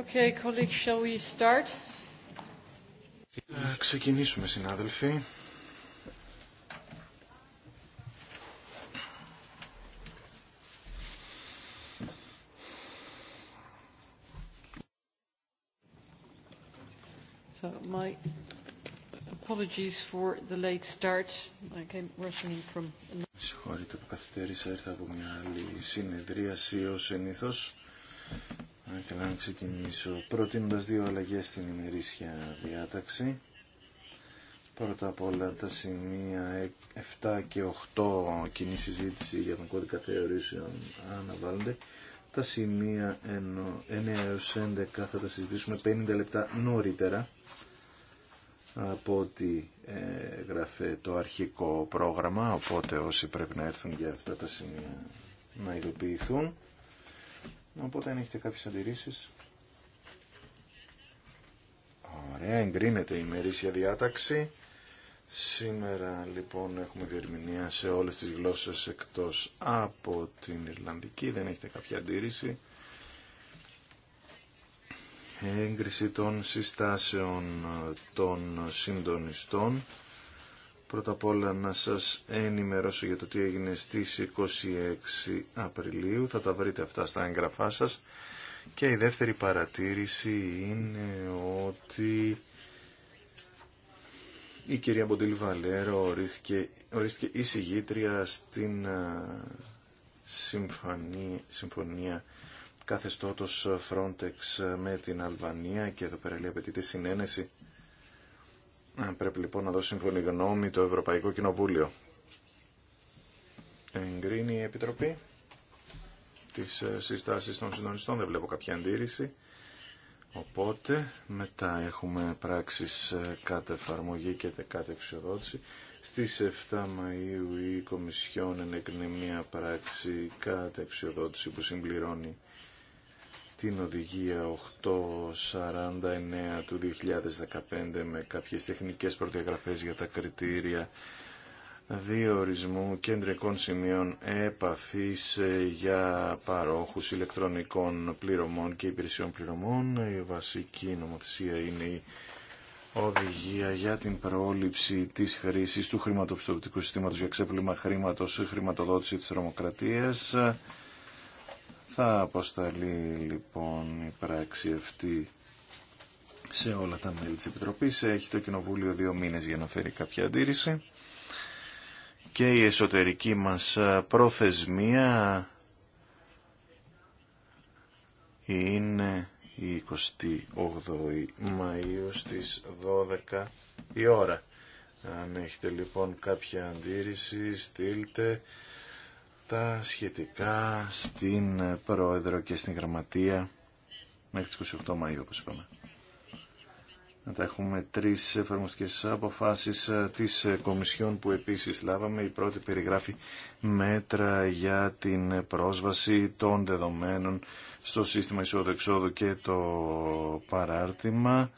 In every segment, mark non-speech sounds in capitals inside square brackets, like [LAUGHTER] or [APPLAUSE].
Okay, colleagues, shall we start? Ε, ξεκινήσουμε, συνάδελφοι. So my apologies for the late start. I came rushing from... Συγχωρείτε που καθυστέρησα, ήρθα από μια άλλη συνεδρίαση ως συνήθως. Θα να ξεκινήσω προτείνοντας δύο αλλαγές στην ημερήσια διάταξη. Πρώτα απ' όλα τα σημεία 7 και 8 κοινή συζήτηση για τον κώδικα θεωρήσεων αναβάλλονται. Τα σημεία 9 έως 11 θα τα συζητήσουμε 50 λεπτά νωρίτερα από ό,τι ε, γράφε το αρχικό πρόγραμμα, οπότε όσοι πρέπει να έρθουν για αυτά τα σημεία να υλοποιηθούν. Οπότε αν έχετε κάποιες αντιρρήσεις... Ωραία, εγκρίνεται η ημερήσια διάταξη. Σήμερα λοιπόν έχουμε διερμηνία σε όλες τις γλώσσες εκτός από την Ιρλανδική. Δεν έχετε κάποια αντίρρηση. Έγκριση των συστάσεων των συντονιστών. Πρώτα απ' όλα να σας ενημερώσω για το τι έγινε στις 26 Απριλίου. Θα τα βρείτε αυτά στα έγγραφά σας. Και η δεύτερη παρατήρηση είναι ότι η κυρία Μποντήλ Βαλέρο ορίστηκε, ορίστηκε εισηγήτρια στην συμφωνία, συμφωνία καθεστώτος Frontex με την Αλβανία και εδώ πέρα λέει απαιτείται συνένεση Πρέπει λοιπόν να δώσει σύμφωνη γνώμη το Ευρωπαϊκό Κοινοβούλιο. Εγκρίνει η Επιτροπή τις ε, συστάσεις των συντονιστών. Δεν βλέπω κάποια αντίρρηση. Οπότε μετά έχουμε πράξεις ε, κάτω εφαρμογή και κάτω εξοδότηση. Στις 7 Μαΐου η Κομισιόν ενέκρινε μια πράξη κάτω εξοδότηση που συμπληρώνει την οδηγία 849 του 2015 με κάποιες τεχνικές προδιαγραφές για τα κριτήρια διορισμού κεντρικών σημείων επαφής ε, για παρόχους ηλεκτρονικών πληρωμών και υπηρεσιών πληρωμών. Η βασική νομοθεσία είναι η οδηγία για την πρόληψη της χρήση του χρηματοπιστωτικού συστήματος για ξέπλυμα χρήματος, χρηματοδότηση της τρομοκρατίας. Θα αποσταλεί λοιπόν η πράξη αυτή σε όλα τα μέλη της Επιτροπής. Έχει το Κοινοβούλιο δύο μήνες για να φέρει κάποια αντίρρηση. Και η εσωτερική μας προθεσμία είναι η 28η Μαΐου στις 12 η ώρα. Αν έχετε λοιπόν κάποια αντίρρηση στείλτε σχετικά στην Πρόεδρο και στην Γραμματεία μέχρι τις 28 Μαΐου, όπως είπαμε. Να τα έχουμε τρεις εφαρμοστικές αποφάσεις ε, της ε, Κομισιόν που επίσης λάβαμε. Η πρώτη περιγράφει μέτρα για την πρόσβαση των δεδομένων στο σύστημα εισόδου-εξόδου και το παράρτημα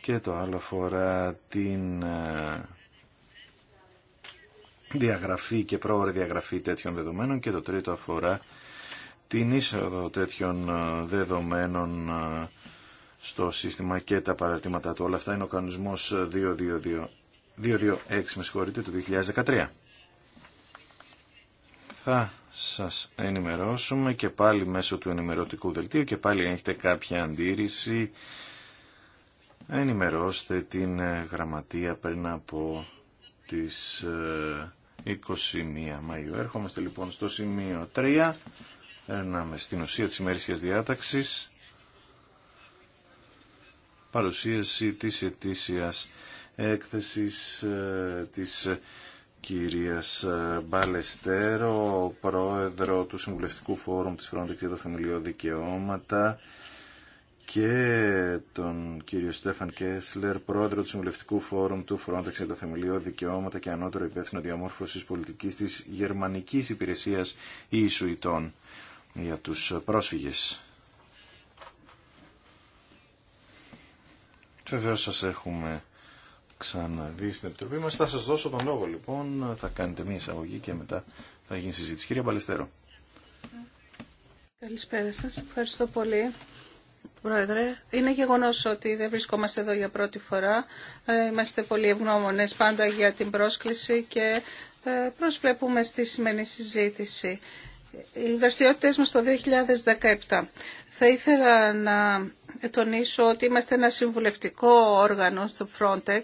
και το άλλο αφορά την ε, διαγραφή και πρόορη διαγραφή τέτοιων δεδομένων και το τρίτο αφορά την είσοδο τέτοιων ε, δεδομένων ε, στο σύστημα και τα παραρτήματα του. Όλα αυτά είναι ο κανονισμός 226 με συγχωρείτε του 2013. Θα σας ενημερώσουμε και πάλι μέσω του ενημερωτικού δελτίου και πάλι αν έχετε κάποια αντίρρηση ενημερώστε την ε, γραμματεία πριν από τις 21 Μαΐου. Έρχομαστε λοιπόν στο σημείο 3. Έρναμε στην ουσία της ημερήσιας διάταξης. Παρουσίαση της ετήσιας έκθεσης ε, της κυρίας ε, Μπαλεστέρο, πρόεδρο του Συμβουλευτικού Φόρουμ της Φροντίκης για τα Θεμελιώδη Δικαιώματα και τον κύριο Στέφαν Κέσλερ, πρόεδρο του Συμβουλευτικού Φόρουμ του Frontex για τα θεμελιώδη δικαιώματα και ανώτερο υπεύθυνο Διαμόρφωση Πολιτική τη Γερμανική Υπηρεσία Ισουητών για του πρόσφυγε. Βεβαίω σα έχουμε ξαναδεί στην Επιτροπή μα. Θα σα δώσω τον λόγο λοιπόν, θα κάνετε μια εισαγωγή και μετά θα γίνει συζήτηση. Κύριε Μπαλιστέρο. Καλησπέρα σας. Ευχαριστώ πολύ Πρόεδρε, είναι γεγονός ότι δεν βρισκόμαστε εδώ για πρώτη φορά. Ε, είμαστε πολύ ευγνώμονες πάντα για την πρόσκληση και ε, προσβλέπουμε στη σημερινή συζήτηση. Οι δραστηριότητες μας το 2017. Θα ήθελα να τονίσω ότι είμαστε ένα συμβουλευτικό όργανο στο Frontex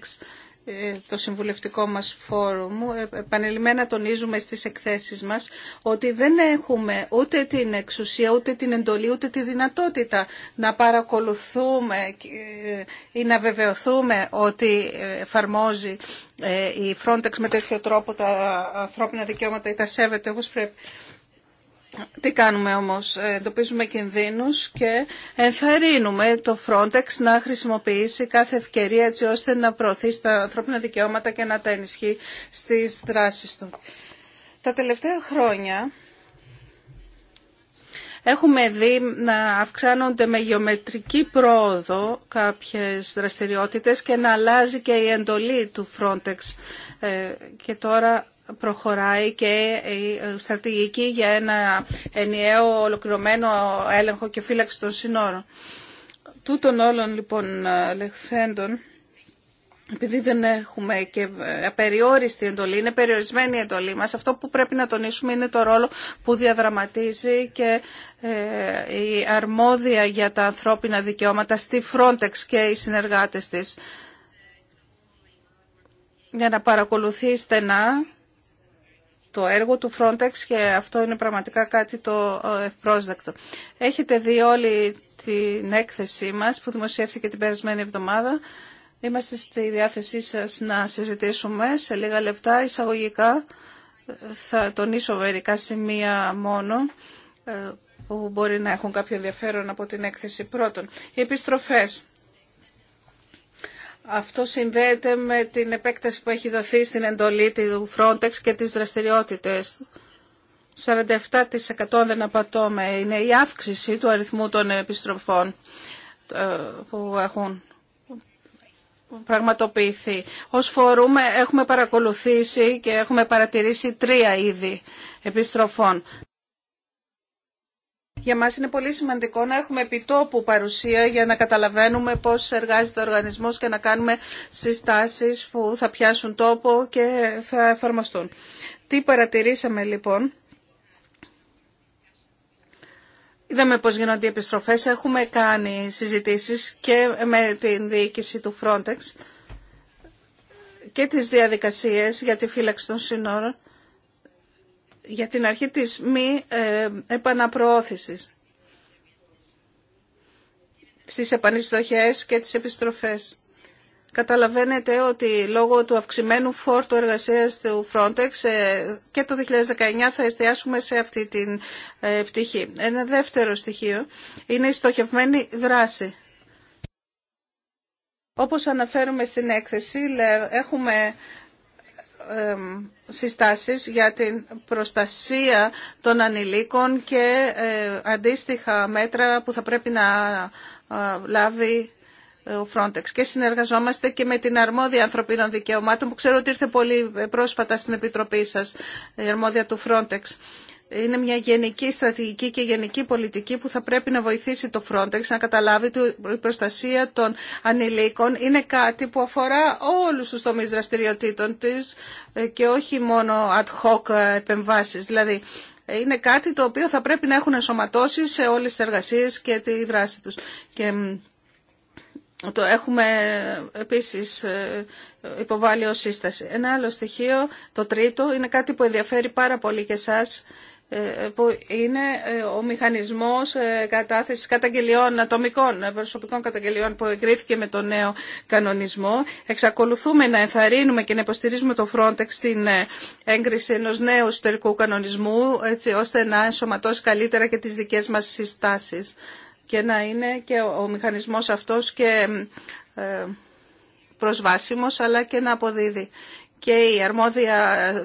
το συμβουλευτικό μας φόρουμ, ε, επανελειμμένα τονίζουμε στις εκθέσεις μας ότι δεν έχουμε ούτε την εξουσία, ούτε την εντολή, ούτε τη δυνατότητα να παρακολουθούμε ε, ή να βεβαιωθούμε ότι ε, εφαρμόζει η Frontex με τέτοιο τρόπο τα ανθρώπινα δικαιώματα ή τα σέβεται όπως πρέπει. Τι κάνουμε όμως, ε, εντοπίζουμε κινδύνους και ενθαρρύνουμε το Frontex να χρησιμοποιήσει κάθε ευκαιρία έτσι ώστε να προωθεί τα ανθρώπινα δικαιώματα και να τα ενισχύει στις δράσεις του. Τα τελευταία χρόνια έχουμε δει να αυξάνονται με γεωμετρική πρόοδο κάποιες δραστηριότητες και να αλλάζει και η εντολή του Frontex ε, και τώρα προχωράει και η ε, στρατηγική για ένα ενιαίο ολοκληρωμένο έλεγχο και φύλαξη των συνόρων. Τούτων όλων λοιπόν ε, λεχθέντων, επειδή δεν έχουμε και ε, απεριόριστη εντολή, είναι περιορισμένη η εντολή μας, αυτό που πρέπει να τονίσουμε είναι το ρόλο που διαδραματίζει και η αρμόδια για τα ανθρώπινα δικαιώματα στη Frontex και οι συνεργάτες της για να παρακολουθεί στενά το έργο του Frontex και αυτό είναι πραγματικά κάτι το ε, ευπρόσδεκτο. Έχετε δει όλη την έκθεσή μας που δημοσιεύθηκε την περασμένη εβδομάδα. Είμαστε στη διάθεσή σας να συζητήσουμε σε λίγα λεπτά εισαγωγικά. Θα τονίσω μερικά σημεία μόνο ε, που μπορεί να έχουν κάποιο ενδιαφέρον από την έκθεση πρώτον. Οι επιστροφές. Αυτό συνδέεται με την επέκταση που έχει δοθεί στην εντολή του Frontex και τις δραστηριότητες. 47% δεν απατώμε. Είναι η αύξηση του αριθμού των επιστροφών ε, που έχουν πραγματοποιηθεί. Ως φορούμε έχουμε παρακολουθήσει και έχουμε παρατηρήσει τρία είδη επιστροφών. Για μας είναι πολύ σημαντικό να έχουμε επιτόπου παρουσία για να καταλαβαίνουμε πώς εργάζεται ο οργανισμός και να κάνουμε συστάσεις που θα πιάσουν τόπο και θα εφαρμοστούν. Τι παρατηρήσαμε λοιπόν. Είδαμε πώς γίνονται οι επιστροφές. Έχουμε κάνει συζητήσεις και με την διοίκηση του Frontex και τις διαδικασίες για τη φύλαξη των σύνορων για την αρχή της μη ε, επαναπροώθησης στις επανειστοχές και τις επιστροφές. Καταλαβαίνετε ότι λόγω του αυξημένου φόρτου εργασίας του Frontex ε, και το 2019 θα εστιάσουμε σε αυτή την ε, πτυχή. Ένα δεύτερο στοιχείο είναι η στοχευμένη δράση. Όπως αναφέρουμε στην έκθεση, έχουμε συστάσεις για την προστασία των ανηλίκων και ε, αντίστοιχα μέτρα που θα πρέπει να ε, λάβει ε, ο Frontex. Και συνεργαζόμαστε και με την αρμόδια ανθρωπίνων δικαιωμάτων που ξέρω ότι ήρθε πολύ πρόσφατα στην Επιτροπή σας, η αρμόδια του Frontex είναι μια γενική στρατηγική και γενική πολιτική που θα πρέπει να βοηθήσει το Frontex να καταλάβει ότι η προστασία των ανηλίκων είναι κάτι που αφορά όλους τους τομείς δραστηριοτήτων της και όχι μόνο ad hoc επεμβάσεις. Δηλαδή είναι κάτι το οποίο θα πρέπει να έχουν ενσωματώσει σε όλες τις εργασίες και τη δράση τους. Και το έχουμε ε, επίσης ε, υποβάλει ως σύσταση. Ένα άλλο στοιχείο, το τρίτο, είναι κάτι που ενδιαφέρει πάρα πολύ και εσάς ε, που είναι ε, ο μηχανισμός ε, κατάθεσης καταγγελιών ατομικών, προσωπικών καταγγελιών που εγκρίθηκε με το νέο κανονισμό. Εξακολουθούμε να ενθαρρύνουμε και να υποστηρίζουμε το Frontex στην έγκριση ενός νέου εσωτερικού κανονισμού, έτσι ώστε να ενσωματώσει καλύτερα και τις δικές μας συστάσεις και να είναι και ο μηχανισμός αυτός και προσβάσιμος αλλά και να αποδίδει και η αρμόδια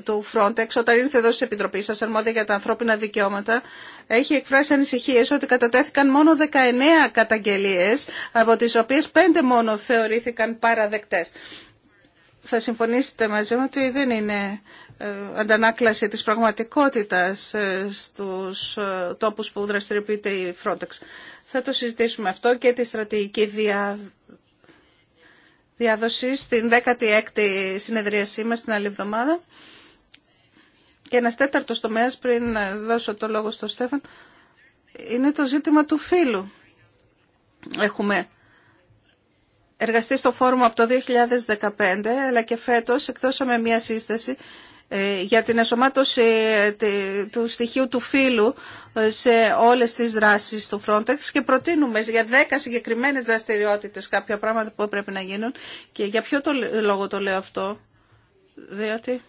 του Frontex, όταν ήρθε εδώ στις Επιτροπή σας, αρμόδια για τα ανθρώπινα δικαιώματα, έχει εκφράσει ανησυχίες ότι κατατέθηκαν μόνο 19 καταγγελίες, από τις οποίες 5 μόνο θεωρήθηκαν παραδεκτές. Θα συμφωνήσετε μαζί μου ότι δεν είναι ε, αντανάκλαση της πραγματικότητας ε, στους ε, τόπους που δραστηριοποιείται η Frontex. Θα το συζητήσουμε αυτό και τη στρατηγική δια διάδοση στην 16η συνεδρίασή μας την άλλη εβδομάδα. Και ένας τέταρτος τομέας πριν δώσω το λόγο στον Στέφαν είναι το ζήτημα του φίλου. Έχουμε εργαστεί στο φόρουμ από το 2015 αλλά και φέτος εκδώσαμε μια σύσταση ε, για την ασωμάτωση ε, του στοιχείου του φύλου ε, σε όλες τις δράσεις του Frontex και προτείνουμε για 10 συγκεκριμένες δραστηριότητες κάποια πράγματα που πρέπει να γίνουν και για ποιο το λόγο το λέω αυτό διότι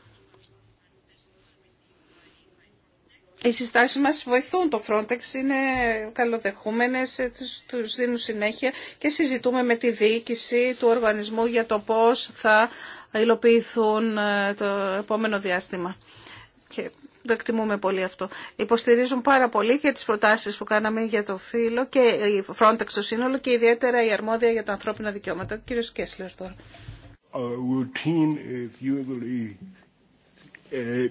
οι συστάσεις μας βοηθούν το Frontex, είναι καλοδεχούμενες, τους δίνουν συνέχεια και συζητούμε με τη διοίκηση του οργανισμού για το πώς θα υλοποιηθούν ε, το επόμενο διάστημα. Και το εκτιμούμε πολύ αυτό. Υποστηρίζουν πάρα πολύ και τις προτάσεις που κάναμε για το φύλλο και η Frontex στο σύνολο και ιδιαίτερα η αρμόδια για τα ανθρώπινα δικαιώματα. Κύριος Κέσλερ τώρα. Uh, Uh,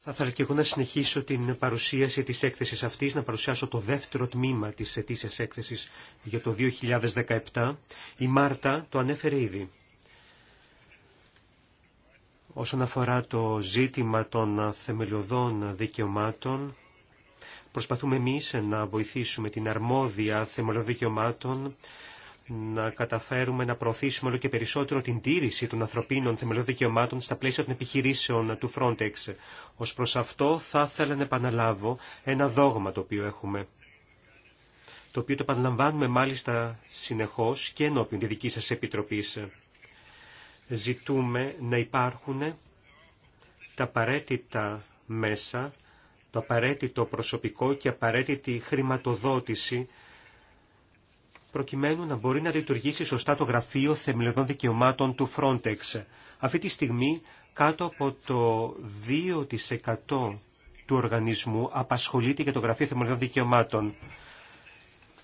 Θα ήθελα και εγώ να συνεχίσω την παρουσίαση της έκθεσης αυτής, να παρουσιάσω το δεύτερο τμήμα της ετήσιας έκθεσης για το 2017. Η Μάρτα το ανέφερε ήδη. Όσον αφορά το ζήτημα των θεμελιωδών δικαιωμάτων, προσπαθούμε εμείς να βοηθήσουμε την αρμόδια θεμελιωδικαιωμάτων να καταφέρουμε να προωθήσουμε όλο και περισσότερο την τήρηση των ανθρωπίνων θεμελιών δικαιωμάτων στα πλαίσια των επιχειρήσεων του Frontex. Ως προς αυτό θα ήθελα να επαναλάβω ένα δόγμα το οποίο έχουμε το οποίο το επαναλαμβάνουμε μάλιστα συνεχώς και ενώπιον τη δική σας επιτροπής. Ζητούμε να υπάρχουν τα απαραίτητα μέσα, το απαραίτητο προσωπικό και απαραίτητη χρηματοδότηση προκειμένου να μπορεί να λειτουργήσει σωστά το Γραφείο Θεμελιωδών Δικαιωμάτων του Frontex. Αυτή τη στιγμή, κάτω από το 2% του οργανισμού απασχολείται για το Γραφείο Θεμελιωδών Δικαιωμάτων.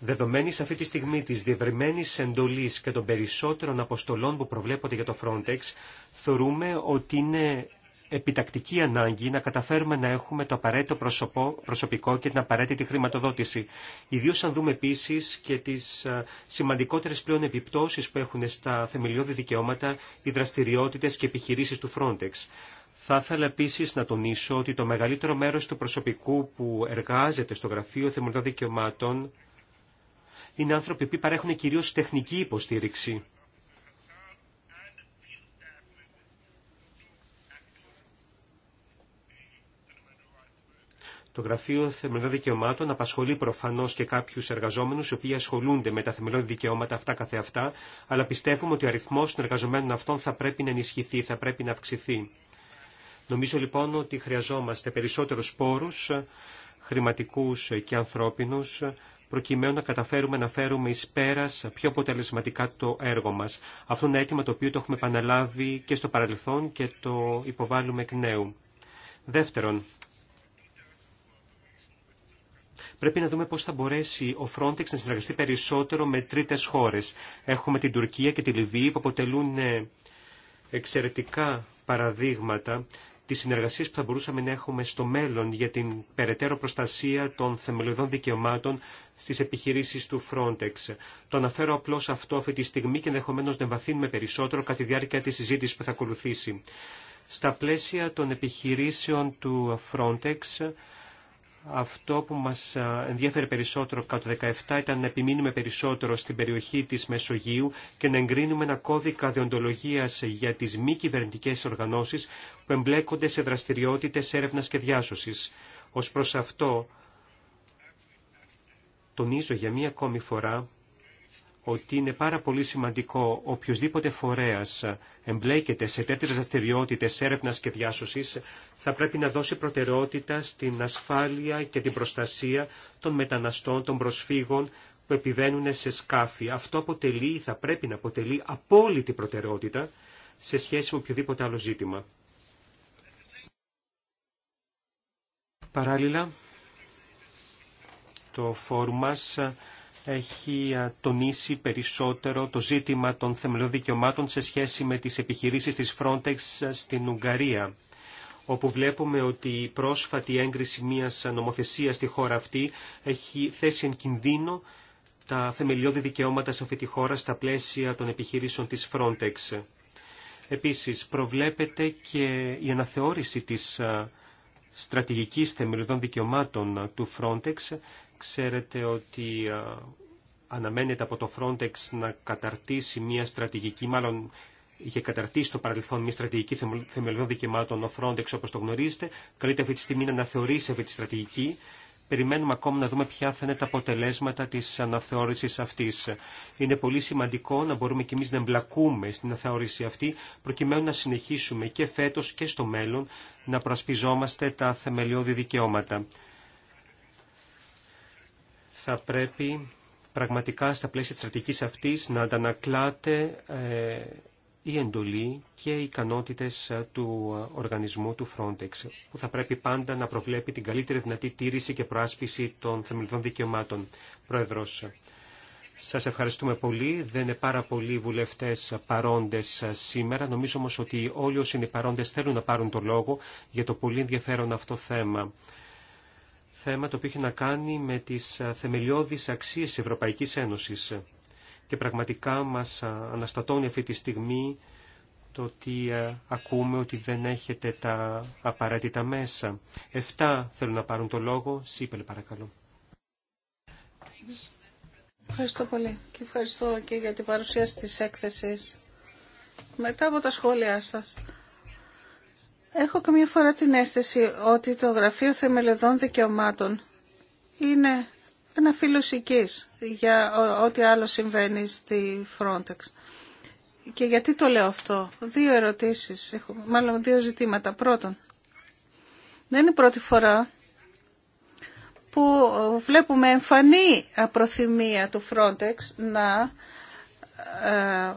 Δεδομένη αυτή τη στιγμή τη διευρυμένης εντολής και των περισσότερων αποστολών που προβλέπονται για το Frontex, θεωρούμε ότι είναι επιτακτική ανάγκη να καταφέρουμε να έχουμε το απαραίτητο προσωπικό και την απαραίτητη χρηματοδότηση. Ιδίω αν δούμε επίση και τι ε, σημαντικότερε πλέον επιπτώσει που έχουν στα θεμελιώδη δικαιώματα οι δραστηριότητε και επιχειρήσει του Frontex. Θα ήθελα επίση να τονίσω ότι το μεγαλύτερο μέρο του προσωπικού που εργάζεται στο Γραφείο Θεμελιωδών Δικαιωμάτων είναι άνθρωποι που παρέχουν κυρίω τεχνική υποστήριξη. Το Γραφείο Θεμελιών Δικαιωμάτων απασχολεί προφανώ και κάποιου εργαζόμενου οι οποίοι ασχολούνται με τα θεμελιώδη δικαιώματα αυτά καθεαυτά, αλλά πιστεύουμε ότι ο αριθμό των εργαζομένων αυτών θα πρέπει να ενισχυθεί, θα πρέπει να αυξηθεί. Νομίζω λοιπόν ότι χρειαζόμαστε περισσότερου πόρου, χρηματικού και ανθρώπινου, προκειμένου να καταφέρουμε να φέρουμε εις πέρας πιο αποτελεσματικά το έργο μας. Αυτό είναι αίτημα το οποίο το έχουμε επαναλάβει και στο παρελθόν και το υποβάλλουμε εκ νέου. Δεύτερον, Πρέπει να δούμε πώς θα μπορέσει ο Frontex να συνεργαστεί περισσότερο με τρίτες χώρες. Έχουμε την Τουρκία και τη Λιβύη που αποτελούν ε, εξαιρετικά παραδείγματα τη συνεργασία που θα μπορούσαμε να έχουμε στο μέλλον για την περαιτέρω προστασία των θεμελιωδών δικαιωμάτων στι επιχειρήσει του Frontex. Το αναφέρω απλώ αυτό αυτή τη στιγμή και ενδεχομένω να βαθύνουμε περισσότερο κατά τη διάρκεια τη συζήτηση που θα ακολουθήσει. Στα πλαίσια των επιχειρήσεων του Frontex αυτό που μας ε, ενδιαφέρει περισσότερο κατά το 17 ήταν να επιμείνουμε περισσότερο στην περιοχή της Μεσογείου και να εγκρίνουμε ένα κώδικα διοντολογίας για τις μη κυβερνητικέ οργανώσεις που εμπλέκονται σε δραστηριότητες έρευνας και διάσωσης. Ως προς αυτό, τονίζω για μία ακόμη φορά ότι είναι πάρα πολύ σημαντικό οποιοδήποτε φορέα εμπλέκεται σε τέτοιε δραστηριότητε έρευνα και διάσωση, θα πρέπει να δώσει προτεραιότητα στην ασφάλεια και την προστασία των μεταναστών, των προσφύγων που επιβαίνουν σε σκάφη. Αυτό αποτελεί, θα πρέπει να αποτελεί απόλυτη προτεραιότητα σε σχέση με οποιοδήποτε άλλο ζήτημα. Παράλληλα, το φόρουμ έχει τονίσει περισσότερο το ζήτημα των θεμελιών δικαιωμάτων σε σχέση με τις επιχειρήσεις της Frontex στην Ουγγαρία όπου βλέπουμε ότι η πρόσφατη έγκριση μιας νομοθεσίας στη χώρα αυτή έχει θέσει εν κινδύνο τα θεμελιώδη δικαιώματα σε αυτή τη χώρα στα πλαίσια των επιχειρήσεων της Frontex. Επίσης, προβλέπεται και η αναθεώρηση της στρατηγικής θεμελιωδών δικαιωμάτων του Frontex Ξέρετε ότι ε, αναμένεται από το Frontex να καταρτήσει μια στρατηγική, μάλλον είχε καταρτήσει στο παρελθόν μια στρατηγική θεμελιωδών δικαιωμάτων ο Frontex όπως το γνωρίζετε. Καλείται αυτή τη στιγμή να αναθεωρήσει αυτή τη στρατηγική. Περιμένουμε ακόμα να δούμε ποια θα είναι τα αποτελέσματα της αναθεώρησης αυτής. Είναι πολύ σημαντικό να μπορούμε κι εμείς να εμπλακούμε στην αναθεώρηση αυτή, προκειμένου να συνεχίσουμε και φέτος και στο μέλλον να προασπιζόμαστε τα θεμελιώδη δικαιώματα θα πρέπει πραγματικά στα πλαίσια της στρατηγικής αυτής να αντανακλάται ε, η εντολή και οι ικανότητες ε, του ε, οργανισμού του Frontex, που θα πρέπει πάντα να προβλέπει την καλύτερη δυνατή τήρηση και προάσπιση των θεμελιδών δικαιωμάτων. Πρόεδρος, σας ευχαριστούμε πολύ. Δεν είναι πάρα πολλοί βουλευτές παρόντες σήμερα. Νομίζω όμως ότι όλοι όσοι είναι παρόντες θέλουν να πάρουν το λόγο για το πολύ ενδιαφέρον αυτό θέμα θέμα το οποίο είχε να κάνει με τις ε, θεμελιώδεις αξίες της Ευρωπαϊκής Ένωσης. Και πραγματικά μας ε, αναστατώνει αυτή τη στιγμή το ότι ε, ακούμε ότι δεν έχετε τα απαραίτητα μέσα. Εφτά θέλουν να πάρουν το λόγο. Σύπελ παρακαλώ. Ευχαριστώ πολύ και ευχαριστώ και για την παρουσίαση της έκθεσης. Μετά από τα σχόλιά σας, Έχω καμία φορά την αίσθηση ότι το Γραφείο Θεμελιωδών Δικαιωμάτων είναι ένα για ό,τι άλλο συμβαίνει στη Frontex. Και γιατί το λέω αυτό. Δύο ερωτήσεις, έχω, μάλλον δύο ζητήματα. Πρώτον, δεν είναι η πρώτη φορά που βλέπουμε εμφανή απροθυμία του Frontex να ε,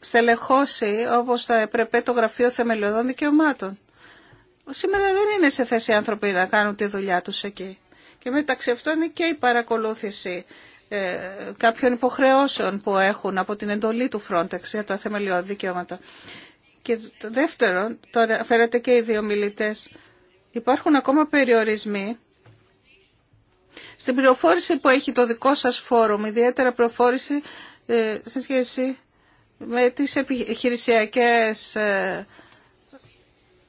στελεχώσει όπως θα έπρεπε το Γραφείο Θεμελιωδών Δικαιωμάτων. Σήμερα δεν είναι σε θέση οι άνθρωποι να κάνουν τη δουλειά τους εκεί. Και μεταξύ αυτών είναι και η παρακολούθηση ε, κάποιων υποχρεώσεων που έχουν από την εντολή του Frontex για τα θεμελιώδη δικαιώματα. Και το δεύτερο, το και οι δύο μιλητές, υπάρχουν ακόμα περιορισμοί στην πληροφόρηση που έχει το δικό σας φόρουμ, ιδιαίτερα πληροφόρηση ε, σε σχέση με τις επιχειρησιακές ε,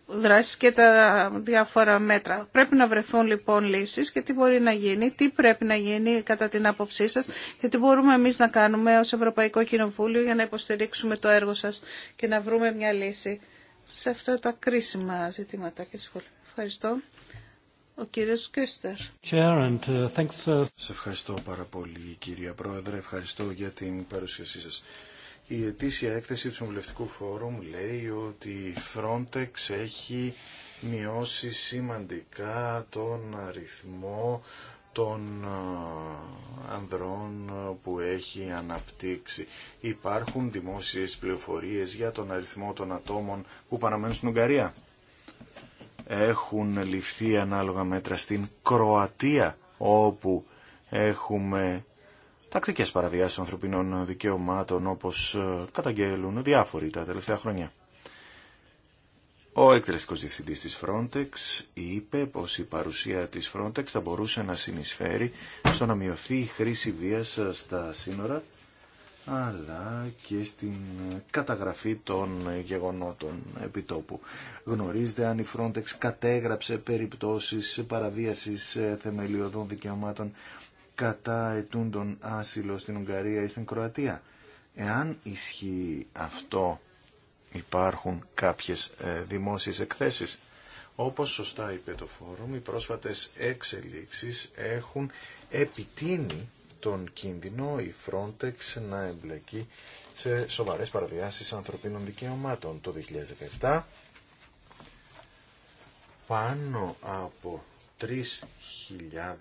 δράσεις και τα διάφορα μέτρα. Πρέπει να βρεθούν λοιπόν λύσεις και τι μπορεί να γίνει, τι πρέπει να γίνει κατά την άποψή σας και τι μπορούμε εμείς να κάνουμε ως Ευρωπαϊκό Κοινοβούλιο για να υποστηρίξουμε το έργο σας και να βρούμε μια λύση σε αυτά τα κρίσιμα ζητήματα και Ευχαριστώ. Ο κύριος Κέστερ. Uh, σε ευχαριστώ πάρα πολύ κυρία Πρόεδρε, ευχαριστώ για την παρουσίασή σας. Η ετήσια έκθεση του Συμβουλευτικού Φόρουμ λέει ότι η Frontex έχει μειώσει σημαντικά τον αριθμό των ανδρών που έχει αναπτύξει. Υπάρχουν δημόσιες πληροφορίες για τον αριθμό των ατόμων που παραμένουν στην Ουγγαρία. Έχουν ληφθεί ανάλογα μέτρα στην Κροατία, όπου έχουμε τακτικές παραβιάσεις ανθρωπινών δικαιωμάτων όπως ε, καταγγέλουν διάφοροι τα τελευταία χρόνια. Ο εκτελεστικός διευθυντής της Frontex είπε πως η παρουσία της Frontex θα μπορούσε να συνεισφέρει στο να μειωθεί η χρήση βίας στα σύνορα αλλά και στην καταγραφή των γεγονότων επιτόπου. Γνωρίζετε αν η Frontex κατέγραψε περιπτώσεις παραβίασης θεμελιωδών δικαιωμάτων κατά ετούντων άσυλο στην Ουγγαρία ή στην Κροατία. Εάν ισχύει αυτό, υπάρχουν κάποιες ε, δημόσιες εκθέσεις. Όπως σωστά είπε το Φόρουμ, οι πρόσφατες εξελίξεις έχουν επιτείνει τον κίνδυνο η Frontex να εμπλεκεί σε σοβαρές παραβιάσεις ανθρωπίνων δικαιωμάτων το 2017. Πάνω από 3.000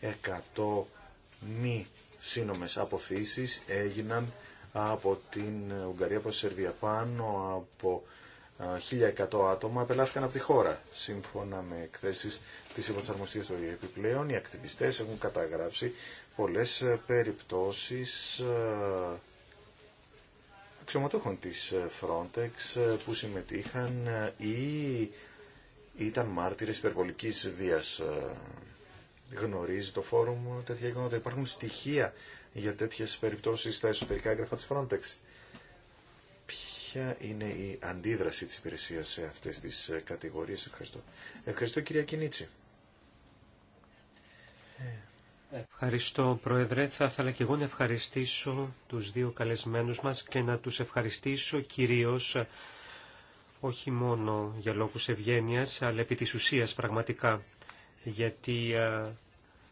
Εκατό μη σύνομες αποθήσεις έγιναν από την Ουγγαρία, προς τη Σερβία. Πάνω από 1.100 άτομα απελάθηκαν από τη χώρα. Σύμφωνα με εκθέσεις της υποθαρμοστίας του επιπλέον, οι ακτιβιστές έχουν καταγράψει πολλές ε, περιπτώσεις ε, αξιωματούχων της ε, Frontex που συμμετείχαν ή ήταν μάρτυρες υπερβολικής βίας γνωρίζει το φόρουμ τέτοια γεγονότα. Υπάρχουν στοιχεία για τέτοιες περιπτώσεις στα εσωτερικά έγγραφα τη Frontex. Ποια είναι η αντίδραση της υπηρεσία σε αυτέ τι ε, κατηγορίε. Ευχαριστώ. Ευχαριστώ κυρία Κινίτσι. Ε, ευχαριστώ Πρόεδρε. Θα ήθελα και εγώ να ευχαριστήσω τους δύο καλεσμένους μας και να τους ευχαριστήσω κυρίως ε, όχι μόνο για λόγους ευγένειας αλλά επί της ουσίας πραγματικά γιατί ε,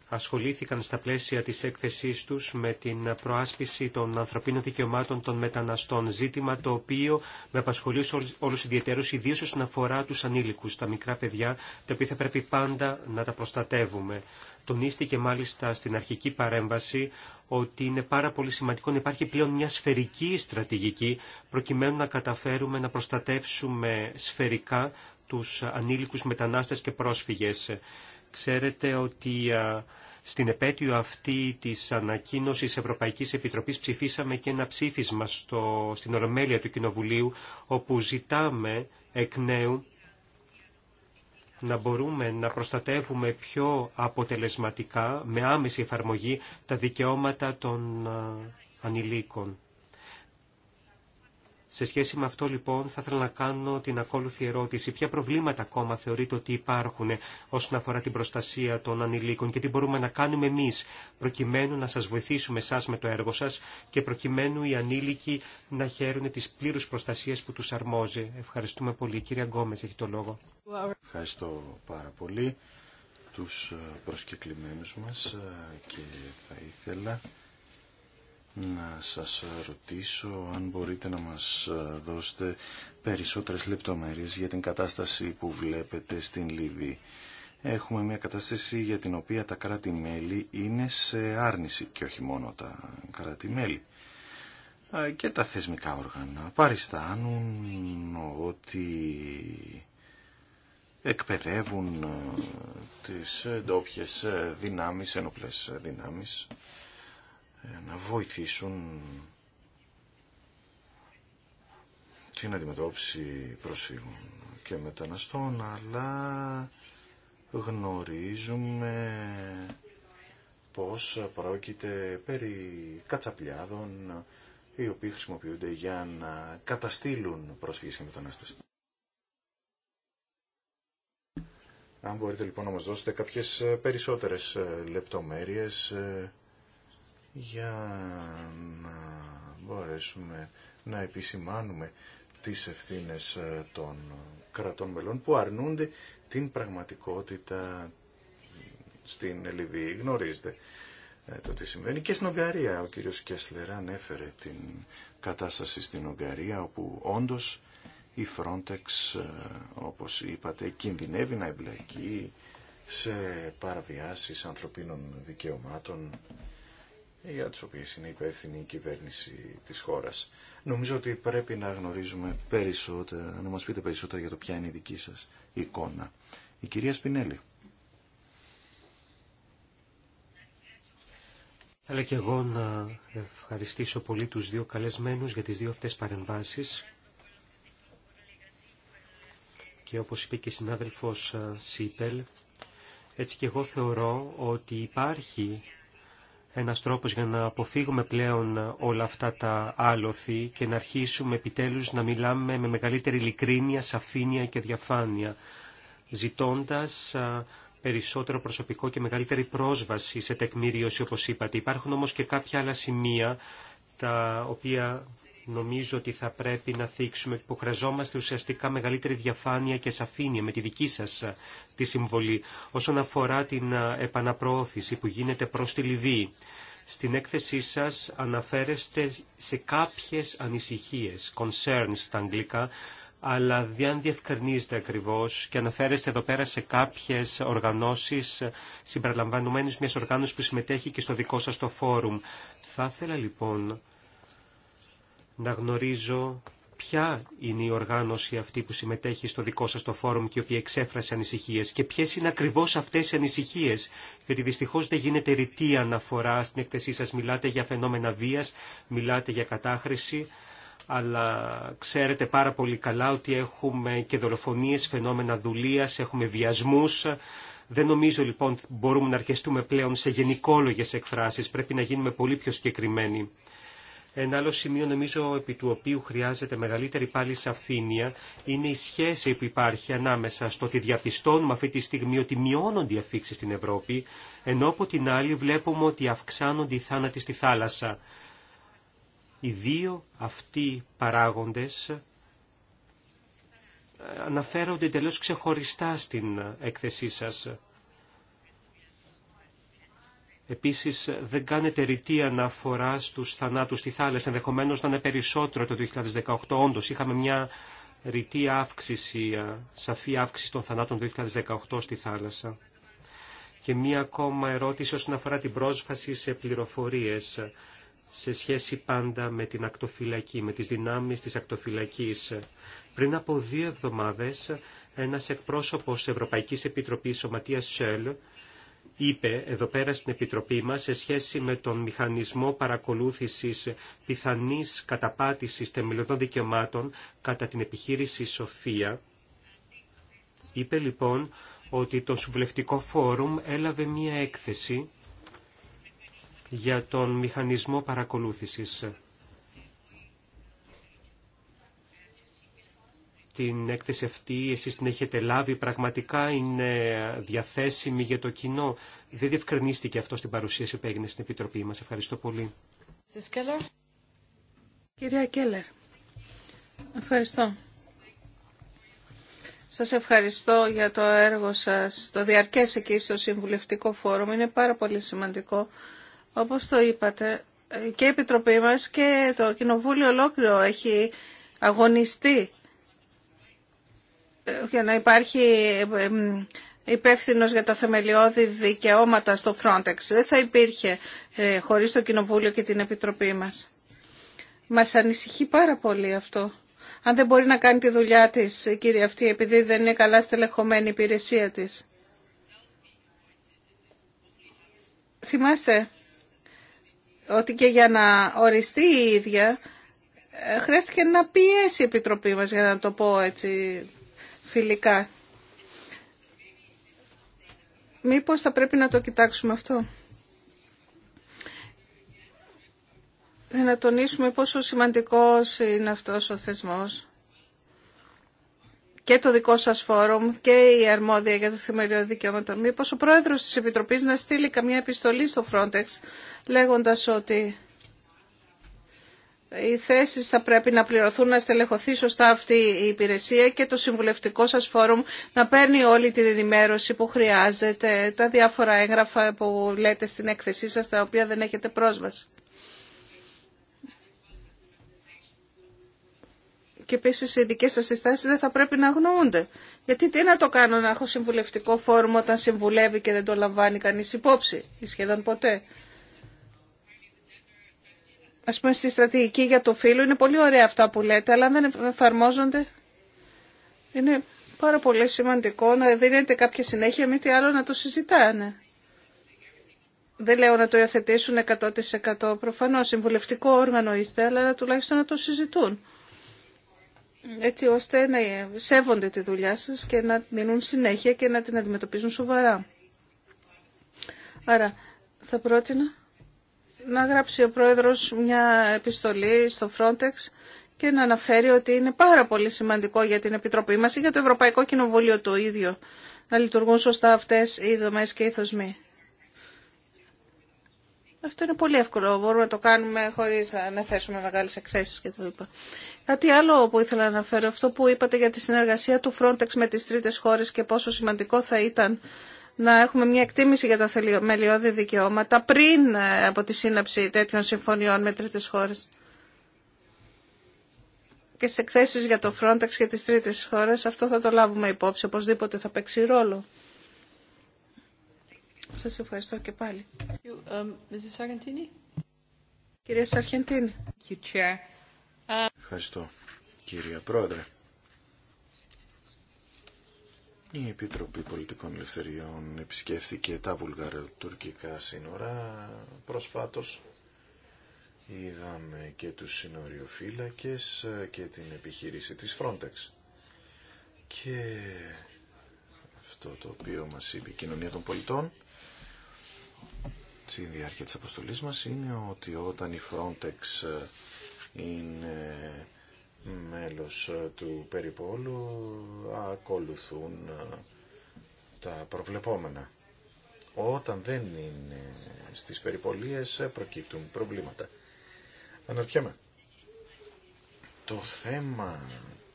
ασχολήθηκαν στα πλαίσια της έκθεσής τους με την προάσπιση των ανθρωπίνων δικαιωμάτων των μεταναστών, ζήτημα το οποίο με απασχολεί όλους ιδιαίτερους, ιδίως όσον αφορά τους ανήλικους, τα μικρά παιδιά, τα οποία θα πρέπει πάντα να τα προστατεύουμε. Τονίστηκε μάλιστα στην αρχική παρέμβαση ότι είναι πάρα πολύ σημαντικό να υπάρχει πλέον μια σφαιρική στρατηγική προκειμένου να καταφέρουμε να προστατεύσουμε σφαιρικά τους ανήλικους μετανάστες και πρόσφυγες. Ξέρετε ότι στην επέτειο αυτή της ανακοίνωσης Ευρωπαϊκής Επιτροπής ψηφίσαμε και ένα ψήφισμα στο, στην Ολομέλεια του Κοινοβουλίου όπου ζητάμε εκ νέου να μπορούμε να προστατεύουμε πιο αποτελεσματικά με άμεση εφαρμογή τα δικαιώματα των ανηλίκων. Σε σχέση με αυτό λοιπόν θα ήθελα να κάνω την ακόλουθη ερώτηση. Ποια προβλήματα ακόμα θεωρείτε ότι υπάρχουν όσον αφορά την προστασία των ανηλίκων και τι μπορούμε να κάνουμε εμείς προκειμένου να σας βοηθήσουμε εσά με το έργο σας και προκειμένου οι ανήλικοι να χαίρουν τις πλήρους προστασίες που τους αρμόζει. Ευχαριστούμε πολύ. Κύριε Γκόμες έχει το λόγο. Ευχαριστώ πάρα πολύ τους προσκεκλημένους μας και θα ήθελα να σας ρωτήσω αν μπορείτε να μας ε, δώσετε περισσότερες λεπτομέρειες για την κατάσταση που βλέπετε στην Λιβύη. Έχουμε μια κατάσταση για την οποία τα κράτη-μέλη είναι σε άρνηση και όχι μόνο τα κράτη-μέλη. Ε, και τα θεσμικά όργανα παριστάνουν ότι εκπαιδεύουν ε, τις ντόπιες δυνάμεις, ενοπλές δυνάμεις ε, να βοηθήσουν την αντιμετώπιση προσφύγων και μεταναστών, αλλά γνωρίζουμε πως πρόκειται περί κατσαπλιάδων οι οποίοι χρησιμοποιούνται για να καταστήλουν πρόσφυγες και μετανάστες. Αν μπορείτε λοιπόν να μας δώσετε κάποιες περισσότερες λεπτομέρειες ε, για να μπορέσουμε να επισημάνουμε τις ευθύνες ε, των κρατών μελών που αρνούνται την πραγματικότητα στην Λιβύη. Γνωρίζετε ε, το τι συμβαίνει. Και στην Ουγγαρία ο κύριος Κέσλερ ανέφερε την κατάσταση στην Ουγγαρία όπου όντως η Frontex ε, όπως είπατε κινδυνεύει να εμπλακεί σε παραβιάσεις ανθρωπίνων δικαιωμάτων ε, για τις οποίες είναι υπεύθυνη η κυβέρνηση της χώρας. Νομίζω ότι πρέπει να γνωρίζουμε περισσότερα, να μας πείτε περισσότερα για το ποια είναι η δική σας εικόνα. Η κυρία Σπινέλη. Θέλω και εγώ να ευχαριστήσω πολύ τους δύο καλεσμένους για τις δύο αυτές παρεμβάσεις. Και όπως είπε και η συνάδελφος Σίπελ, έτσι και εγώ θεωρώ ότι υπάρχει ένας τρόπος για να αποφύγουμε πλέον όλα αυτά τα άλοθη και να αρχίσουμε επιτέλους να μιλάμε με μεγαλύτερη ειλικρίνεια, σαφήνεια και διαφάνεια, ζητώντας περισσότερο προσωπικό και μεγαλύτερη πρόσβαση σε τεκμήριωση, όπως είπατε. Υπάρχουν όμως και κάποια άλλα σημεία τα οποία νομίζω ότι θα πρέπει να θίξουμε που χρειαζόμαστε ουσιαστικά μεγαλύτερη διαφάνεια και σαφήνεια με τη δική σας ε, τη συμβολή όσον αφορά την ε, επαναπροώθηση που γίνεται προς τη Λιβύη. Στην έκθεσή σας αναφέρεστε σε κάποιες ανησυχίες, concerns στα αγγλικά, αλλά δεν ακριβώς και αναφέρεστε εδώ πέρα σε κάποιες οργανώσεις ε, συμπεριλαμβανομένες μιας οργάνωσης που συμμετέχει και στο δικό σας το φόρουμ. Θα ήθελα λοιπόν να γνωρίζω ποια είναι η οργάνωση αυτή που συμμετέχει στο δικό σας το φόρουμ και η οποία εξέφρασε ανησυχίες και ποιες είναι ακριβώς αυτές οι ανησυχίες, γιατί δυστυχώς δεν γίνεται ρητή αναφορά στην εκθεσή σας. Μιλάτε για φαινόμενα βίας, μιλάτε για κατάχρηση, αλλά ξέρετε πάρα πολύ καλά ότι έχουμε και δολοφονίες, φαινόμενα δουλείας, έχουμε βιασμούς. Δεν νομίζω λοιπόν μπορούμε να αρκεστούμε πλέον σε γενικόλογες εκφράσεις, πρέπει να γίνουμε πολύ πιο συγκεκριμένοι. Ένα άλλο σημείο νομίζω επί του οποίου χρειάζεται μεγαλύτερη πάλι σαφήνεια είναι η σχέση που υπάρχει ανάμεσα στο ότι διαπιστώνουμε αυτή τη στιγμή ότι μειώνονται οι αφήξεις στην Ευρώπη, ενώ από την άλλη βλέπουμε ότι αυξάνονται οι θάνατοι στη θάλασσα. Οι δύο αυτοί παράγοντες ε, αναφέρονται τελώς ξεχωριστά στην έκθεσή σας. Επίσης δεν κάνετε ρητή αναφορά στους θανάτους στη θάλασσα, ενδεχομένως να είναι περισσότερο το 2018. Όντως είχαμε μια ρητή αύξηση, σαφή αύξηση των θανάτων το 2018 στη θάλασσα. Και μία ακόμα ερώτηση όσον αφορά την πρόσφαση σε πληροφορίες σε σχέση πάντα με την ακτοφυλακή, με τις δυνάμεις της ακτοφυλακής. Πριν από δύο εβδομάδες, ένας εκπρόσωπος Ευρωπαϊκής Επιτροπής Σωματείας Shell είπε εδώ πέρα στην Επιτροπή μας σε σχέση με τον μηχανισμό παρακολούθησης πιθανής καταπάτησης θεμελιωδών δικαιωμάτων κατά την επιχείρηση Σοφία. Είπε λοιπόν ότι το Συμβουλευτικό Φόρουμ έλαβε μία έκθεση για τον μηχανισμό παρακολούθησης. την έκθεση αυτή, εσείς την έχετε λάβει, πραγματικά είναι διαθέσιμη για το κοινό. Δεν διευκρινίστηκε αυτό στην παρουσίαση που έγινε στην Επιτροπή μας. Ευχαριστώ πολύ. Κυρία Κέλλερ, ευχαριστώ. Σας ευχαριστώ για το έργο σας. Το διαρκές εκεί στο Συμβουλευτικό Φόρουμ είναι πάρα πολύ σημαντικό. Όπως το είπατε, και η Επιτροπή μας και το Κοινοβούλιο ολόκληρο έχει αγωνιστεί για να υπάρχει υπεύθυνος για τα θεμελιώδη δικαιώματα στο Frontex. Δεν θα υπήρχε ε, χωρίς το Κοινοβούλιο και την Επιτροπή μας. Μας ανησυχεί πάρα πολύ αυτό. Αν δεν μπορεί να κάνει τη δουλειά της, κύριε αυτή, επειδή δεν είναι καλά στελεχωμένη η υπηρεσία της. Θυμάστε ότι και για να οριστεί η ίδια ε, χρειάστηκε να πιέσει η Επιτροπή μας, για να το πω έτσι φιλικά. Μήπως θα πρέπει να το κοιτάξουμε αυτό. Ε, να τονίσουμε πόσο σημαντικός είναι αυτός ο θεσμός. Και το δικό σας φόρουμ και η αρμόδια για το θεμελιώδη δικαιώματα. Μήπως ο πρόεδρος της Επιτροπής να στείλει καμία επιστολή στο Frontex λέγοντας ότι οι θέσει θα πρέπει να πληρωθούν, να στελεχωθεί σωστά αυτή η υπηρεσία και το συμβουλευτικό σα φόρουμ να παίρνει όλη την ενημέρωση που χρειάζεται, τα διάφορα έγγραφα που λέτε στην έκθεσή σα, τα οποία δεν έχετε πρόσβαση. Και επίση οι ειδικέ σα συστάσει δεν θα πρέπει να αγνοούνται. Γιατί τι να το κάνω να έχω συμβουλευτικό φόρουμ όταν συμβουλεύει και δεν το λαμβάνει κανεί υπόψη, ή σχεδόν ποτέ ας πούμε στη στρατηγική για το φύλλο είναι πολύ ωραία αυτά που λέτε, αλλά αν δεν εφαρμόζονται είναι πάρα πολύ σημαντικό να δίνετε κάποια συνέχεια, μη τι άλλο να το συζητάνε. Δεν λέω να το υιοθετήσουν 100% προφανώς, συμβουλευτικό όργανο είστε, αλλά τουλάχιστον να το συζητούν. Έτσι ώστε να σέβονται τη δουλειά σας και να μείνουν συνέχεια και να την αντιμετωπίζουν σοβαρά. Άρα θα πρότεινα να γράψει ο πρόεδρος μια επιστολή στο Frontex και να αναφέρει ότι είναι πάρα πολύ σημαντικό για την Επιτροπή μας ή για το Ευρωπαϊκό Κοινοβούλιο το ίδιο να λειτουργούν σωστά αυτές οι δομές και οι θοσμοί. Αυτό είναι πολύ εύκολο. Μπορούμε να το κάνουμε χωρίς να θέσουμε μεγάλες εκθέσει και το Κάτι άλλο που ήθελα να αναφέρω, αυτό που είπατε για τη συνεργασία του Frontex με τι τρίτε χώρε και πόσο σημαντικό θα ήταν να έχουμε μια εκτίμηση για τα θεμελιώδη δικαιώματα πριν ε, από τη σύναψη τέτοιων συμφωνιών με τρίτες χώρες. Και σε εκθέσεις για το Frontex και τις τρίτες χώρες αυτό θα το λάβουμε υπόψη, οπωσδήποτε θα παίξει ρόλο. Σας ευχαριστώ και πάλι. Um, κυρία Σαρχεντίνη. Ευχαριστώ, κυρία Πρόεδρε. Η Επιτροπή Πολιτικών Ελευθεριών επισκέφθηκε τα βουλγαροτουρκικά σύνορα προσφάτως. Είδαμε και τους συνοριοφύλακες και την επιχείρηση της Frontex. Και αυτό το οποίο μας είπε η κοινωνία των πολιτών στη διάρκεια της αποστολής μας είναι ότι όταν η Frontex είναι μέλος ε, του περιπόλου ακολουθούν ε, τα προβλεπόμενα. Όταν δεν είναι στις περιπολίες ε, προκύπτουν προβλήματα. Αναρωτιέμαι. Το θέμα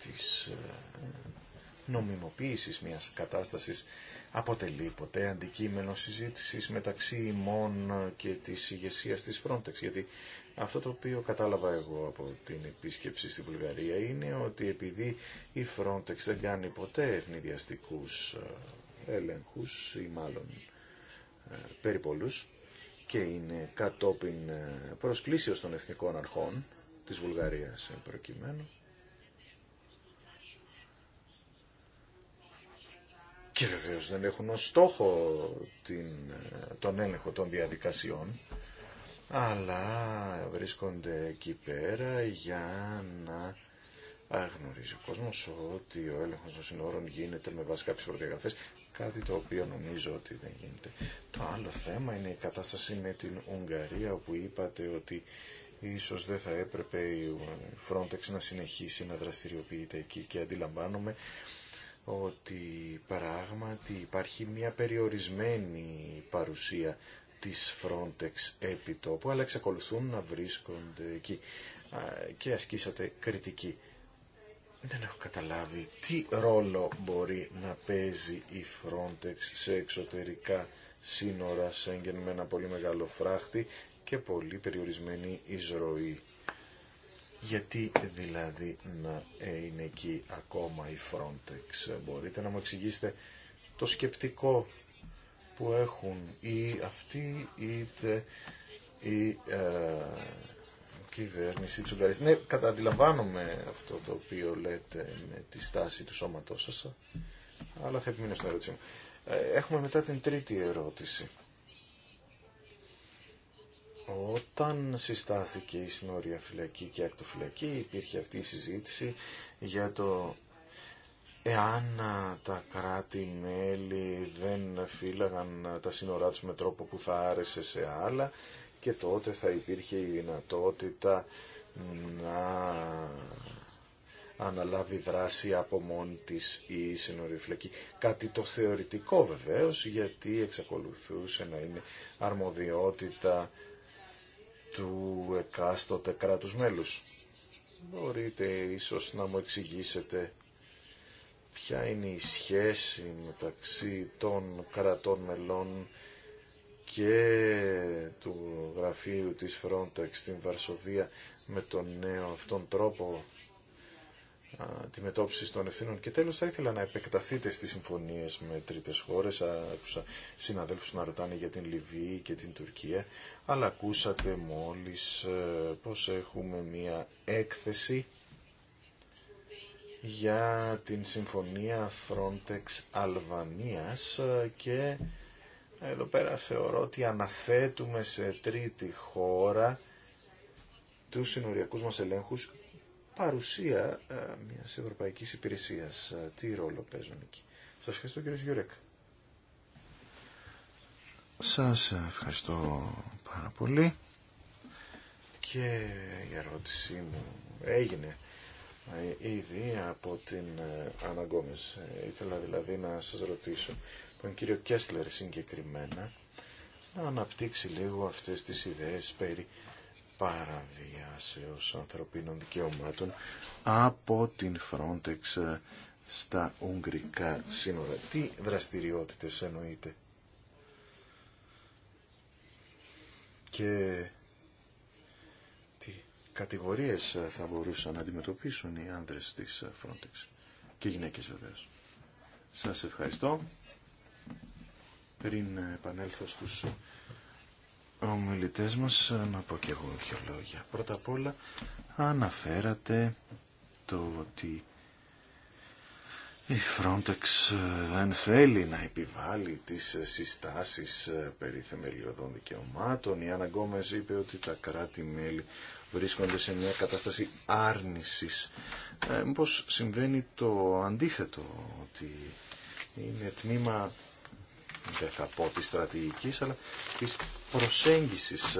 της νομιμοποίησης μιας κατάστασης αποτελεί ποτέ αντικείμενο συζήτησης μεταξύ ημών και της ηγεσία της Frontex, γιατί αυτό το οποίο κατάλαβα εγώ από την επίσκεψη στη Βουλγαρία είναι ότι επειδή η Frontex δεν κάνει ποτέ ευνηδιαστικούς ε, έλεγχους ή μάλλον ε, περιπολούς και είναι κατόπιν ε, προσκλήσεως των εθνικών αρχών της Βουλγαρίας προκειμένου και βεβαίως δεν έχουν ως στόχο την, τον έλεγχο των διαδικασιών αλλά βρίσκονται εκεί πέρα για να γνωρίζει ο κόσμος ότι ο έλεγχος των συνόρων γίνεται με βάση κάποιες προδιαγραφές, κάτι το οποίο νομίζω ότι δεν γίνεται. Το άλλο θέμα είναι η κατάσταση με την Ουγγαρία, όπου είπατε ότι ίσως δεν θα έπρεπε η Frontex να συνεχίσει να δραστηριοποιείται εκεί και αντιλαμβάνομαι ότι πράγματι υπάρχει μια περιορισμένη παρουσία της Frontex επί αλλά εξακολουθούν να βρίσκονται εκεί και ασκήσατε κριτική. Δεν έχω καταλάβει τι ρόλο μπορεί να παίζει η Frontex σε εξωτερικά σύνορα Σέγγεν με ένα πολύ μεγάλο φράχτη και πολύ περιορισμένη εισρωή. Γιατί δηλαδή να είναι εκεί ακόμα η Frontex. Μπορείτε να μου εξηγήσετε το σκεπτικό που έχουν ή αυτοί είτε η ε, κυβέρνηση εξωτερικής. Ναι, καταντιλαμβάνομαι αυτό το οποίο λέτε με τη στάση του σώματός σας, αλλά θα επιμείνω στην ερώτηση μου. Ε, έχουμε μετά την τρίτη ερώτηση. Όταν συστάθηκε η συνόρια φυλακή και ακτοφυλακή υπήρχε αυτή η συζήτηση για το Εάν τα κράτη-μέλη δεν φύλαγαν τα σύνορά τους με τρόπο που θα άρεσε σε άλλα και τότε θα υπήρχε η δυνατότητα να αναλάβει δράση από μόνη της η συνοριοφυλακή. Κάτι το θεωρητικό βεβαίως γιατί εξακολουθούσε να είναι αρμοδιότητα του εκάστοτε κράτους μέλους. Μπορείτε ίσως να μου εξηγήσετε ποια είναι η σχέση μεταξύ των κρατών μελών και του γραφείου της Frontex στην Βαρσοβία με τον νέο αυτόν τρόπο αντιμετώπιση των ευθύνων. Και τέλος θα ήθελα να επεκταθείτε στις συμφωνίες με τρίτες χώρες. Άκουσα συναδέλφους να ρωτάνε για την Λιβύη και την Τουρκία. Αλλά ακούσατε μόλις ε, πως έχουμε μία έκθεση για την συμφωνία Frontex Αλβανίας και εδώ πέρα θεωρώ ότι αναθέτουμε σε τρίτη χώρα τους συνοριακούς μας ελέγχους παρουσία ε, μιας ευρωπαϊκής υπηρεσίας. Ε, τι ρόλο παίζουν εκεί. Σας ευχαριστώ κύριε Γιουρέκ. Σας ευχαριστώ πάρα πολύ και η ερώτησή μου έγινε ε, ήδη από την Αναγκόμες. Ε, ε, ήθελα δηλαδή να σας ρωτήσω τον κύριο Κέσλερ συγκεκριμένα να αναπτύξει λίγο αυτές τις ιδέες περί παραβιάσεως ανθρωπίνων δικαιωμάτων από την Frontex στα Ουγγρικά σύνορα. Τι δραστηριότητες εννοείται. Και κατηγορίες ε, θα μπορούσαν να αντιμετωπίσουν οι άνδρες της ε, Frontex και οι γυναίκες βεβαίως. Σας ευχαριστώ. Πριν επανέλθω στους ομιλητές μας, ε, να πω και εγώ δύο λόγια. Πρώτα απ' όλα αναφέρατε το ότι η Frontex ε, δεν θέλει να επιβάλλει τις ε, συστάσεις ε, περί θεμελιωδών δικαιωμάτων. Η Άννα Γκόμες είπε ότι τα κράτη-μέλη βρίσκονται σε μια κατάσταση άρνησης. Ε, συμβαίνει το αντίθετο, ότι είναι τμήμα, δεν θα πω της στρατηγικής, αλλά της προσέγγισης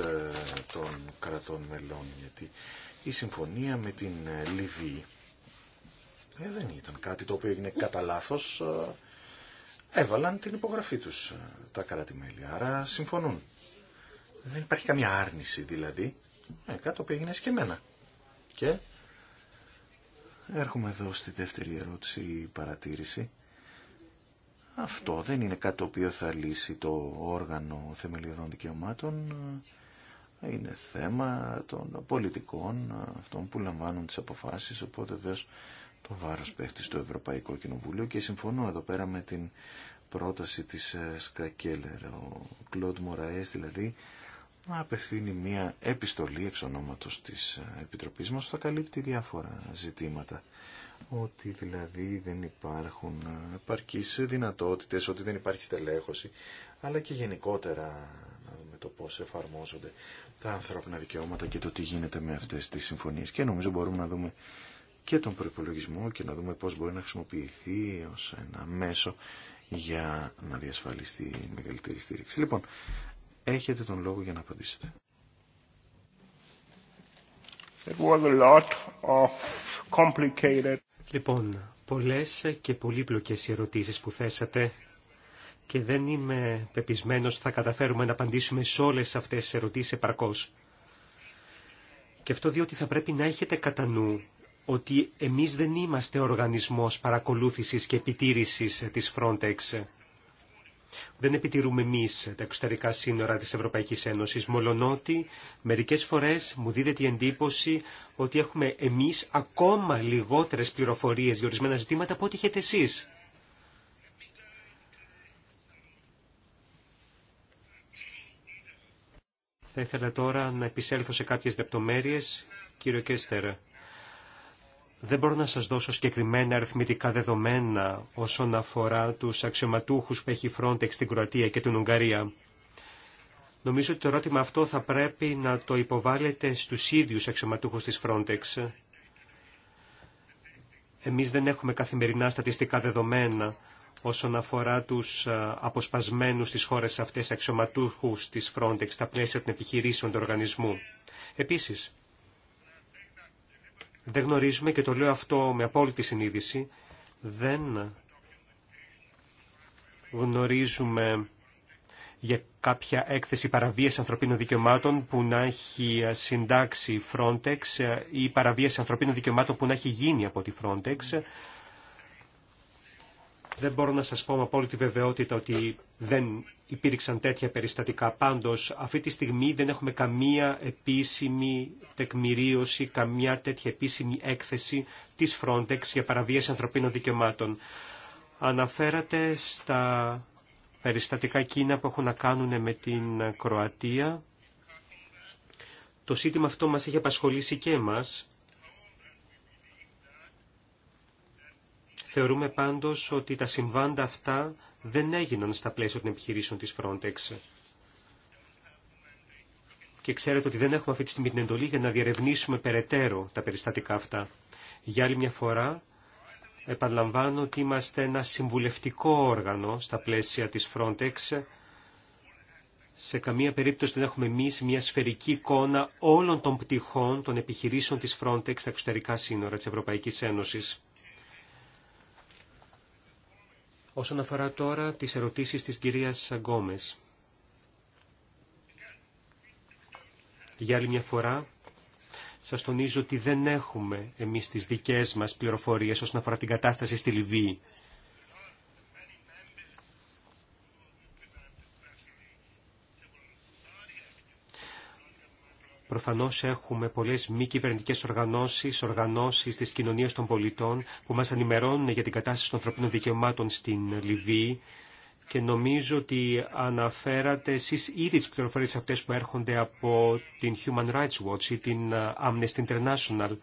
των κρατών μελών, γιατί η συμφωνία με την Λιβύη ε, δεν ήταν κάτι το οποίο έγινε κατά λάθο. Ε, έβαλαν την υπογραφή τους ε, τα τη άρα συμφωνούν. Δεν υπάρχει καμία άρνηση δηλαδή. Ε, κάτι το οποίο έγινε και εμένα. Και έρχομαι εδώ στη δεύτερη ερώτηση ή παρατήρηση. Αυτό δεν είναι κάτι το οποίο θα λύσει το όργανο θεμελιωδών δικαιωμάτων. Είναι θέμα των πολιτικών, αυτών που λαμβάνουν τις αποφάσεις, οπότε βέβαια το βάρος πέφτει στο Ευρωπαϊκό Κοινοβούλιο και συμφωνώ εδώ πέρα με την πρόταση της ε, Σκακέλερ. Ο Κλοντ Μωραές δηλαδή να απευθύνει μια επιστολή εξ ονόματος της ε, Επιτροπής μας που θα καλύπτει διάφορα ζητήματα. Ότι δηλαδή δεν υπάρχουν ε, επαρκείς δυνατότητες, ότι δεν υπάρχει στελέχωση, αλλά και γενικότερα να δούμε το πώς εφαρμόζονται τα ανθρώπινα δικαιώματα και το τι γίνεται με αυτές τις συμφωνίες. Και νομίζω μπορούμε να δούμε και τον προπολογισμό και να δούμε πώς μπορεί να χρησιμοποιηθεί ως ένα μέσο για να διασφαλιστεί η μεγαλύτερη στήριξη. Λοιπόν, έχετε τον λόγο για να απαντήσετε. Λοιπόν, πολλές και πολύπλοκες οι ερωτήσεις που θέσατε και δεν είμαι πεπισμένος θα καταφέρουμε να απαντήσουμε σε όλες αυτές τις ερωτήσεις επαρκώς. Και αυτό διότι θα πρέπει να έχετε κατά νου ότι εμείς δεν είμαστε οργανισμός παρακολούθησης και επιτήρησης της Frontex. Δεν επιτηρούμε εμείς τα εξωτερικά σύνορα της Ευρωπαϊκής Ένωσης, μολονότι μερικές φορές μου δίδεται η εντύπωση ότι έχουμε εμείς ακόμα λιγότερες πληροφορίες για ορισμένα ζητήματα από ό,τι είχετε εσείς. Θα ήθελα τώρα να επισέλθω σε κάποιες λεπτομέρειες, κύριο Κέστερα. Δεν μπορώ να σας δώσω συγκεκριμένα αριθμητικά δεδομένα όσον αφορά τους αξιωματούχους που έχει η Frontex στην Κροατία και την Ουγγαρία. Νομίζω ότι το ερώτημα αυτό θα πρέπει να το υποβάλλετε στους ίδιους αξιωματούχους της Frontex. Εμείς δεν έχουμε καθημερινά στατιστικά δεδομένα όσον αφορά τους αποσπασμένους στις χώρες αυτές αξιωματούχους της Frontex στα πλαίσια των επιχειρήσεων του οργανισμού. Επίσης, δεν γνωρίζουμε και το λέω αυτό με απόλυτη συνείδηση. Δεν γνωρίζουμε για κάποια έκθεση παραβίαση ανθρωπίνων δικαιωμάτων που να έχει συντάξει Frontex ή παραβίαση ανθρωπίνων δικαιωμάτων που να έχει γίνει από τη Frontex. Δεν μπορώ να σας πω με απόλυτη βεβαιότητα ότι δεν υπήρξαν τέτοια περιστατικά. Πάντως, αυτή τη στιγμή δεν έχουμε καμία επίσημη τεκμηρίωση, καμιά τέτοια επίσημη έκθεση της Frontex για παραβίαση ανθρωπίνων δικαιωμάτων. Αναφέρατε στα περιστατικά εκείνα που έχουν να κάνουν με την Κροατία. Το σύντημα αυτό μας έχει απασχολήσει και εμάς Θεωρούμε πάντως ότι τα συμβάντα αυτά δεν έγιναν στα πλαίσια των επιχειρήσεων της Frontex. Και ξέρετε ότι δεν έχουμε αυτή τη στιγμή την εντολή για να διερευνήσουμε περαιτέρω τα περιστατικά αυτά. Για άλλη μια φορά, επαναλαμβάνω ότι είμαστε ένα συμβουλευτικό όργανο στα πλαίσια της Frontex. Σε καμία περίπτωση δεν έχουμε εμεί μια σφαιρική εικόνα όλων των πτυχών των επιχειρήσεων της Frontex στα εξωτερικά σύνορα της Ευρωπαϊκής Ένωσης. Όσον αφορά τώρα τις ερωτήσεις της κυρίας Γκόμες. Για άλλη μια φορά, σας τονίζω ότι δεν έχουμε εμείς τις δικές μας πληροφορίες όσον αφορά την κατάσταση στη Λιβύη. Προφανώς έχουμε πολλές μη κυβερνητικέ οργανώσεις, οργανώσεις της κοινωνίας των πολιτών που μας ενημερώνουν για την κατάσταση των ανθρωπίνων δικαιωμάτων στην Λιβύη και νομίζω ότι αναφέρατε εσείς ήδη τις πληροφορίες αυτές που έρχονται από την Human Rights Watch ή την Amnesty International.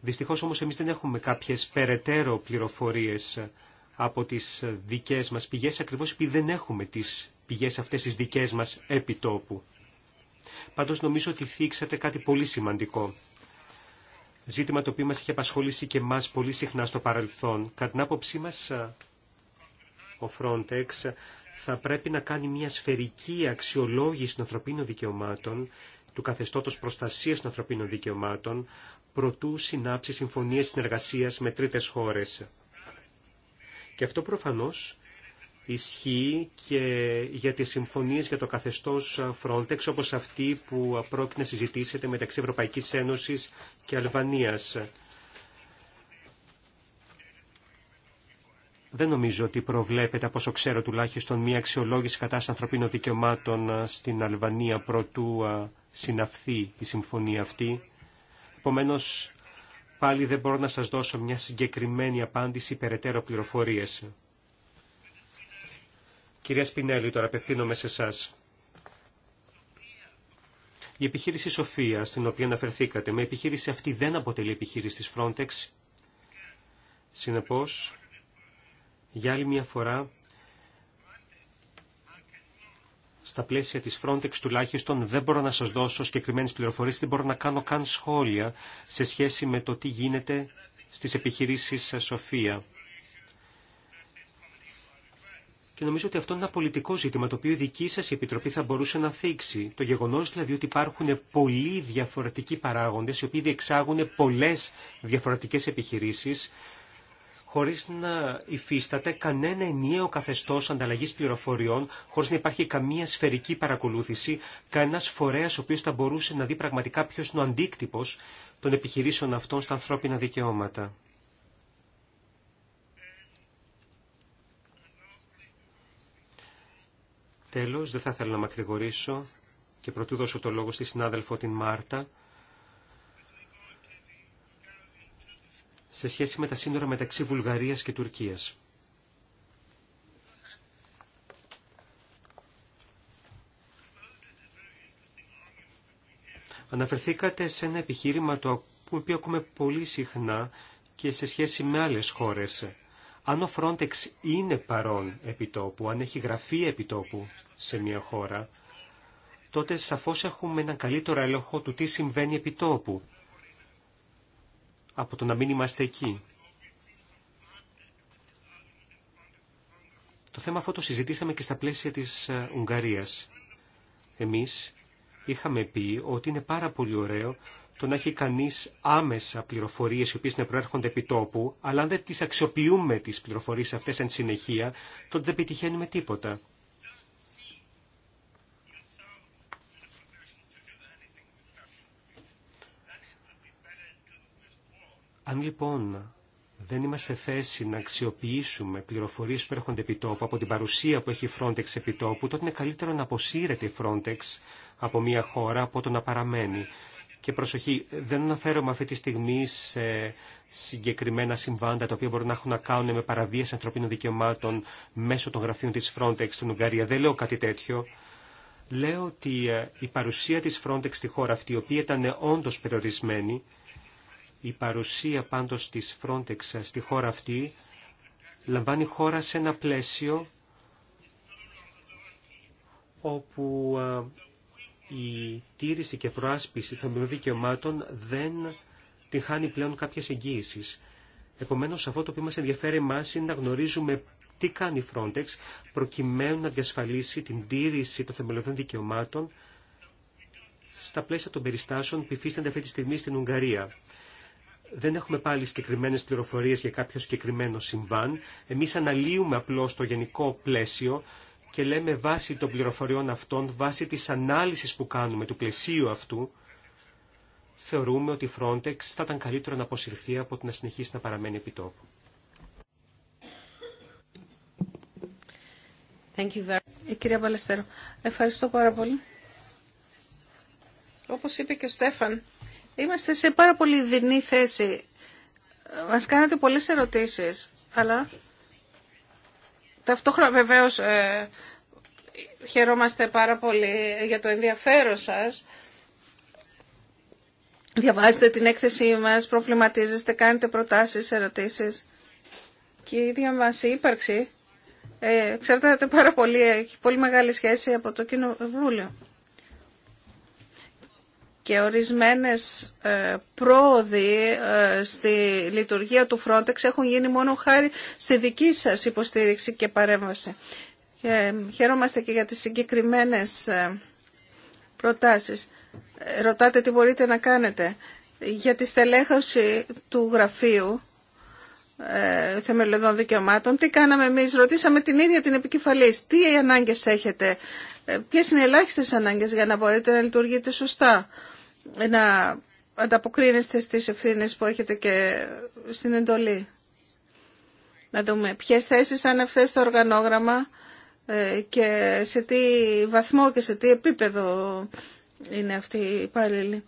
Δυστυχώς όμως εμείς δεν έχουμε κάποιες περαιτέρω πληροφορίες από τις δικές μας πηγές, ακριβώς επειδή δεν έχουμε τις πηγές αυτές τις δικές μας επιτόπου. Πάντως νομίζω ότι θίξατε κάτι πολύ σημαντικό. Ζήτημα το οποίο μας είχε απασχολήσει και μας πολύ συχνά στο παρελθόν. Κατά την άποψή μας, ο Frontex θα πρέπει να κάνει μια σφαιρική αξιολόγηση των ανθρωπίνων δικαιωμάτων, του καθεστώτος προστασίας των ανθρωπίνων δικαιωμάτων, προτού συνάψει συμφωνίες συνεργασίας με τρίτες χώρες. Και αυτό προφανώς ισχύει και για τις συμφωνίες για το καθεστώς Frontex, όπως αυτή που πρόκειται να συζητήσετε μεταξύ Ευρωπαϊκής Ένωσης και Αλβανίας. Δεν νομίζω ότι προβλέπεται, από όσο ξέρω τουλάχιστον, μια αξιολόγηση κατάσταση ανθρωπίνων δικαιωμάτων στην Αλβανία προτού συναυθεί η συμφωνία αυτή. Επομένως, πάλι δεν μπορώ να σας δώσω μια συγκεκριμένη απάντηση περαιτέρω πληροφορίες. Κυρία Σπινέλη, τώρα απευθύνομαι σε εσά. Η επιχείρηση Σοφία, στην οποία αναφερθήκατε, με επιχείρηση αυτή δεν αποτελεί επιχείρηση της Frontex. Συνεπώς, για άλλη μια φορά, στα πλαίσια της Frontex τουλάχιστον δεν μπορώ να σας δώσω συγκεκριμένε πληροφορίες, δεν μπορώ να κάνω καν σχόλια σε σχέση με το τι γίνεται στις επιχειρήσεις Σοφία. Και νομίζω ότι αυτό είναι ένα πολιτικό ζήτημα το οποίο η δική σα Επιτροπή θα μπορούσε να θίξει. Το γεγονό, δηλαδή ότι υπάρχουν πολλοί διαφορετικοί παράγοντε, οι οποίοι διεξάγουν πολλέ διαφορετικέ επιχειρήσει, χωρί να υφίσταται κανένα ενιαίο καθεστώ ανταλλαγή πληροφοριών, χωρί να υπάρχει καμία σφαιρική παρακολούθηση, κανένα φορέα ο οποίο θα μπορούσε να δει πραγματικά ποιο είναι ο αντίκτυπο των επιχειρήσεων αυτών στα ανθρώπινα δικαιώματα. Τέλος, δεν θα ήθελα να μακρηγορήσω και πρωτού δώσω το λόγο στη συνάδελφο την Μάρτα. σε σχέση με τα σύνορα μεταξύ Βουλγαρίας και Τουρκίας. Αναφερθήκατε σε ένα επιχείρημα το οποίο ακούμε πολύ συχνά και σε σχέση με άλλες χώρες. Αν ο Frontex είναι παρόν επιτόπου, αν έχει γραφεί επιτόπου σε μια χώρα, τότε σαφώς έχουμε έναν καλύτερο έλεγχο του τι συμβαίνει επιτόπου από το να μην είμαστε εκεί. Το θέμα αυτό το συζητήσαμε και στα πλαίσια της ε, Ουγγαρίας. Εμείς είχαμε πει ότι είναι πάρα πολύ ωραίο το να έχει κανείς άμεσα πληροφορίε οι οποίες να προέρχονται επί τόπου, αλλά αν δεν τις αξιοποιούμε τις πληροφορίες αυτές εν συνεχεία, τότε δεν πετυχαίνουμε τίποτα. Αν λοιπόν δεν είμαστε σε θέση να αξιοποιήσουμε πληροφορίες που έρχονται επί τόπου από την παρουσία που έχει η Frontex επί τόπου, τότε είναι καλύτερο να αποσύρεται η Frontex από μια χώρα από το να παραμένει. Και προσοχή, δεν αναφέρομαι αυτή τη στιγμή σε συγκεκριμένα συμβάντα τα οποία μπορούν να έχουν να κάνουν με παραβίαση ανθρωπίνων δικαιωμάτων μέσω των γραφείων της Frontex στην Ουγγαρία. Δεν λέω κάτι τέτοιο. Λέω ότι ε, η παρουσία της Frontex στη χώρα αυτή, η οποία ήταν όντως περιορισμένη, η παρουσία πάντως της Frontex στη χώρα αυτή λαμβάνει χώρα σε ένα πλαίσιο όπου ε, η τήρηση και προάσπιση των δικαιωμάτων δεν την χάνει πλέον κάποιε εγγύησει. Επομένω αυτό το οποίο μα ενδιαφέρει εμά είναι να γνωρίζουμε τι κάνει η Frontex προκειμένου να διασφαλίσει την τήρηση των θεμελιωδών δικαιωμάτων στα πλαίσια των περιστάσεων που υφίστανται αυτή τη στιγμή στην Ουγγαρία. Δεν έχουμε πάλι συγκεκριμένε πληροφορίε για κάποιο συγκεκριμένο συμβάν. Εμεί αναλύουμε απλώ το γενικό πλαίσιο και λέμε βάσει των πληροφοριών αυτών, βάσει της ανάλυσης που κάνουμε του πλαισίου αυτού, θεωρούμε ότι η Frontex θα ήταν καλύτερο να αποσυρθεί από την να συνεχίσει να παραμένει επιτόπου. Thank ε, Κυρία Παλαιστέρο, ευχαριστώ πάρα πολύ. Όπως είπε και ο Στέφαν, είμαστε σε πάρα πολύ δεινή θέση. Μας κάνατε πολλές ερωτήσεις, αλλά Ταυτόχρονα βεβαίως ε, χαιρόμαστε πάρα πολύ για το ενδιαφέρον σας. Διαβάζετε την έκθεσή μας, προβληματίζεστε, κάνετε προτάσεις, ερωτήσεις. Και η ίδια μας η ύπαρξη ε, εξαρτάται πάρα πολύ, έχει πολύ μεγάλη σχέση από το Κοινοβούλιο και ορισμένες ε, πρόοδοι ε, στη λειτουργία του Frontex έχουν γίνει μόνο χάρη στη δική σας υποστήριξη και παρέμβαση. Ε, Χαίρομαστε και για τις συγκεκριμένες προτάσεις. Ρωτάτε τι μπορείτε να κάνετε. Για τη στελέχωση του γραφείου θεμελιωδών δικαιωμάτων, τι κάναμε εμείς, ρωτήσαμε την ίδια την επικεφαλής, τι ανάγκες έχετε, ποιες είναι οι ελάχιστες ανάγκες για να μπορείτε να λειτουργείτε σωστά να ανταποκρίνεστε στις ευθύνες που έχετε και στην εντολή. Να δούμε ποιες θέσεις θα είναι αυτές στο οργανόγραμμα ε, και σε τι βαθμό και σε τι επίπεδο είναι αυτή η υπάλληλοι.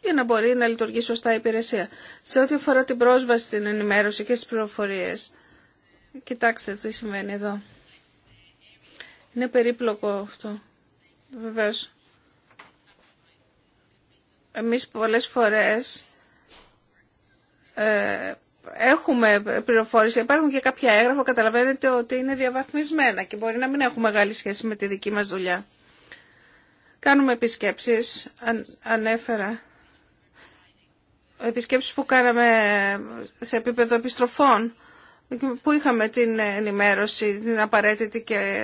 για να μπορεί να λειτουργεί σωστά η υπηρεσία. Σε ό,τι αφορά την πρόσβαση στην ενημέρωση και στις πληροφορίες, κοιτάξτε τι σημαίνει εδώ. Είναι περίπλοκο αυτό. Βεβαίως. Εμείς πολλές φορές ε, έχουμε πληροφόρηση, υπάρχουν και κάποια έγγραφα, καταλαβαίνετε ότι είναι διαβαθμισμένα και μπορεί να μην έχουν μεγάλη σχέση με τη δική μας δουλειά. Κάνουμε επισκέψεις, αν, ανέφερα, επισκέψεις που κάναμε σε επίπεδο επιστροφών, που είχαμε την ενημέρωση, την απαραίτητη και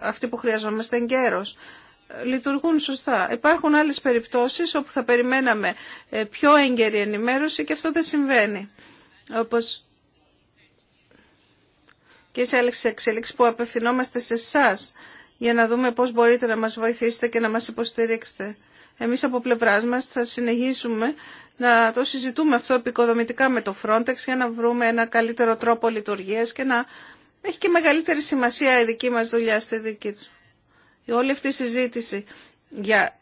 αυτή που χρειαζόμαστε εγκαίρως λειτουργούν σωστά. Υπάρχουν άλλες περιπτώσεις όπου θα περιμέναμε ε, πιο έγκαιρη ενημέρωση και αυτό δεν συμβαίνει. Όπως και σε άλλε εξελίξεις που απευθυνόμαστε σε εσά για να δούμε πώς μπορείτε να μας βοηθήσετε και να μας υποστηρίξετε. Εμείς από πλευράς μας θα συνεχίσουμε να το συζητούμε αυτό επικοδομητικά με το Frontex για να βρούμε ένα καλύτερο τρόπο λειτουργίας και να έχει και μεγαλύτερη σημασία η δική μας δουλειά στη δική του όλη αυτή η συζήτηση για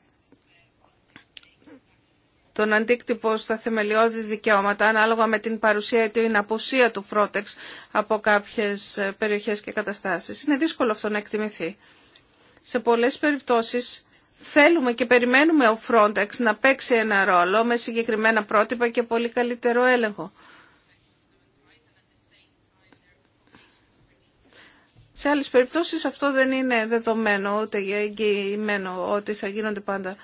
τον αντίκτυπο στα θεμελιώδη δικαιώματα ανάλογα με την παρουσία ή την απουσία του Frontex από κάποιες ε, περιοχές και καταστάσεις. Είναι δύσκολο αυτό να εκτιμηθεί. Σε πολλές περιπτώσεις θέλουμε και περιμένουμε ο Frontex να παίξει ένα ρόλο με συγκεκριμένα πρότυπα και πολύ καλύτερο έλεγχο. Σε άλλε περιπτώσεις αυτό δεν είναι δεδομένο ούτε εγγυημένο ότι θα γίνονται πάντα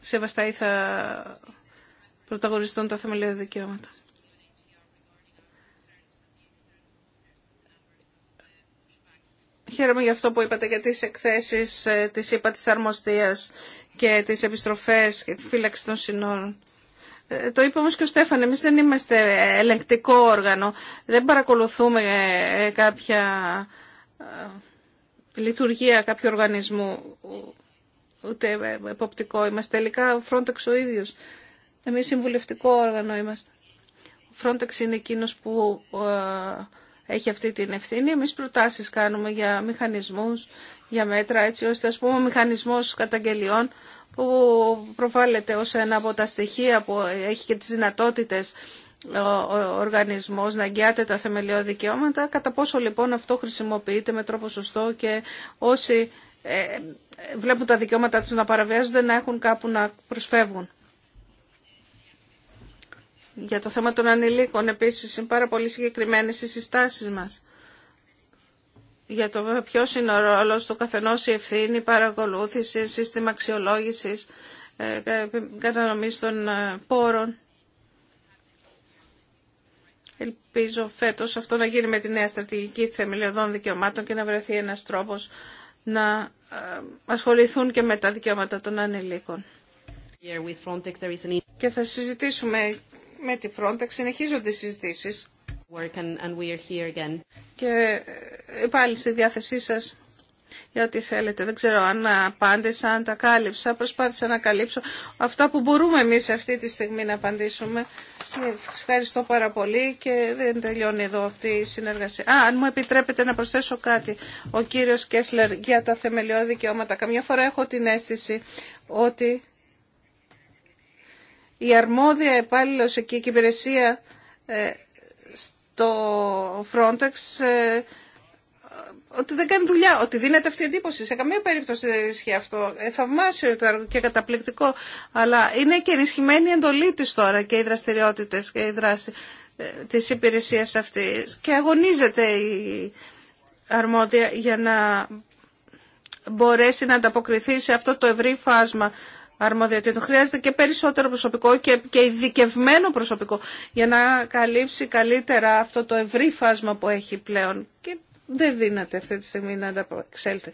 σεβαστά ή θα πρωταγωνιστούν τα θεμελιώδη δικαιώματα. Χαίρομαι για αυτό που είπατε για τις εκθέσεις ε, της ΥΠΑ της Αρμοστίας και τις επιστροφές και τη φύλαξη των συνόρων. Ε, το είπε όμως και ο Στέφαν, εμείς δεν είμαστε ελεγκτικό όργανο, δεν παρακολουθούμε ε, κάποια ε, λειτουργία κάποιου οργανισμού, ούτε εποπτικό είμαστε. Τελικά ο Frontex ο ίδιος, εμείς συμβουλευτικό όργανο είμαστε. Ο Frontex είναι εκείνος που έχει αυτή την ευθύνη. Εμείς προτάσεις κάνουμε για μηχανισμούς, για μέτρα, έτσι ώστε ας πούμε ο μηχανισμός καταγγελιών που προβάλλεται ως ένα από τα στοιχεία που έχει και τις δυνατότητες ο οργανισμός να αγκιάται τα θεμελιώδη δικαιώματα, κατά πόσο λοιπόν αυτό χρησιμοποιείται με τρόπο σωστό και όσοι ε, βλέπουν τα δικαιώματα τους να παραβιάζονται να έχουν κάπου να προσφεύγουν. Για το θέμα των ανηλίκων επίσης είναι πάρα πολύ συγκεκριμένες οι συστάσεις μας για το ποιο είναι ο ρόλος του καθενό η ευθύνη, η παρακολούθηση, σύστημα αξιολόγησης, ε, κατανομή των ε, πόρων. Ελπίζω φέτος αυτό να γίνει με τη νέα στρατηγική θεμελιωδών δικαιωμάτων και να βρεθεί ένας τρόπος να ε, ασχοληθούν και με τα δικαιώματα των ανηλίκων. Και θα συζητήσουμε με τη Frontex, συνεχίζονται οι συζητήσεις και ε, πάλι στη διάθεσή σας για ό,τι θέλετε. Δεν ξέρω αν απάντησα, αν τα κάλυψα. Προσπάθησα να καλύψω αυτά που μπορούμε εμείς αυτή τη στιγμή να απαντήσουμε. Ευχαριστώ πάρα πολύ και δεν τελειώνει εδώ αυτή η συνεργασία. Α, αν μου επιτρέπετε να προσθέσω κάτι. Ο κύριος Κέσλερ για τα θεμελιώδη δικαιώματα. Καμιά φορά έχω την αίσθηση ότι η αρμόδια επάλληλος εκεί και η υπηρεσία ε, το Frontex ε, ότι δεν κάνει δουλειά, ότι δίνεται αυτή η εντύπωση. Σε καμία περίπτωση δεν ισχύει αυτό. Ε, θαυμάσιο το έργο και καταπληκτικό. Αλλά είναι και ενισχυμένη η εντολή τη τώρα και οι δραστηριότητε και η δράση ε, τη υπηρεσία αυτή. Και αγωνίζεται η αρμόδια για να μπορέσει να ανταποκριθεί σε αυτό το ευρύ φάσμα το Χρειάζεται και περισσότερο προσωπικό και, και ειδικευμένο προσωπικό για να καλύψει καλύτερα αυτό το ευρύ φάσμα που έχει πλέον. Και δεν δύναται αυτή τη στιγμή να ανταποξέλθει.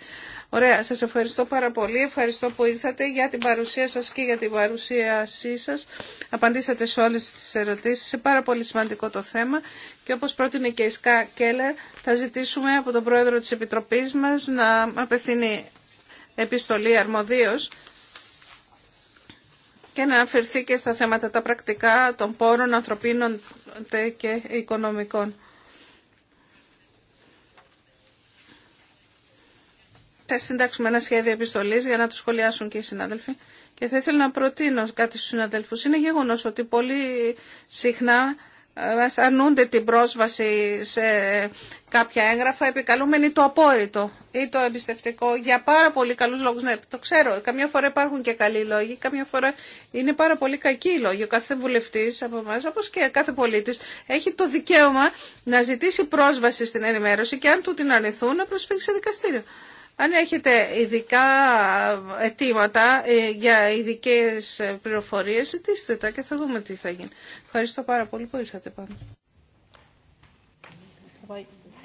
Ωραία, σας ευχαριστώ πάρα πολύ. Ευχαριστώ που ήρθατε για την παρουσία σας και για την παρουσίασή σας. Απαντήσατε σε όλες τις ερωτήσεις. Είναι πάρα πολύ σημαντικό το θέμα. Και όπως πρότεινε και η Σκά Κέλλερ, θα ζητήσουμε από τον Πρόεδρο της Επιτροπής μας να απευθύνει επιστολή αρμοδίως και να αναφερθεί και στα θέματα τα πρακτικά των πόρων ανθρωπίνων και οικονομικών. Θα συντάξουμε ένα σχέδιο επιστολής για να το σχολιάσουν και οι συνάδελφοι. Και θα ήθελα να προτείνω κάτι στους συναδέλφους. Είναι γεγονό ότι πολύ συχνά μας αρνούνται την πρόσβαση σε κάποια έγγραφα επικαλούμενοι το απόρριτο ή το εμπιστευτικό για πάρα πολύ καλούς λόγους. Ναι, το ξέρω. Καμιά φορά υπάρχουν και καλοί λόγοι, καμιά φορά είναι πάρα πολύ κακοί λόγοι. Ο κάθε βουλευτής από εμά, όπως και κάθε πολίτης, έχει το δικαίωμα να ζητήσει πρόσβαση στην ενημέρωση και αν του την αρνηθούν να προσφύγει σε δικαστήριο. Αν έχετε ειδικά αιτήματα ε, για ειδικέ πληροφορίε, ζητήστε τα και θα δούμε τι θα γίνει. Ευχαριστώ πάρα πολύ που ήρθατε πάνω.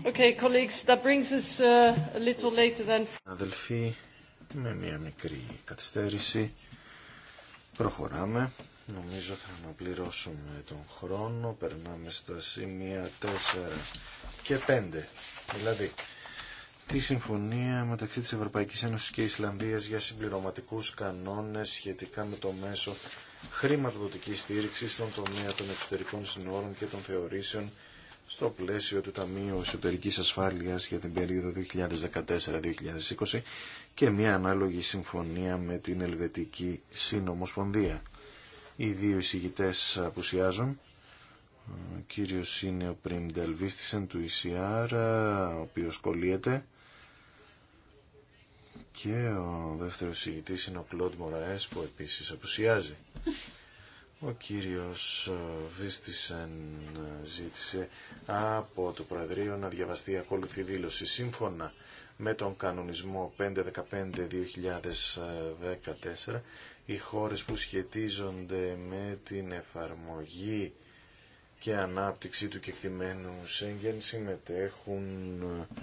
Okay, colleagues, that brings us uh, a little later than... Αδελφοί, με μια μικρή καθυστέρηση προχωράμε. Νομίζω θα αναπληρώσουμε τον χρόνο. Περνάμε στα σημεία 4 και 5. Δηλαδή, τη συμφωνία μεταξύ της Ευρωπαϊκής Ένωσης και Ισλανδίας για συμπληρωματικούς κανόνες σχετικά με το μέσο χρηματοδοτικής στήριξης στον τομέα των εξωτερικών συνόρων και των θεωρήσεων στο πλαίσιο του Ταμείου Εσωτερικής Ασφάλειας για την περίοδο 2014-2020 και μια ανάλογη συμφωνία με την Ελβετική Συνομοσπονδία. Οι δύο εισηγητές απουσιάζουν. Ο κύριος είναι ο Πριμ Ντελβίστησεν του ECR, ο οποίος κολλείεται. Και ο δεύτερο ηγητής είναι ο Κλοντ που επίσης απουσιάζει. Ο κύριος ε, Βίστισεν ε, ζήτησε από το Προεδρείο να διαβαστεί ακόλουθη δήλωση σύμφωνα με τον κανονισμό 515-2014 οι χώρες που σχετίζονται με την εφαρμογή και ανάπτυξη του κεκτημένου Σέγγεν συμμετέχουν ε,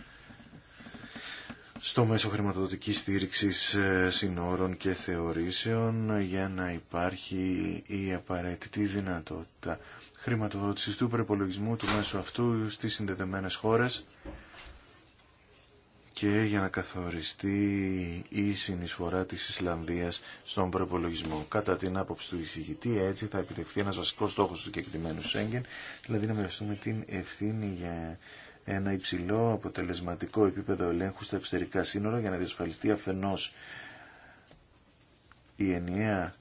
στο μέσο χρηματοδοτικής στήριξης ε, συνόρων και θεωρήσεων για να υπάρχει η απαραίτητη δυνατότητα χρηματοδότησης του προπολογισμού του μέσου αυτού στις συνδεδεμένες χώρες και για να καθοριστεί η συνεισφορά της Ισλανδίας στον προπολογισμό. Κατά την άποψη του εισηγητή, έτσι θα επιτευχθεί ένας βασικός στόχος του κεκτημένου Σέγγεν, δηλαδή να μοιραστούμε την ευθύνη για ένα υψηλό αποτελεσματικό επίπεδο ελέγχου στα εξωτερικά σύνορα για να διασφαλιστεί αφενός η ενιαία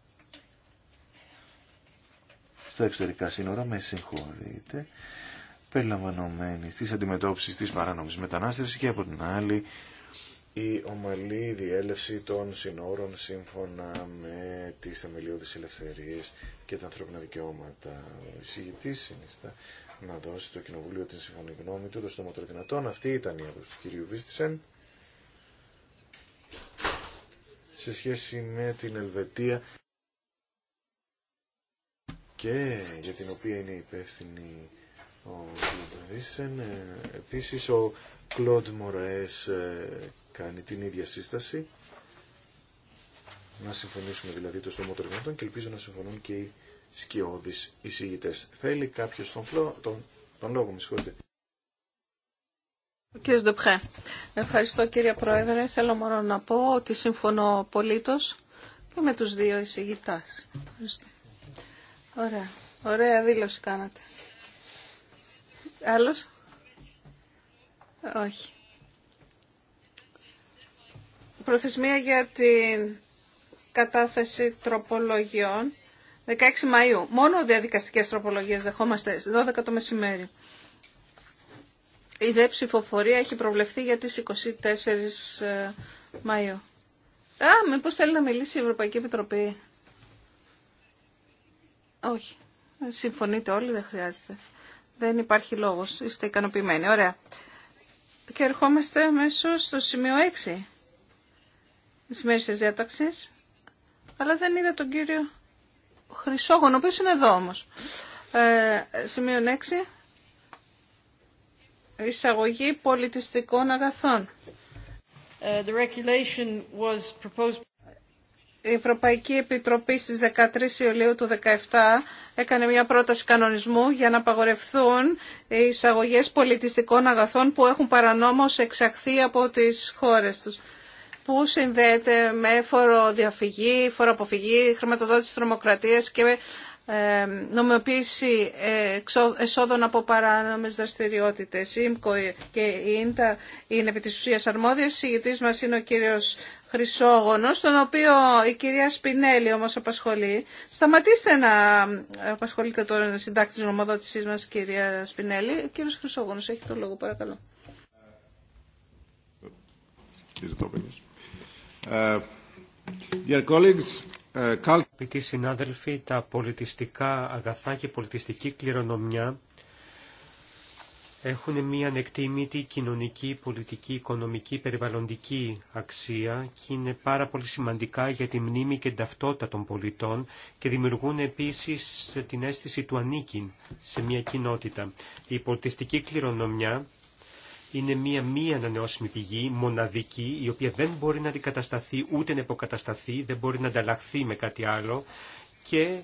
στα εξωτερικά σύνορα, με συγχωρείτε, περιλαμβανομένη στις αντιμετώπιση της παράνομης μετανάστευσης και από την άλλη η ομαλή διέλευση των συνόρων σύμφωνα με τις θεμελιώδεις ελευθερίες και τα ανθρώπινα δικαιώματα. Ο εισηγητής συνιστά να δώσει το Κοινοβούλιο την συμφωνή γνώμη του το Αυτή ήταν η άποψη του κυρίου Βίστισεν Σε σχέση με την Ελβετία και για την οποία είναι υπεύθυνη ο Βίστισεν. Ε, επίσης ο Κλοντ Μωραές ε, κάνει την ίδια σύσταση. Να συμφωνήσουμε δηλαδή το στόμα και ελπίζω να συμφωνούν και οι σκιώδεις εισηγητές. Θέλει κάποιος τον, τον, τον λόγο, με συγχωρείτε. Κύριε Ντεπχέ, ευχαριστώ κύριε Πρόεδρε. Θέλω μόνο να πω ότι συμφωνώ πολύτος και με τους δύο εισηγητάς. Ωραία. Ωραία δήλωση κάνατε. Άλλος? Όχι. Προθεσμία για την κατάθεση τροπολογιών 16 Μαΐου. Μόνο διαδικαστικές τροπολογίες δεχόμαστε στις 12 το μεσημέρι. Η δε ψηφοφορία έχει προβλεφθεί για τις 24 ε, Μαΐου. Α, μήπως θέλει να μιλήσει η Ευρωπαϊκή Επιτροπή. Όχι. Συμφωνείτε όλοι, δεν χρειάζεται. Δεν υπάρχει λόγος. Είστε ικανοποιημένοι. Ωραία. Και ερχόμαστε μέσω στο σημείο 6 της μέρης της διάταξης. Αλλά δεν είδα τον κύριο Χρυσόγωνο, ο οποίος είναι εδώ όμως. Ε, σημείο 6. Εισαγωγή πολιτιστικών αγαθών. Ε, proposed... Η Ευρωπαϊκή Επιτροπή στις 13 Ιουλίου του 2017 έκανε μια πρόταση κανονισμού για να απαγορευθούν οι εισαγωγές πολιτιστικών αγαθών που έχουν παρανόμως εξαχθεί από τις χώρες τους που συνδέεται με φοροδιαφυγή, φοροαποφυγή, χρηματοδότηση τρομοκρατίας και ε, νομιμοποίηση ε, εσόδων από παράνομες δραστηριότητες. Η ΙΜΚΟ και η ΙΝΤΑ είναι επί της ουσίας αρμόδιες. Συγητής μας είναι ο κύριος Χρυσόγονος, τον οποίο η κυρία Σπινέλη όμως απασχολεί. Σταματήστε να απασχολείτε τώρα συντάκτη της νομοδότησής μας, κυρία Σπινέλη. Ο κύριος Χρυσόγονος έχει το λόγο, παρακαλώ. Uh, dear uh, Αγαπητοί συνάδελφοι, τα πολιτιστικά αγαθά και πολιτιστική κληρονομιά έχουν μια ανεκτήμητη κοινωνική, πολιτική, οικονομική, περιβαλλοντική αξία και είναι πάρα πολύ σημαντικά για τη μνήμη και την ταυτότητα των πολιτών και δημιουργούν επίσης την αίσθηση του ανήκειν σε μια κοινότητα. Η πολιτιστική κληρονομιά είναι μία μη ανανεώσιμη πηγή, μοναδική, η οποία δεν μπορεί να αντικατασταθεί ούτε να υποκατασταθεί, δεν μπορεί να ανταλλαχθεί με κάτι άλλο και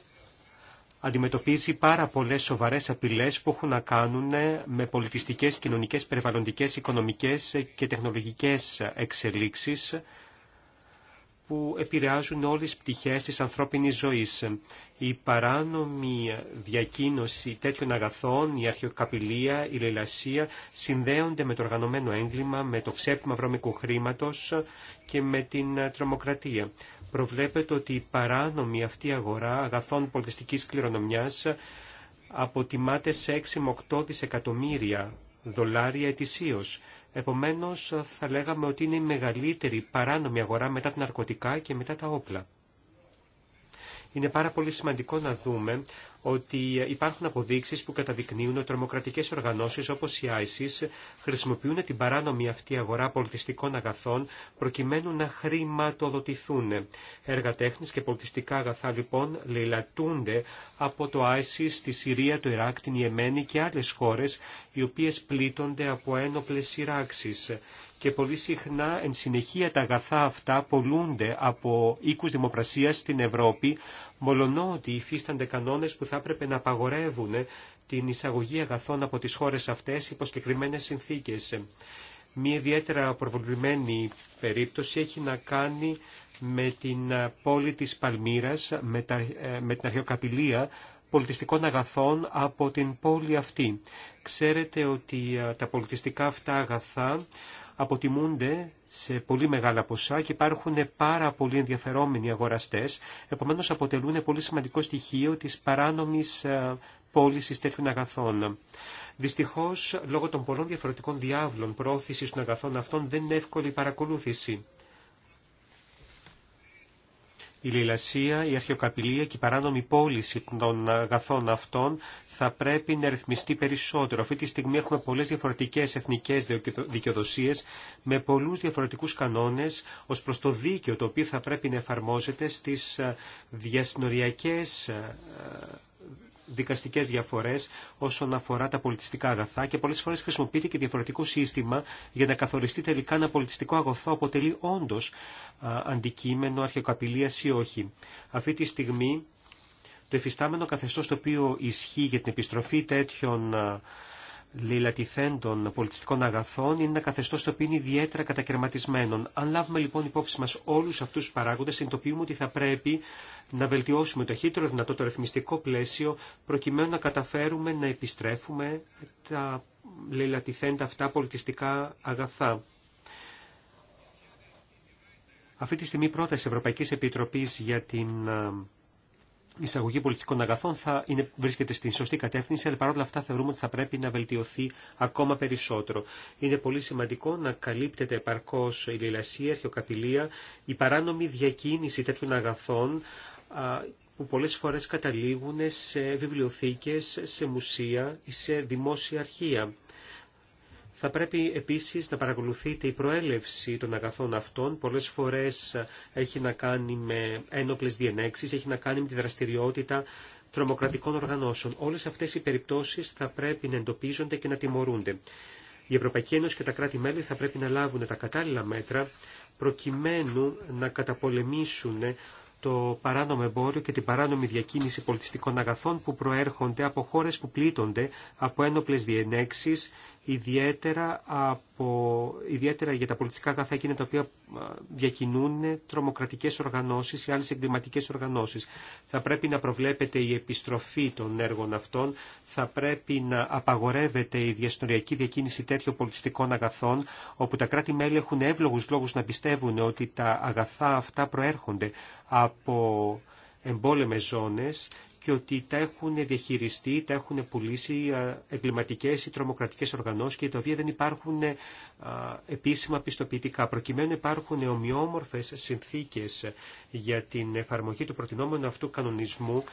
αντιμετωπίζει πάρα πολλές σοβαρές απειλές που έχουν να κάνουν με πολιτιστικές, κοινωνικές, περιβαλλοντικές, οικονομικές και τεχνολογικές εξελίξεις που επηρεάζουν όλες τις πτυχές της ανθρώπινης ζωής. Η παράνομη διακίνωση τέτοιων αγαθών, η αρχαιοκαπηλεία, η λελασία συνδέονται με το οργανωμένο έγκλημα, με το ξέπημα βρώμικου χρήματος και με την τρομοκρατία. Προβλέπεται ότι η παράνομη αυτή αγορά αγαθών πολιτιστικής κληρονομιάς αποτιμάται σε 6 με 8 δισεκατομμύρια δολάρια ετησίως Επομένως θα λέγαμε ότι είναι η μεγαλύτερη παράνομη αγορά μετά τα ναρκωτικά και μετά τα όπλα είναι πάρα πολύ σημαντικό να δούμε ότι υπάρχουν αποδείξεις που καταδεικνύουν ότι τρομοκρατικές οργανώσεις όπως η ISIS χρησιμοποιούν την παράνομη αυτή αγορά πολιτιστικών αγαθών προκειμένου να χρηματοδοτηθούν. Έργα τέχνης και πολιτιστικά αγαθά λοιπόν λαιλατούνται από το ISIS στη Συρία, το Ιράκ, την Ιεμένη και άλλες χώρες οι οποίες πλήττονται από ένοπλες σειράξεις και πολύ συχνά εν συνεχεία τα αγαθά αυτά πολλούνται από οίκους δημοπρασίας στην Ευρώπη, μολονό ότι υφίστανται κανόνες που θα έπρεπε να απαγορεύουν την εισαγωγή αγαθών από τις χώρες αυτές υπό συγκεκριμένε συνθήκες. Μία ιδιαίτερα προβολημένη περίπτωση έχει να κάνει με την πόλη της Παλμύρας, με, τα, ε, με την αρχαιοκαπηλεία πολιτιστικών αγαθών από την πόλη αυτή. Ξέρετε ότι ε, τα πολιτιστικά αυτά αγαθά αποτιμούνται σε πολύ μεγάλα ποσά και υπάρχουν πάρα πολύ ενδιαφερόμενοι αγοραστές, επομένως αποτελούν πολύ σημαντικό στοιχείο της παράνομης ε, πώληση τέτοιων αγαθών. Δυστυχώς, λόγω των πολλών διαφορετικών διάβλων πρόθεσης των αγαθών αυτών δεν είναι εύκολη η παρακολούθηση. Η λαιλασία, η αρχαιοκαπηλεία και η παράνομη πώληση των αγαθών αυτών θα πρέπει να ρυθμιστεί περισσότερο. Αυτή τη στιγμή έχουμε πολλέ διαφορετικέ εθνικέ δικαιοδοσίε με πολλού διαφορετικού κανόνε ω προ το δίκαιο το οποίο θα πρέπει να εφαρμόζεται στι ε, διασυνοριακέ ε, δικαστικέ διαφορέ όσον αφορά τα πολιτιστικά αγαθά και πολλέ φορέ χρησιμοποιείται και διαφορετικό σύστημα για να καθοριστεί τελικά ένα πολιτιστικό αγαθό αποτελεί όντω αντικείμενο αρχαιοκαπηλεία ή όχι. Αυτή τη στιγμή το εφιστάμενο καθεστώ το οποίο ισχύει για την επιστροφή τέτοιων λιλατηθέντων πολιτιστικών αγαθών είναι ένα καθεστώς το οποίο είναι ιδιαίτερα κατακαιρματισμένο. Αν λάβουμε λοιπόν υπόψη μας όλους αυτούς τους παράγοντες, συνειδητοποιούμε ότι θα πρέπει να βελτιώσουμε το χύτερο δυνατό το ρυθμιστικό πλαίσιο, προκειμένου να καταφέρουμε να επιστρέφουμε τα λιλατιθέντα αυτά πολιτιστικά αγαθά. Αυτή τη στιγμή πρόταση Ευρωπαϊκής Επιτροπής για την η εισαγωγή πολιτικών αγαθών θα είναι, βρίσκεται στην σωστή κατεύθυνση, αλλά παρόλα αυτά θεωρούμε ότι θα πρέπει να βελτιωθεί ακόμα περισσότερο. Είναι πολύ σημαντικό να καλύπτεται επαρκώ η λαιλασία, η αρχαιοκαπηλεία, η παράνομη διακίνηση τέτοιων αγαθών που πολλές φορές καταλήγουν σε βιβλιοθήκες, σε μουσεία ή σε δημόσια αρχεία. Θα πρέπει επίσης να παρακολουθείτε η προέλευση των αγαθών αυτών. Πολλές φορές έχει να κάνει με ένοπλες διενέξεις, έχει να κάνει με τη δραστηριότητα τρομοκρατικών οργανώσεων. Όλες αυτές οι περιπτώσεις θα πρέπει να εντοπίζονται και να τιμωρούνται. Η Ευρωπαϊκή Ένωση και τα κράτη-μέλη θα πρέπει να λάβουν τα κατάλληλα μέτρα προκειμένου να καταπολεμήσουν το παράνομο εμπόριο και την παράνομη διακίνηση πολιτιστικών αγαθών που προέρχονται από χώρες που πλήττονται από ένοπλες διενέξεις ιδιαίτερα, από, ιδιαίτερα για τα πολιτιστικά αγαθά εκείνα τα οποία διακινούν τρομοκρατικές οργανώσεις ή άλλες εγκληματικές οργανώσεις. Θα πρέπει να προβλέπεται η επιστροφή των έργων αυτών, θα πρέπει να απαγορεύεται η διαστοριακή διακίνηση τέτοιων πολιτιστικών αγαθών, όπου τα κράτη-μέλη έχουν εύλογους λόγους να πιστεύουν ότι τα αγαθά αυτά προέρχονται από εμπόλεμες ζώνες και ότι τα έχουν διαχειριστεί, τα έχουν πουλήσει εγκληματικέ ή τρομοκρατικέ οργανώσει και τα οποία δεν υπάρχουν επίσημα πιστοποιητικά. Προκειμένου υπάρχουν ομοιόμορφε συνθήκε για την εφαρμογή του προτινόμενου αυτού κανονισμού,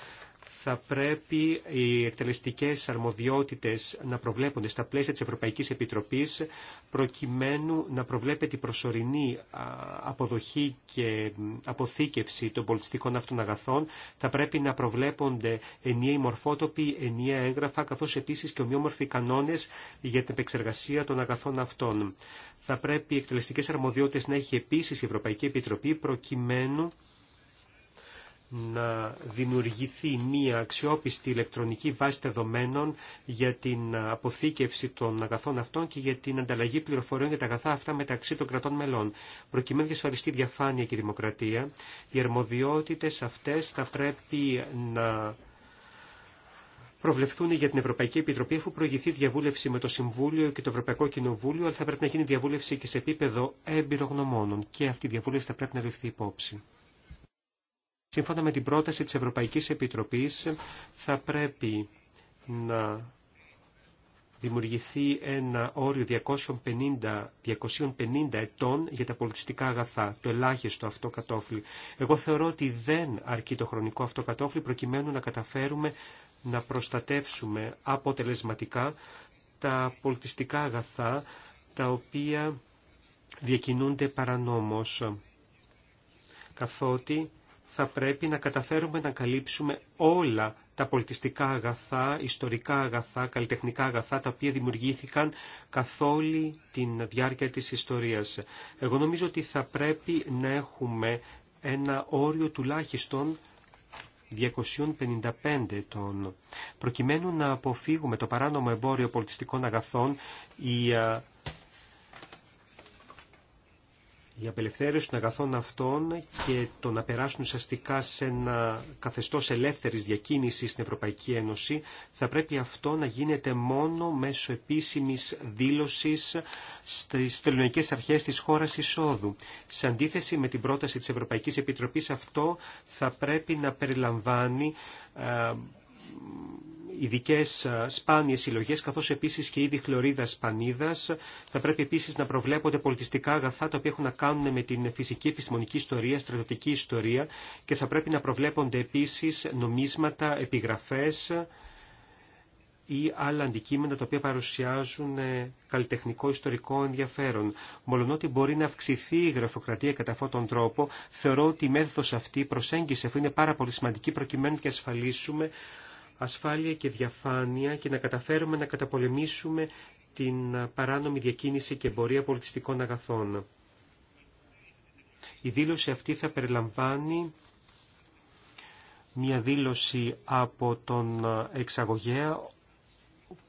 θα πρέπει οι εκτελεστικές αρμοδιότητες να προβλέπονται στα πλαίσια της Ευρωπαϊκής Επιτροπής προκειμένου να προβλέπεται η προσωρινή αποδοχή και αποθήκευση των πολιτιστικών αυτών αγαθών. Θα πρέπει να προβλέπονται ενιαίοι μορφότοποι, ενιαία έγγραφα, καθώς επίσης και ομοιόμορφοι κανόνες για την επεξεργασία των αγαθών αυτών. Θα πρέπει οι εκτελεστικές αρμοδιότητες να έχει επίσης η Ευρωπαϊκή Επιτροπή προκειμένου να δημιουργηθεί μία αξιόπιστη ηλεκτρονική βάση δεδομένων για την αποθήκευση των αγαθών αυτών και για την ανταλλαγή πληροφοριών για τα αγαθά αυτά μεταξύ των κρατών μελών. Προκειμένου να διασφαλιστεί διαφάνεια και δημοκρατία, οι αρμοδιότητες αυτές θα πρέπει να προβλεφθούν για την Ευρωπαϊκή Επιτροπή, αφού προηγηθεί διαβούλευση με το Συμβούλιο και το Ευρωπαϊκό Κοινοβούλιο, αλλά θα πρέπει να γίνει διαβούλευση και σε επίπεδο γνωμόνων Και αυτή η διαβούλευση θα πρέπει να ληφθεί υπόψη. Σύμφωνα με την πρόταση της Ευρωπαϊκής Επιτροπής θα πρέπει να δημιουργηθεί ένα όριο 250, 250 ετών για τα πολιτιστικά αγαθά, το ελάχιστο αυτό κατόφλι. Εγώ θεωρώ ότι δεν αρκεί το χρονικό αυτό κατόφλι προκειμένου να καταφέρουμε να προστατεύσουμε αποτελεσματικά τα πολιτιστικά αγαθά τα οποία διακινούνται παρανόμως, καθότι θα πρέπει να καταφέρουμε να καλύψουμε όλα τα πολιτιστικά αγαθά, ιστορικά αγαθά, καλλιτεχνικά αγαθά τα οποία δημιουργήθηκαν καθ' όλη την διάρκεια της ιστορίας. Εγώ νομίζω ότι θα πρέπει να έχουμε ένα όριο τουλάχιστον 255 ετών. Προκειμένου να αποφύγουμε το παράνομο εμπόριο πολιτιστικών αγαθών, η η απελευθέρωση των αγαθών αυτών και το να περάσουν ουσιαστικά σε ένα καθεστώς ελεύθερης διακίνησης στην Ευρωπαϊκή Ένωση θα πρέπει αυτό να γίνεται μόνο μέσω επίσημης δήλωσης στις τελωνικές αρχές της χώρας εισόδου. Σε αντίθεση με την πρόταση της Ευρωπαϊκής Επιτροπής αυτό θα πρέπει να περιλαμβάνει ε, ειδικέ ε, σπάνιε συλλογέ, καθώ επίση και είδη χλωρίδα σπανίδας. Θα πρέπει επίση να προβλέπονται πολιτιστικά αγαθά τα οποία έχουν να κάνουν με την φυσική επιστημονική ιστορία, στρατιωτική ιστορία και θα πρέπει να προβλέπονται επίσης νομίσματα, επιγραφές ή άλλα αντικείμενα τα οποία παρουσιάζουν ε, καλλιτεχνικό ιστορικό ενδιαφέρον. Μολονότι μπορεί να αυξηθεί η γραφειοκρατία κατά αυτόν τον τρόπο, θεωρώ ότι η μέθοδος αυτή, η προσέγγιση αυτή είναι πάρα πολύ σημαντική προκειμένου να ασφαλίσουμε ασφάλεια και διαφάνεια και να καταφέρουμε να καταπολεμήσουμε την παράνομη διακίνηση και εμπορία πολιτιστικών αγαθών. Η δήλωση αυτή θα περιλαμβάνει μια δήλωση από τον εξαγωγέα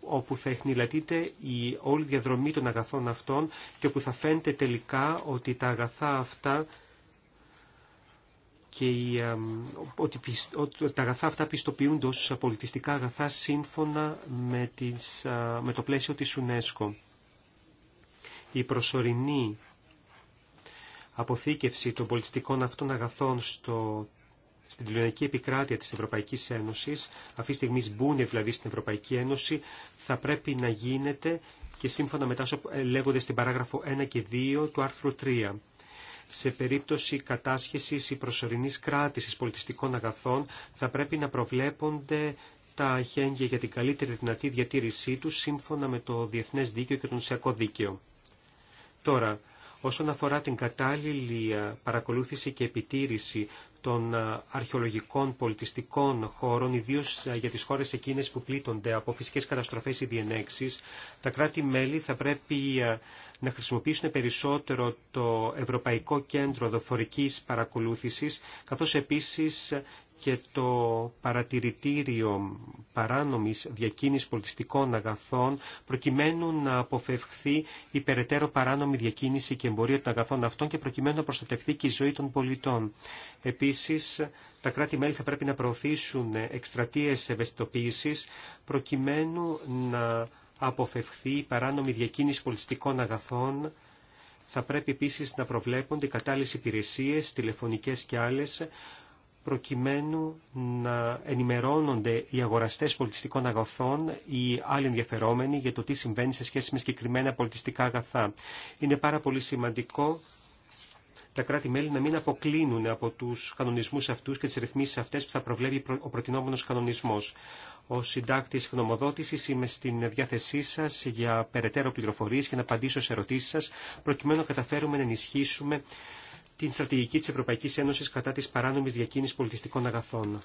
όπου θα εχνηλατείται η όλη διαδρομή των αγαθών αυτών και όπου θα φαίνεται τελικά ότι τα αγαθά αυτά και ότι, ότι, τα αγαθά αυτά πιστοποιούνται ως πολιτιστικά αγαθά σύμφωνα με, τις, με το πλαίσιο της UNESCO. Η προσωρινή αποθήκευση των πολιτιστικών αυτών αγαθών στο, στην τηλεονική επικράτεια της Ευρωπαϊκής Ένωσης, αυτή τη στιγμή μπουν δηλαδή στην Ευρωπαϊκή Ένωση, θα πρέπει να γίνεται και σύμφωνα με τα ε, λέγονται στην παράγραφο 1 και 2 του άρθρου 3 σε περίπτωση κατάσχεσης ή προσωρινής κράτησης πολιτιστικών αγαθών θα πρέπει να προβλέπονται τα αγένεια για την καλύτερη δυνατή διατήρησή του σύμφωνα με το Διεθνές Δίκαιο και το Νοσιακό Δίκαιο. Τώρα, όσον αφορά την κατάλληλη παρακολούθηση και επιτήρηση των ε, αρχαιολογικών πολιτιστικών χώρων, ιδίω ε, για τι χώρε εκείνε που πλήττονται από φυσικέ καταστροφέ ή διενέξει, τα κράτη-μέλη θα πρέπει ε, να χρησιμοποιήσουν περισσότερο το Ευρωπαϊκό Κέντρο Δοφορική Παρακολούθηση, καθώ επίση και το παρατηρητήριο παράνομης διακίνησης πολιτιστικών αγαθών προκειμένου να αποφευχθεί η περαιτέρω παράνομη διακίνηση και εμπορία των αγαθών αυτών και προκειμένου να προστατευθεί και η ζωή των πολιτών. Επίσης, τα κράτη-μέλη θα πρέπει να προωθήσουν εκστρατείες ευαισθητοποίησης προκειμένου να αποφευχθεί η παράνομη διακίνηση πολιτιστικών αγαθών θα πρέπει επίσης να προβλέπονται κατάλληλες υπηρεσίες, τηλεφωνικές και άλλες, προκειμένου να ενημερώνονται οι αγοραστές πολιτιστικών αγαθών ή άλλοι ενδιαφερόμενοι για το τι συμβαίνει σε σχέση με συγκεκριμένα πολιτιστικά αγαθά. Είναι πάρα πολύ σημαντικό τα κράτη-μέλη να μην αποκλίνουν από τους κανονισμούς αυτούς και τις ρυθμίσεις αυτές που θα προβλέπει ο προτινόμενος κανονισμός. Ο συντάκτης γνωμοδότησης είμαι στην διάθεσή σας για περαιτέρω πληροφορίες και να απαντήσω σε ερωτήσεις σας, προκειμένου να καταφέρουμε να ενισχύσουμε την στρατηγική της Ευρωπαϊκής Ένωσης κατά της παράνομης διακίνησης πολιτιστικών αγαθών.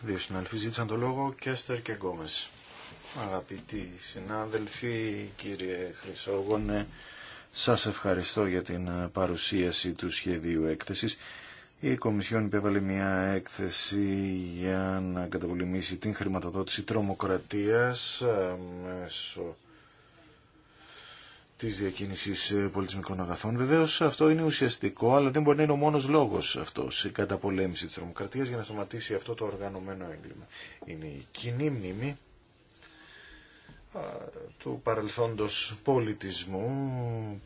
Δύο συνάδελφοι ζήτησαν το λόγο, Κέστερ και Γκόμες. Αγαπητοί συνάδελφοι, κύριε Χρυσόγονε, σας ευχαριστώ για την ε, παρουσίαση του σχεδίου έκθεσης. Η Κομισιόν υπέβαλε μια έκθεση για να καταπολεμήσει την χρηματοδότηση τρομοκρατίας ε, μέσω Τη διακίνηση ε, πολιτισμικών αγαθών. Βεβαίω αυτό είναι ουσιαστικό, αλλά δεν μπορεί να είναι ο μόνο λόγο αυτό η καταπολέμηση τη τρομοκρατία για να σταματήσει αυτό το οργανωμένο έγκλημα. Είναι η κοινή μνήμη του παρελθόντος πολιτισμού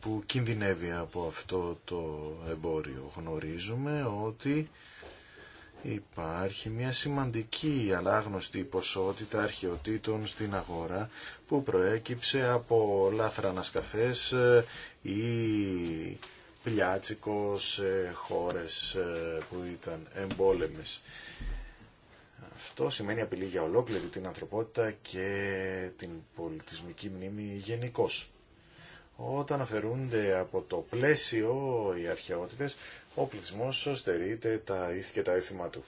που κινδυνεύει από αυτό το εμπόριο. Γνωρίζουμε ότι Υπάρχει μια σημαντική αλλά άγνωστη ποσότητα αρχαιοτήτων στην αγορά που προέκυψε από λάθρα ανασκαφές ε, ή πλιάτσικο σε χώρες ε, που ήταν εμπόλεμες. Αυτό σημαίνει απειλή για ολόκληρη την ανθρωπότητα και την πολιτισμική μνήμη γενικώ. Όταν αφαιρούνται από το πλαίσιο οι αρχαιότητες, ο πληθυσμός στερείται τα ήθη και τα έθιμα του.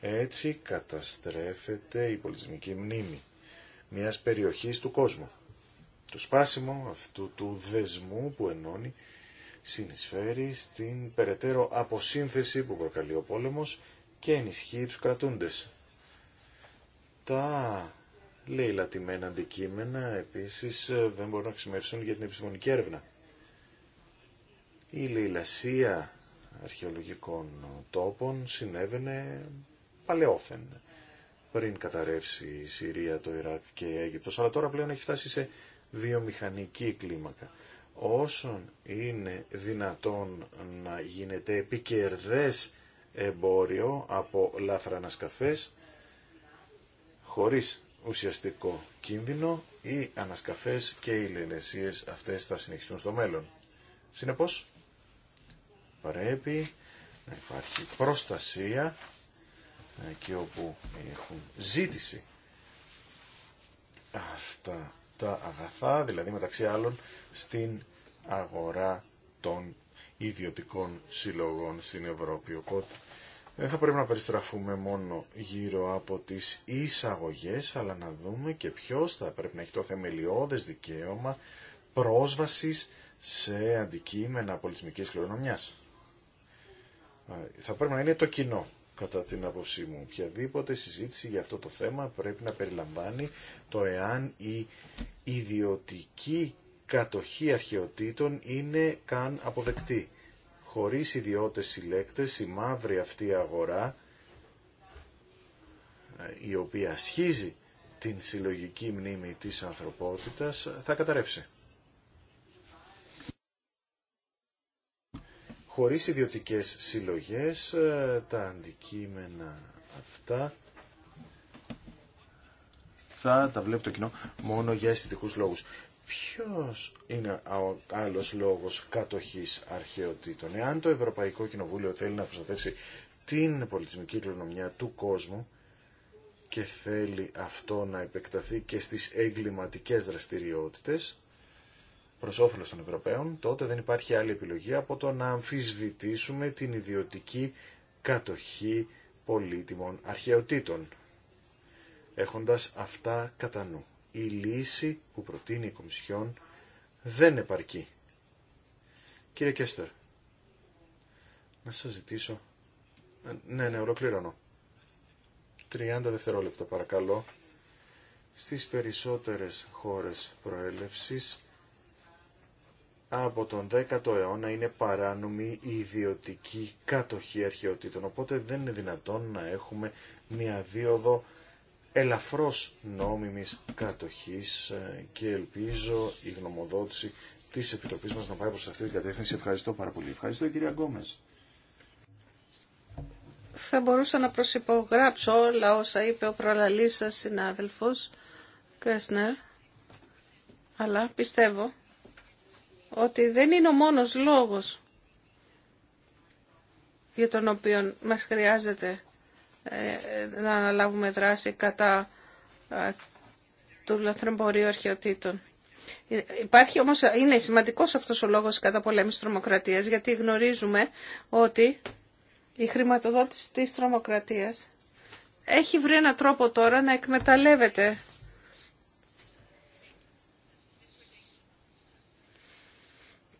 Έτσι καταστρέφεται η πολιτισμική μνήμη μιας περιοχής του κόσμου. Το σπάσιμο αυτού του δεσμού που ενώνει συνεισφέρει στην περαιτέρω αποσύνθεση που προκαλεί ο πόλεμος και ενισχύει τους κρατούντες. Τα λειλατιμένα αντικείμενα επίσης ε, δεν μπορούν να χρησιμοποιηθούν για την επιστημονική έρευνα. Η λαιλασία αρχαιολογικών τόπων συνέβαινε παλαιόφεν πριν καταρρεύσει η Συρία, το Ιράκ και η Αίγυπτος, αλλά τώρα πλέον έχει φτάσει σε βιομηχανική κλίμακα. Όσον είναι δυνατόν να γίνεται επικερδές εμπόριο από λάθρανα σκαφές, χωρίς ουσιαστικό κίνδυνο, οι ανασκαφές και οι λελεσίες αυτές θα συνεχιστούν στο μέλλον. Συνεπώς, πρέπει να υπάρχει προστασία ε, εκεί όπου έχουν ζήτηση αυτά τα αγαθά, δηλαδή μεταξύ άλλων στην αγορά των ιδιωτικών συλλογών στην Ευρώπη. Οπότε δεν θα πρέπει να περιστραφούμε μόνο γύρω από τις εισαγωγές, αλλά να δούμε και ποιος θα πρέπει να έχει το θεμελιώδες δικαίωμα πρόσβασης σε αντικείμενα πολιτισμικής κληρονομιάς. Ε, θα πρέπει να είναι το κοινό, κατά την άποψή μου. Οποιαδήποτε συζήτηση για αυτό το θέμα πρέπει να περιλαμβάνει το εάν η ιδιωτική κατοχή αρχαιοτήτων είναι καν αποδεκτή χωρίς ιδιώτες συλλέκτες η μαύρη αυτή αγορά η οποία ασχίζει την συλλογική μνήμη της ανθρωπότητας θα καταρρεύσει. Χωρίς ιδιωτικές συλλογές τα αντικείμενα αυτά θα τα βλέπει το κοινό μόνο για αισθητικούς λόγους. Ποιος είναι ο άλλος λόγος κατοχής αρχαιοτήτων. Εάν το Ευρωπαϊκό Κοινοβούλιο θέλει να προστατεύσει την πολιτισμική κληρονομιά του κόσμου και θέλει αυτό να επεκταθεί και στις εγκληματικές δραστηριότητες προς όφελος των Ευρωπαίων, τότε δεν υπάρχει άλλη επιλογή από το να αμφισβητήσουμε την ιδιωτική κατοχή πολύτιμων αρχαιοτήτων, έχοντας αυτά κατά νου η λύση που προτείνει η Κομισιόν δεν επαρκεί. Κύριε Κέστερ, να σας ζητήσω... Ε, ναι, ναι, ολοκληρώνω. 30 δευτερόλεπτα παρακαλώ. Στις περισσότερες χώρες προέλευσης από τον 10ο αιώνα είναι παράνομη η ιδιωτική κατοχή αρχαιοτήτων. Οπότε δεν είναι δυνατόν να έχουμε μια δίωδο ελαφρώς νόμιμης κατοχής ε, και ελπίζω η γνωμοδότηση της Επιτροπής μας να πάει προς αυτή την κατεύθυνση. Ευχαριστώ πάρα πολύ. Ευχαριστώ κυρία Γκόμες. Θα μπορούσα να προσυπογράψω όλα όσα είπε ο προλαλής σας συνάδελφος Κέσνερ, αλλά πιστεύω ότι δεν είναι ο μόνος λόγος για τον οποίο μας χρειάζεται ε, να αναλάβουμε δράση κατά ε, του λαθρεμπορίου αρχαιοτήτων. Υπάρχει όμως, είναι σημαντικός αυτός ο λόγος κατά πολέμης τρομοκρατίας, γιατί γνωρίζουμε ότι η χρηματοδότηση της τρομοκρατίας έχει βρει ένα τρόπο τώρα να εκμεταλλεύεται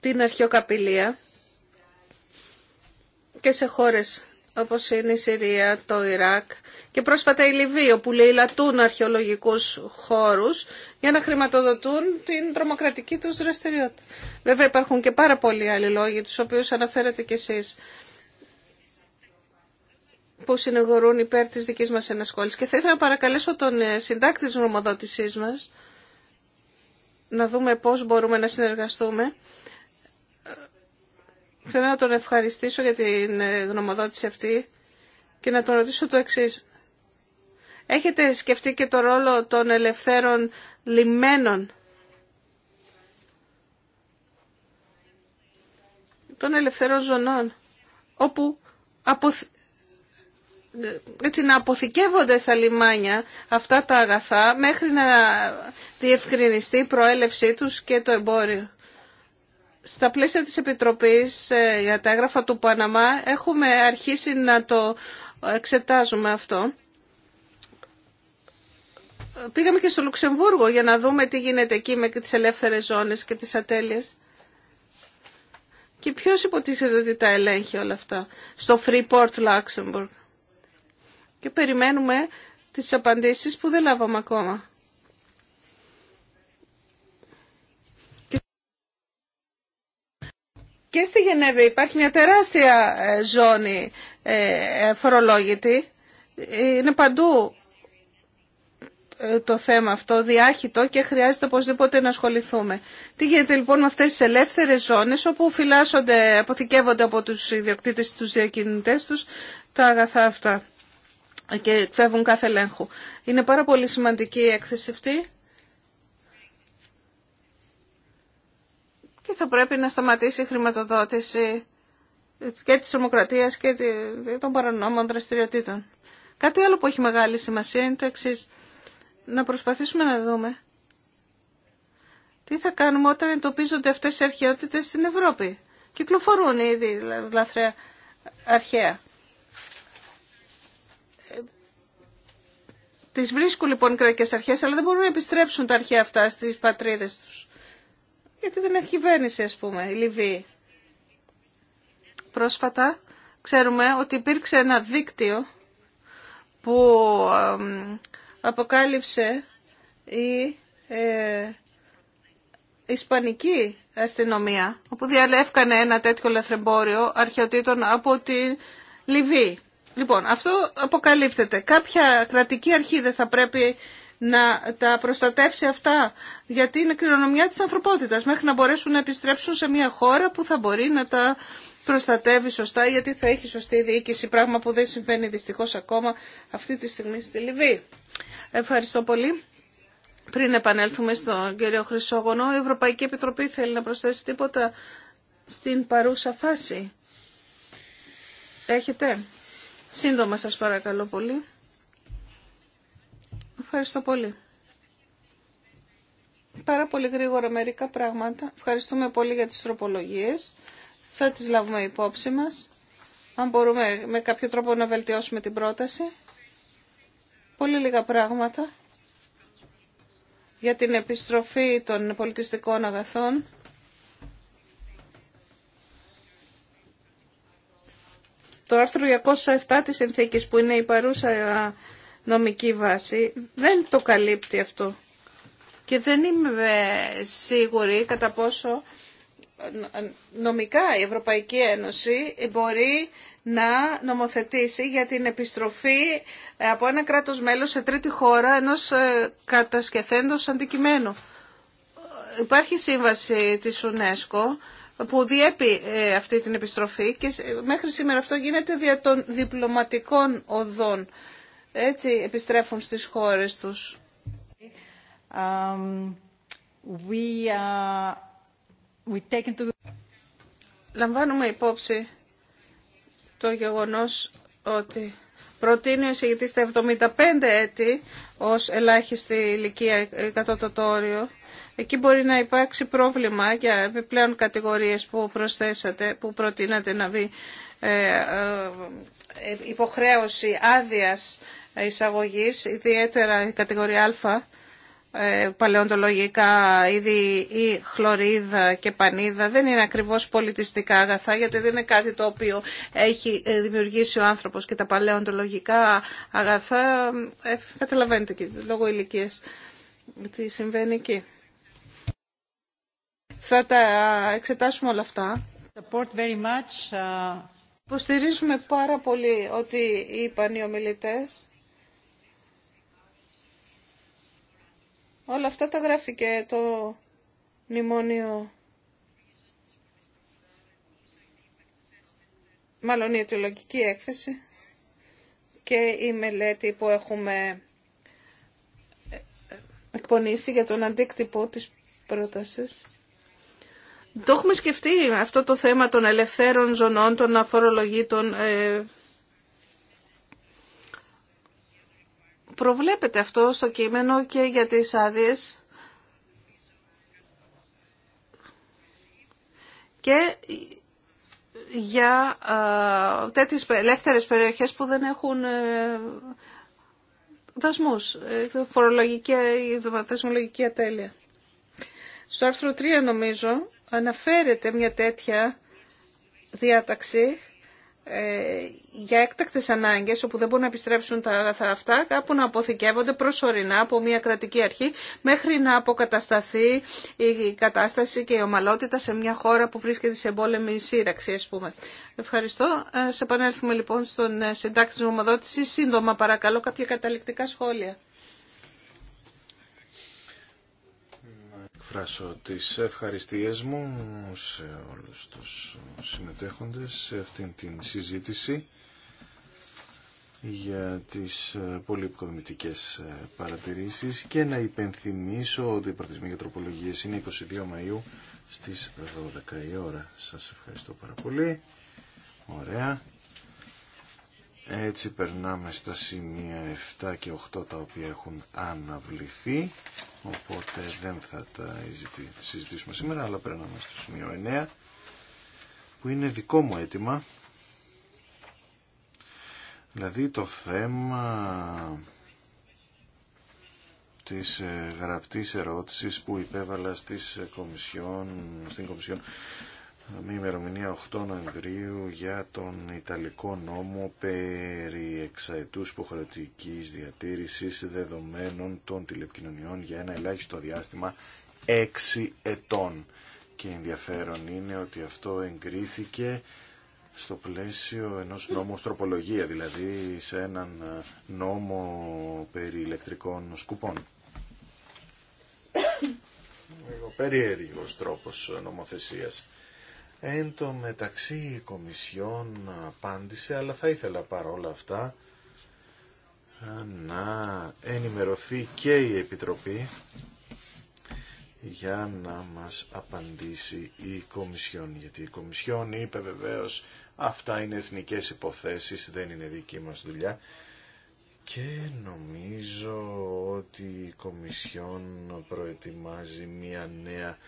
την αρχαιοκαπηλεία και σε χώρες όπως είναι η Συρία, το Ιράκ και πρόσφατα η Λιβύη, όπου λαιλατούν αρχαιολογικούς χώρους για να χρηματοδοτούν την τρομοκρατική τους δραστηριότητα. Βέβαια υπάρχουν και πάρα πολλοί άλλοι λόγοι, τους οποίους αναφέρατε κι εσείς, που συνεγορούν υπέρ της δικής μας ενασχόλησης. Και θα ήθελα να παρακαλέσω τον ε, συντάκτη της νομοδότησής μας, να δούμε πώς μπορούμε να συνεργαστούμε Θέλω να τον ευχαριστήσω για την ε, γνωμοδότηση αυτή και να τον ρωτήσω το εξής. Έχετε σκεφτεί και το ρόλο των ελευθέρων λιμένων. Των ελευθερών ζωνών. Όπου αποθ... έτσι, να αποθηκεύονται στα λιμάνια αυτά τα αγαθά μέχρι να διευκρινιστεί η προέλευσή τους και το εμπόριο στα πλαίσια της Επιτροπής ε, για τα έγγραφα του Παναμά έχουμε αρχίσει να το εξετάζουμε αυτό. Πήγαμε και στο Λουξεμβούργο για να δούμε τι γίνεται εκεί με τις ελεύθερες ζώνες και τις ατέλειες. Και ποιος υποτίθεται ότι τα ελέγχει όλα αυτά στο Freeport Luxembourg. Και περιμένουμε τις απαντήσεις που δεν λάβαμε ακόμα. Και στη Γενέβη υπάρχει μια τεράστια ε, ζώνη ε, ε, φορολόγητη. Είναι παντού το θέμα αυτό, διάχυτο και χρειάζεται οπωσδήποτε να ασχοληθούμε. Τι γίνεται λοιπόν με αυτές τις ελεύθερες ζώνες όπου φυλάσσονται, αποθηκεύονται από τους ιδιοκτήτες, τους διακινητές τους τα αγαθά αυτά και φεύγουν κάθε ελέγχου. Είναι πάρα πολύ σημαντική η έκθεση αυτή θα πρέπει να σταματήσει η χρηματοδότηση και της δημοκρατίας και των παρανόμων δραστηριοτήτων. Κάτι άλλο που έχει μεγάλη σημασία είναι το εξή. Να προσπαθήσουμε να δούμε τι θα κάνουμε όταν εντοπίζονται αυτές οι αρχαιότητες στην Ευρώπη. Κυκλοφορούν ήδη λαθρέα αρχαία. Τις βρίσκουν λοιπόν οι κρατικές αρχές, αλλά δεν μπορούν να επιστρέψουν τα αρχαία αυτά στις πατρίδες τους γιατί δεν έχει κυβέρνηση ας πούμε η Λιβύη. Πρόσφατα ξέρουμε ότι υπήρξε ένα δίκτυο που αποκάλυψε η ε, Ισπανική αστυνομία όπου διαλεύκανε ένα τέτοιο λαθρεμπόριο αρχαιοτήτων από τη Λιβύη. Λοιπόν, αυτό αποκαλύπτεται. Κάποια κρατική αρχή δεν θα πρέπει να τα προστατεύσει αυτά, γιατί είναι κληρονομιά της ανθρωπότητας, μέχρι να μπορέσουν να επιστρέψουν σε μια χώρα που θα μπορεί να τα προστατεύει σωστά, γιατί θα έχει σωστή διοίκηση, πράγμα που δεν συμβαίνει δυστυχώς ακόμα αυτή τη στιγμή στη Λιβύη. Ευχαριστώ πολύ. Πριν επανέλθουμε στον κύριο Χρυσόγωνο η Ευρωπαϊκή Επιτροπή θέλει να προσθέσει τίποτα στην παρούσα φάση. Έχετε. Σύντομα σας παρακαλώ πολύ. Ευχαριστώ πολύ. Πάρα πολύ γρήγορα μερικά πράγματα. Ευχαριστούμε πολύ για τις τροπολογίες. Θα τις λάβουμε υπόψη μας. Αν μπορούμε με κάποιο τρόπο να βελτιώσουμε την πρόταση. Πολύ λίγα πράγματα για την επιστροφή των πολιτιστικών αγαθών. Το άρθρο 207 της συνθήκης που είναι η παρούσα νομική βάση δεν το καλύπτει αυτό. Και δεν είμαι σίγουρη κατά πόσο νομικά η Ευρωπαϊκή Ένωση μπορεί να νομοθετήσει για την επιστροφή από ένα κράτος μέλος σε τρίτη χώρα ενός ε, κατασκευέντος αντικειμένου. Υπάρχει σύμβαση της UNESCO που διέπει ε, αυτή την επιστροφή και μέχρι σήμερα αυτό γίνεται δια των διπλωματικών οδών. Έτσι επιστρέφουν στις χώρες τους. Um, we, Λαμβάνουμε υπόψη το γεγονός ότι προτείνει ο εισηγητής τα 75 έτη ως ελάχιστη ηλικία το τόριο. Εκεί μπορεί να υπάρξει πρόβλημα για επιπλέον κατηγορίες που προσθέσατε, που προτείνατε να βγει ε, ε, ε, υποχρέωση άδειας εισαγωγής, ιδιαίτερα η κατηγορία Α, ε, παλαιοντολογικά είδη ή χλωρίδα και πανίδα δεν είναι ακριβώς πολιτιστικά αγαθά γιατί δεν είναι κάτι το οποίο έχει ε, δημιουργήσει ο άνθρωπος και τα παλαιοντολογικά αγαθά ε, καταλαβαίνετε και λόγω ηλικία τι συμβαίνει εκεί. Θα τα εξετάσουμε όλα αυτά. Very much. Uh, Υποστηρίζουμε πάρα πολύ ότι είπαν οι ομιλητές Όλα αυτά τα γράφει και το μνημόνιο. Μάλλον η αιτιολογική έκθεση και η μελέτη που έχουμε εκπονήσει για τον αντίκτυπο της πρότασης. Το έχουμε σκεφτεί αυτό το θέμα των ελευθέρων ζωνών, των αφορολογήτων ε, Προβλέπεται αυτό στο κείμενο και για τις άδειε. και για τέτοιε τέτοιες ελεύθερες περιοχές που δεν έχουν ε, δασμούς, ε, φορολογική ή δασμολογική ατέλεια. Στο άρθρο 3 νομίζω αναφέρεται μια τέτοια διάταξη ε, για έκτακτες ανάγκες όπου δεν μπορούν να επιστρέψουν τα αγαθά αυτά κάπου να αποθηκεύονται προσωρινά από μια κρατική αρχή μέχρι να αποκατασταθεί η κατάσταση και η ομαλότητα σε μια χώρα που βρίσκεται σε εμπόλεμη σύραξη ας πούμε. Ευχαριστώ. Ε, σε επανέλθουμε λοιπόν στον ε, συντάκτη της νομοδότησης. Σύντομα παρακαλώ κάποια καταληκτικά σχόλια. εκφράσω τις ευχαριστίες μου σε όλους τους συμμετέχοντες σε αυτήν την συζήτηση για τις πολύ οικοδομητικές παρατηρήσεις και να υπενθυμίσω ότι η προθεσμία για τροπολογίες είναι 22 Μαΐου στις 12 η ώρα. Σας ευχαριστώ πάρα πολύ. Ωραία. Έτσι περνάμε στα σημεία 7 και 8 τα οποία έχουν αναβληθεί, οπότε δεν θα τα συζητήσουμε σήμερα, αλλά περνάμε στο σημείο 9, που είναι δικό μου αίτημα. Δηλαδή το θέμα της ε, γραπτής ερώτησης που υπέβαλα στις ε, κομισιόν, στην Κομισιόν με ημερομηνία 8 Νοεμβρίου για τον Ιταλικό νόμο περί εξαετούς υποχρεωτικής διατήρησης δεδομένων των τηλεπικοινωνιών για ένα ελάχιστο διάστημα 6 ετών. Και ενδιαφέρον είναι ότι αυτό εγκρίθηκε στο πλαίσιο ενός νόμου στροπολογία, δηλαδή σε έναν νόμο περί ηλεκτρικών σκουπών. Λίγο περίεργος τρόπος νομοθεσίας. Εν τω μεταξύ η Κομισιόν απάντησε, αλλά θα ήθελα παρόλα αυτά να ενημερωθεί και η Επιτροπή για να μας απαντήσει η Κομισιόν. Γιατί η Κομισιόν είπε βεβαίως αυτά είναι εθνικές υποθέσεις, δεν είναι δική μας δουλειά. Και νομίζω ότι η Κομισιόν προετοιμάζει μια νέα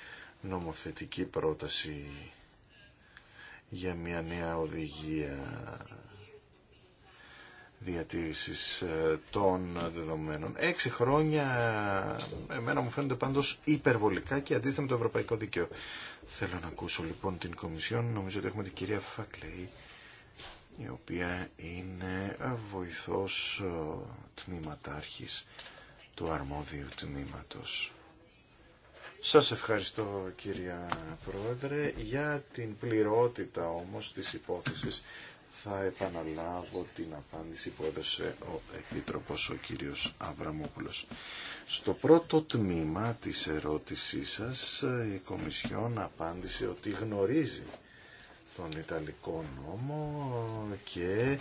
νομοθετική πρόταση για μια νέα οδηγία διατήρησης ε, των δεδομένων. Έξι χρόνια εμένα μου φαίνονται πάντως υπερβολικά και αντίθετα με το ευρωπαϊκό δίκαιο. Θέλω να ακούσω λοιπόν την Κομισιόν. Νομίζω ότι έχουμε την κυρία Φακλέη η οποία είναι βοηθός ε, τμήματάρχης του αρμόδιου τμήματος. Σας ευχαριστώ κυρία Πρόεδρε. Για την πληρότητα όμως της υπόθεσης θα επαναλάβω την απάντηση που έδωσε ο Επίτροπος ο κύριος Αβραμόπουλος. Στο πρώτο τμήμα της ερώτησής σας η Κομισιόν απάντησε ότι γνωρίζει τον Ιταλικό νόμο και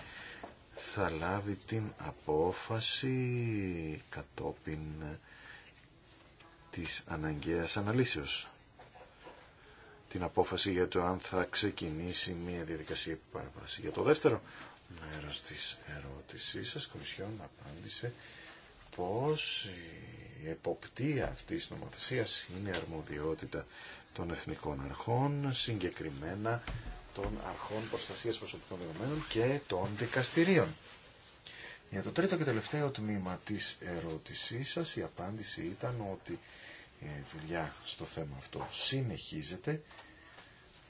θα λάβει την απόφαση κατόπιν της αναγκαίας αναλύσεως την απόφαση για το αν θα ξεκινήσει μια διαδικασία παραβάση. Για το δεύτερο μέρος της ερώτησής σας, Κομισιόν απάντησε πως η εποπτεία αυτής της νομοθεσίας είναι αρμοδιότητα των εθνικών αρχών, συγκεκριμένα των αρχών προστασίας προσωπικών δεδομένων και των δικαστηρίων. Για το τρίτο και τελευταίο τμήμα της ερώτησής σας η απάντηση ήταν ότι ε, δουλειά στο θέμα αυτό συνεχίζεται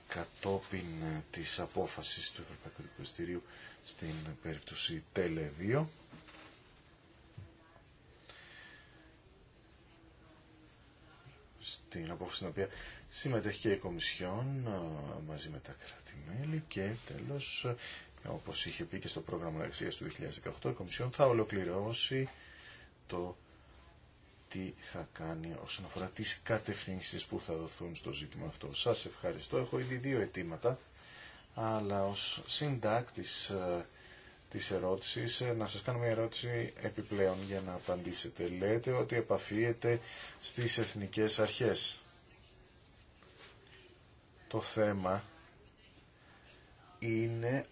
κατόπιν ε, της απόφασης του Ευρωπαϊκού Δικαστηρίου στην περίπτωση ΤΕΛΕ 2. Στην απόφαση στην οποία συμμετέχει και η Κομισιόν ε, μαζί με τα κράτη-μέλη και τέλος, όπως είχε πει και στο πρόγραμμα εργασίας του 2018, η Κομισιόν θα ολοκληρώσει το τι θα κάνει όσον αφορά τις κατευθύνσεις που θα δοθούν στο ζήτημα αυτό. Σας ευχαριστώ. Έχω ήδη δύο αιτήματα, αλλά ως συντάκτης ε, της ερώτησης, ε, να σας κάνω μια ερώτηση επιπλέον για να απαντήσετε. Λέτε ότι επαφίεται στις εθνικές αρχές. Το θέμα είναι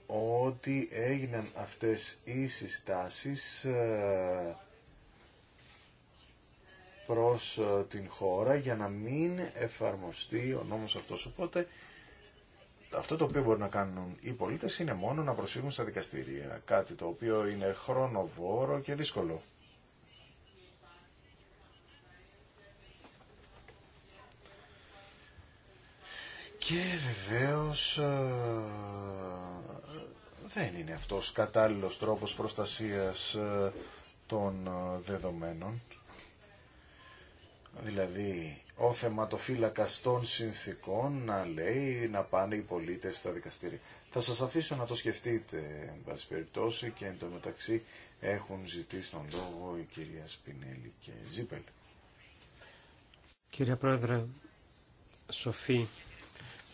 ότι έγιναν αυτές οι συστάσεις ε, προς ε, την χώρα για να μην εφαρμοστεί ο νόμος αυτός. Οπότε αυτό το οποίο μπορεί να κάνουν οι πολίτες είναι μόνο να προσφύγουν στα δικαστήρια, κάτι το οποίο είναι χρονοβόρο και δύσκολο. Και βεβαίως ε, δεν είναι αυτός κατάλληλος τρόπος προστασίας ε, των δεδομένων δηλαδή ο θεματοφύλακας των συνθήκων να λέει να πάνε οι πολίτες στα δικαστήρια. Θα σας αφήσω να το σκεφτείτε, εν πάση περιπτώσει, και εν τω μεταξύ έχουν ζητήσει τον λόγο η κυρία Σπινέλη και Ζίπελ. Κυρία Πρόεδρε, Σοφή,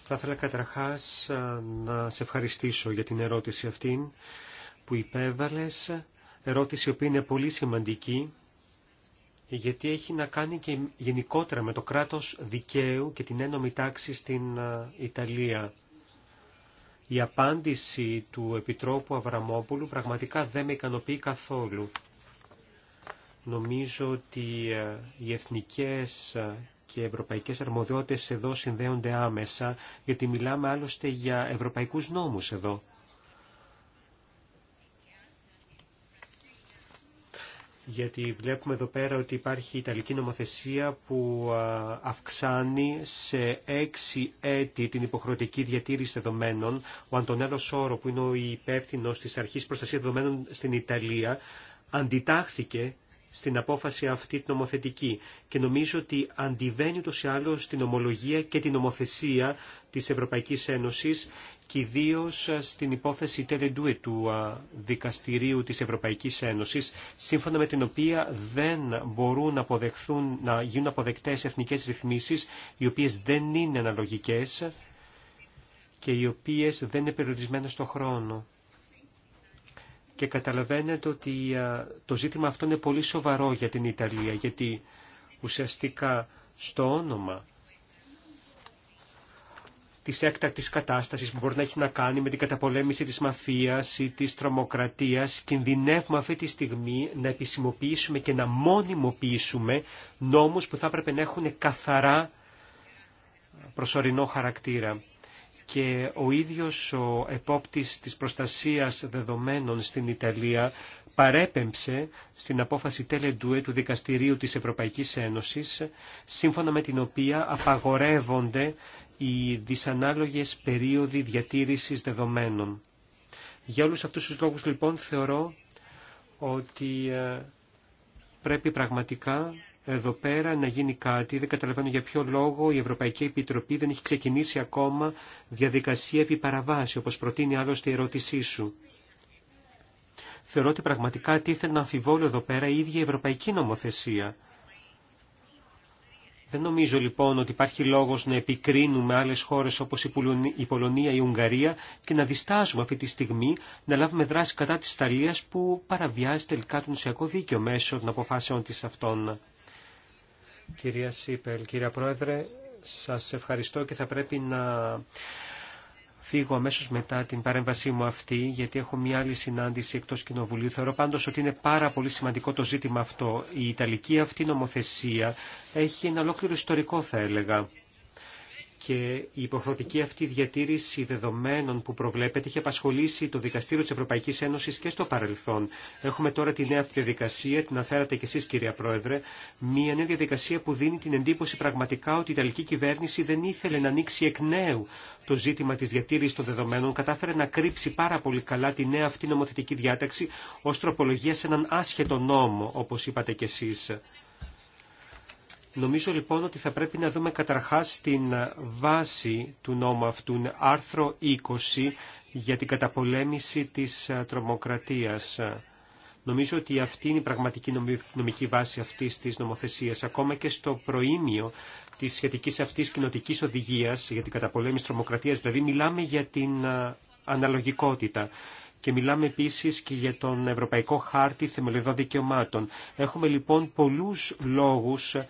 θα ήθελα καταρχάς να σε ευχαριστήσω για την ερώτηση αυτήν που υπέβαλες, ερώτηση η οποία είναι πολύ σημαντική γιατί έχει να κάνει και γενικότερα με το κράτος δικαίου και την ένωμη τάξη στην Ιταλία. Η απάντηση του Επιτρόπου Αβραμόπουλου πραγματικά δεν με ικανοποιεί καθόλου. Νομίζω ότι οι εθνικές και ευρωπαϊκές αρμοδιότητες εδώ συνδέονται άμεσα, γιατί μιλάμε άλλωστε για ευρωπαϊκούς νόμους εδώ. γιατί βλέπουμε εδώ πέρα ότι υπάρχει η Ιταλική νομοθεσία που αυξάνει σε έξι έτη την υποχρεωτική διατήρηση δεδομένων. Ο Αντωνέλο Σόρο, που είναι ο υπεύθυνο τη Αρχή Προστασία Δεδομένων στην Ιταλία, αντιτάχθηκε στην απόφαση αυτή την νομοθετική και νομίζω ότι αντιβαίνει ούτως ή άλλως την ομολογία και την νομοθεσία της Ευρωπαϊκής Ένωσης και ιδίω στην υπόθεση Τελεντούε του Δικαστηρίου της Ευρωπαϊκής Ένωσης, σύμφωνα με την οποία δεν μπορούν να, αποδεχθούν, να γίνουν αποδεκτές εθνικές ρυθμίσεις, οι οποίες δεν είναι αναλογικές και οι οποίες δεν είναι περιορισμένες στο χρόνο. Και καταλαβαίνετε ότι το ζήτημα αυτό είναι πολύ σοβαρό για την Ιταλία, γιατί ουσιαστικά στο όνομα της έκτακτης κατάστασης που μπορεί να έχει να κάνει με την καταπολέμηση της μαφίας ή της τρομοκρατίας, κινδυνεύουμε αυτή τη στιγμή να επισημοποιήσουμε και να μονιμοποιήσουμε νόμους που θα έπρεπε να έχουν καθαρά προσωρινό χαρακτήρα. Και ο ίδιος ο επόπτης της προστασίας δεδομένων στην Ιταλία παρέπεμψε στην απόφαση Τελεντούε του Δικαστηρίου της Ευρωπαϊκής Ένωσης, σύμφωνα με την οποία απαγορεύονται οι δυσανάλογες περίοδοι διατήρησης δεδομένων. Για όλους αυτούς τους λόγους λοιπόν θεωρώ ότι ε, πρέπει πραγματικά εδώ πέρα να γίνει κάτι. Δεν καταλαβαίνω για ποιο λόγο η Ευρωπαϊκή Επιτροπή δεν έχει ξεκινήσει ακόμα διαδικασία επί παραβάση, όπως προτείνει άλλωστε η ερώτησή σου. Θεωρώ ότι πραγματικά τίθεται να αμφιβόλω εδώ πέρα η ίδια η Ευρωπαϊκή Νομοθεσία. Δεν νομίζω λοιπόν ότι υπάρχει λόγος να επικρίνουμε άλλες χώρες όπως η Πολωνία, η Ουγγαρία και να διστάζουμε αυτή τη στιγμή να λάβουμε δράση κατά της Ιταλίας που παραβιάζει τελικά το νοσιακό δίκαιο μέσω των αποφάσεων της αυτών. Κυρία Σίπελ, κύριε Πρόεδρε, σας ευχαριστώ και θα πρέπει να φύγω αμέσως μετά την παρέμβασή μου αυτή, γιατί έχω μια άλλη συνάντηση εκτός Κοινοβουλίου. Θεωρώ πάντως ότι είναι πάρα πολύ σημαντικό το ζήτημα αυτό. Η Ιταλική αυτή νομοθεσία έχει ένα ολόκληρο ιστορικό, θα έλεγα και η υποχρεωτική αυτή διατήρηση δεδομένων που προβλέπεται είχε απασχολήσει το Δικαστήριο της Ευρωπαϊκής Ένωσης και στο παρελθόν. Έχουμε τώρα τη νέα αυτή διαδικασία, την αφέρατε και εσείς κυρία Πρόεδρε, μια νέα διαδικασία που δίνει την εντύπωση πραγματικά ότι η Ιταλική κυβέρνηση δεν ήθελε να ανοίξει εκ νέου το ζήτημα της διατήρησης των δεδομένων, κατάφερε να κρύψει πάρα πολύ καλά τη νέα αυτή νομοθετική διάταξη ω τροπολογία σε έναν άσχετο νόμο, όπως είπατε κι εσείς. Νομίζω λοιπόν ότι θα πρέπει να δούμε καταρχάς την βάση του νόμου αυτού, άρθρο 20 για την καταπολέμηση της ε, τρομοκρατίας. Νομίζω ότι αυτή είναι η πραγματική νομική βάση αυτής της νομοθεσίας. Ακόμα και στο προήμιο της σχετικής αυτής κοινοτικής οδηγίας για την καταπολέμηση τρομοκρατίας, δηλαδή μιλάμε για την ε, αναλογικότητα. Και μιλάμε επίσης και για τον Ευρωπαϊκό Χάρτη Θεμελιωδών Δικαιωμάτων. Έχουμε λοιπόν πολλούς λόγους ε,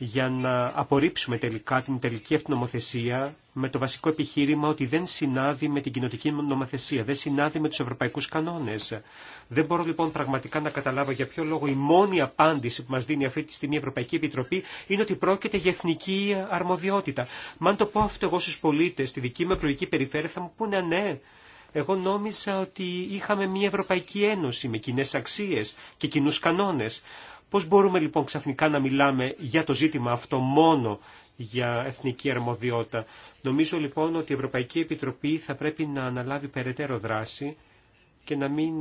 για να απορρίψουμε τελικά την τελική αυτή με το βασικό επιχείρημα ότι δεν συνάδει με την κοινοτική νομοθεσία, δεν συνάδει με τους ευρωπαϊκούς κανόνες. Δεν μπορώ λοιπόν πραγματικά να καταλάβω για ποιο λόγο η μόνη απάντηση που μας δίνει αυτή τη στιγμή η Ευρωπαϊκή Επιτροπή είναι ότι πρόκειται για εθνική αρμοδιότητα. Μα αν το πω αυτό εγώ στους πολίτες, στη δική μου εκλογική περιφέρεια θα μου πούνε ναι. Εγώ νόμιζα ότι είχαμε μια Ευρωπαϊκή Ένωση με κοινέ αξίε και κοινού κανόνε. Πώς μπορούμε λοιπόν ξαφνικά να μιλάμε για το ζήτημα αυτό μόνο για εθνική αρμοδιότητα. Νομίζω λοιπόν ότι η Ευρωπαϊκή Επιτροπή θα πρέπει να αναλάβει περαιτέρω δράση και να μην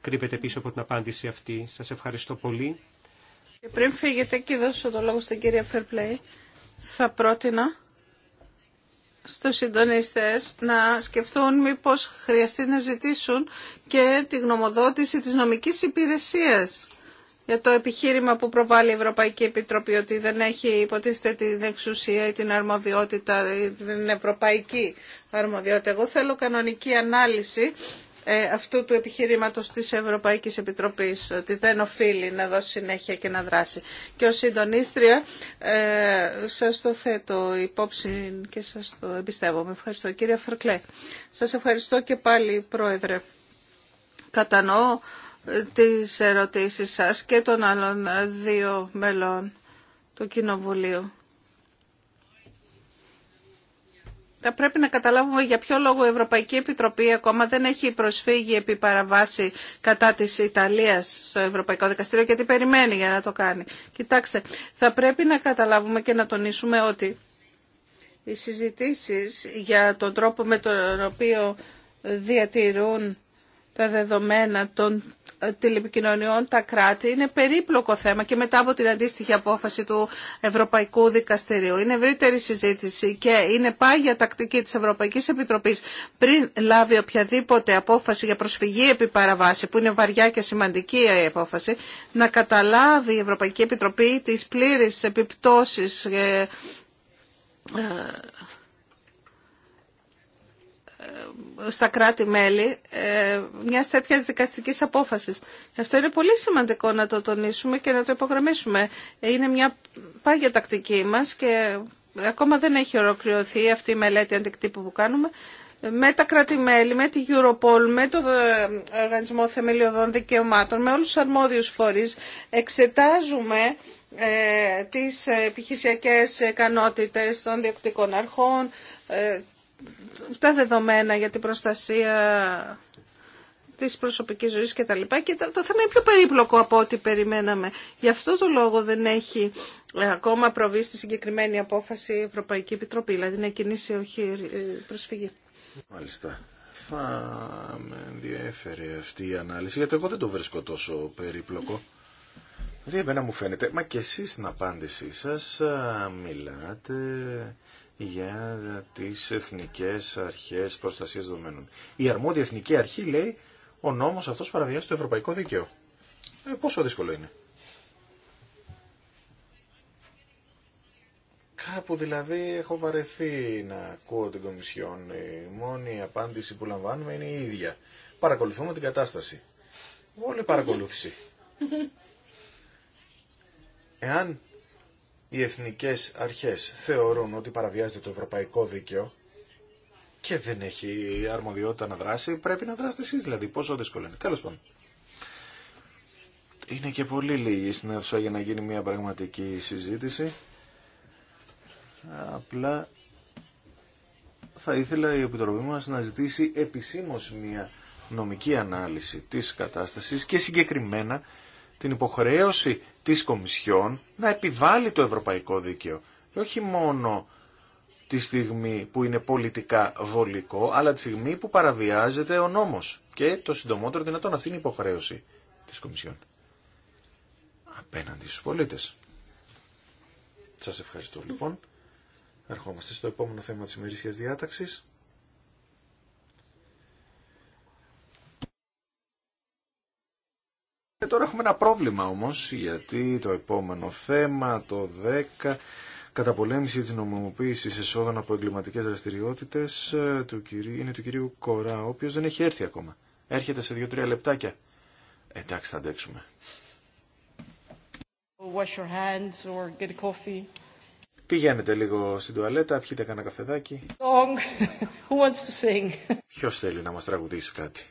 κρύβεται πίσω από την απάντηση αυτή. Σας ευχαριστώ πολύ. Και πριν φύγετε και δώσω το λόγο στην κυρία Fairplay, θα πρότεινα στους συντονίστες να σκεφτούν μήπως χρειαστεί να ζητήσουν και τη γνωμοδότηση της νομικής υπηρεσίας για το επιχείρημα που προβάλλει η Ευρωπαϊκή Επιτροπή ότι δεν έχει υποτίθεται την εξουσία ή την αρμοδιότητα, την ευρωπαϊκή αρμοδιότητα. Εγώ θέλω κανονική ανάλυση ε, αυτού του επιχειρήματος της Ευρωπαϊκής Επιτροπής ότι δεν οφείλει να δώσει συνέχεια και να δράσει. Και ως συντονίστρια ε, σας το θέτω υπόψη και σας το εμπιστεύομαι. Ευχαριστώ κύριε Φερκλέ. Σας ευχαριστώ και πάλι πρόεδρε. Κατανοώ τις ερωτήσεις σας και των άλλων δύο μελών του Κοινοβουλίου. Θα πρέπει να καταλάβουμε για ποιο λόγο η Ευρωπαϊκή Επιτροπή ακόμα δεν έχει προσφύγει επί παραβάση κατά της Ιταλίας στο Ευρωπαϊκό Δικαστήριο και τι περιμένει για να το κάνει. Κοιτάξτε, θα πρέπει να καταλάβουμε και να τονίσουμε ότι οι συζητήσεις για τον τρόπο με τον οποίο διατηρούν τα δεδομένα των ε, τηλεπικοινωνιών τα κράτη είναι περίπλοκο θέμα και μετά από την αντίστοιχη απόφαση του Ευρωπαϊκού Δικαστηρίου. Είναι ευρύτερη συζήτηση και είναι πάγια τακτική της Ευρωπαϊκής Επιτροπής πριν λάβει οποιαδήποτε απόφαση για προσφυγή επί παραβάση που είναι βαριά και σημαντική η απόφαση να καταλάβει η Ευρωπαϊκή Επιτροπή τις πλήρες επιπτώσεις ε, ε, ε, στα κράτη-μέλη ε, μια τέτοια δικαστικής απόφασης. Αυτό είναι πολύ σημαντικό να το τονίσουμε και να το υπογραμμίσουμε. Είναι μια πάγια τακτική μας και ακόμα δεν έχει ολοκληρωθεί αυτή η μελέτη αντικτύπου που κάνουμε με τα κράτη-μέλη, με τη Europol, με το ε, Οργανισμό Θεμελιωδών Δικαιωμάτων, με όλους τους αρμόδιους φορείς. Εξετάζουμε τις επιχειρησιακές ικανότητες των διοκτικών αρχών, τα δεδομένα για την προστασία της προσωπικής ζωής και τα λοιπά και το θέμα είναι πιο περίπλοκο από ό,τι περιμέναμε. Γι' αυτό το λόγο δεν έχει ε, ακόμα προβεί στη συγκεκριμένη απόφαση η Ευρωπαϊκή Επιτροπή, δηλαδή να κινήσει όχι ε, προσφυγή. Μάλιστα. Θα με αυτή η ανάλυση, γιατί εγώ δεν το βρίσκω τόσο περίπλοκο. Δηλαδή εμένα μου φαίνεται, μα και εσείς στην απάντησή σας μιλάτε για τις εθνικές αρχές προστασίας δεδομένων. Η αρμόδια εθνική αρχή λέει ο νόμος αυτός παραβιάζει το ευρωπαϊκό δίκαιο. Ε, πόσο δύσκολο είναι. Κάπου δηλαδή έχω βαρεθεί να ακούω την Κομισιόν. Η μόνη απάντηση που λαμβάνουμε είναι η ίδια. Παρακολουθούμε την κατάσταση. Όλη παρακολούθηση. [LAUGHS] Εάν οι εθνικές αρχές θεωρούν ότι παραβιάζεται το ευρωπαϊκό δίκαιο και δεν έχει αρμοδιότητα να δράσει, πρέπει να δράσετε εσείς δηλαδή. Πόσο δύσκολο είναι. Τέλος πάντων. Είναι και πολύ λίγη στην αίθουσα για να γίνει μια πραγματική συζήτηση. Απλά θα ήθελα η Επιτροπή μας να ζητήσει επισήμως μια νομική ανάλυση της κατάστασης και συγκεκριμένα την υποχρέωση της Κομισιόν να επιβάλλει το ευρωπαϊκό δίκαιο. όχι μόνο τη στιγμή που είναι πολιτικά βολικό, αλλά τη στιγμή που παραβιάζεται ο νόμος. Και το συντομότερο δυνατόν αυτή είναι η υποχρέωση της Κομισιόν. Απέναντι στους πολίτες. Σας ευχαριστώ λοιπόν. Ερχόμαστε στο επόμενο θέμα της ημερήσιας διάταξης. τώρα έχουμε ένα πρόβλημα όμως, γιατί το επόμενο θέμα, το 10, καταπολέμηση της νομιμοποίησης εσόδων από εγκληματικές δραστηριότητες, ε, είναι του κυρίου Κορά, ο οποίος δεν έχει έρθει ακόμα. Έρχεται σε δύο-τρία λεπτάκια. Εντάξει, θα αντέξουμε. Wash your hands or get coffee. Πηγαίνετε λίγο στην τουαλέτα, πιείτε κανένα καφεδάκι. Who Ποιος θέλει να μας τραγουδήσει κάτι.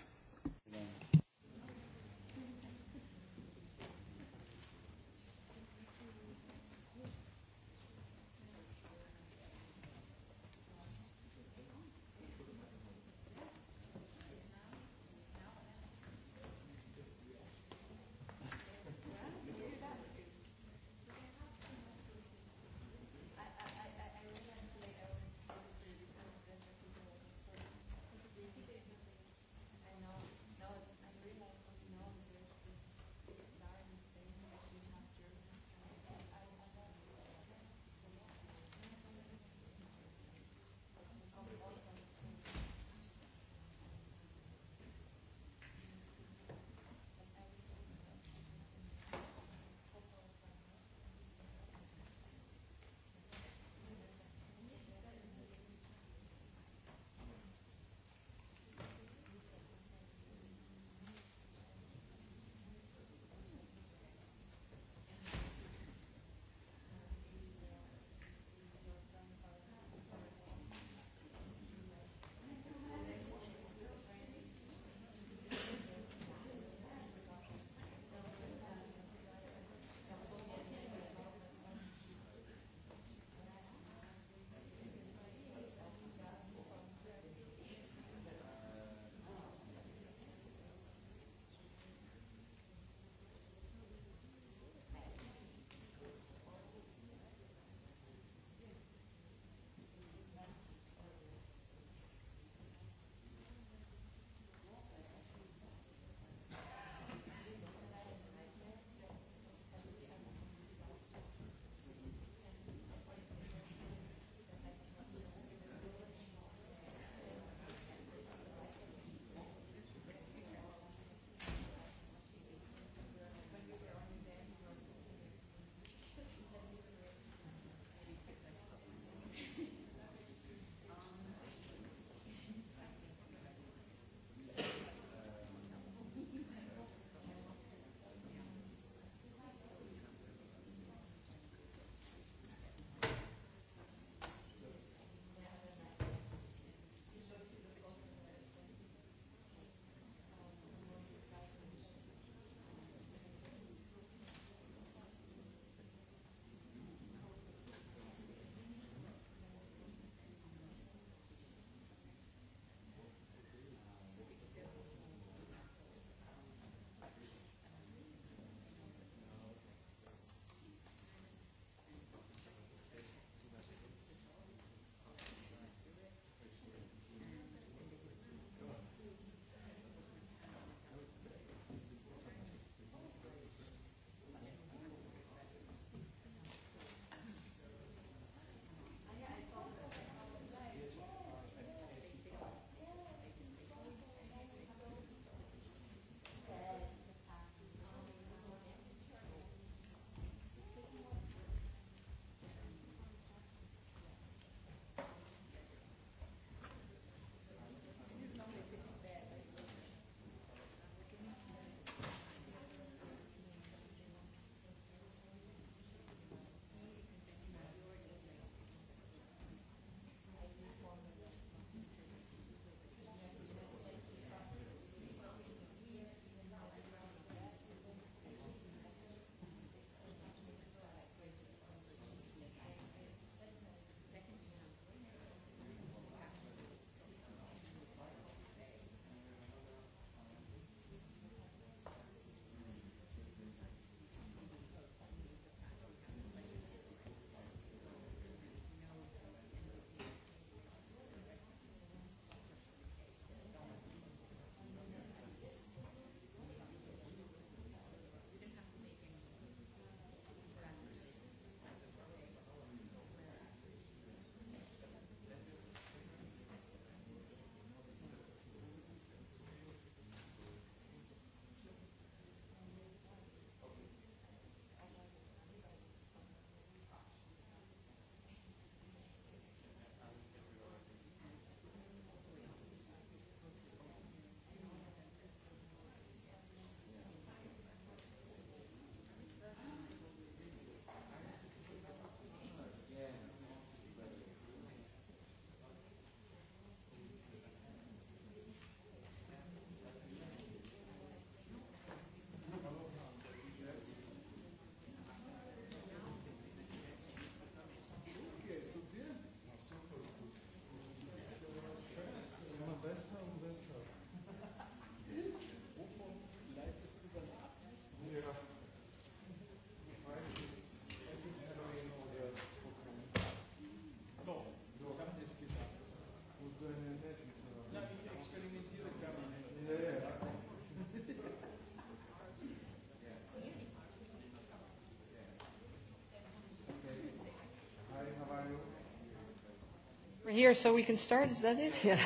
We're here so we can start, is that it? Yeah.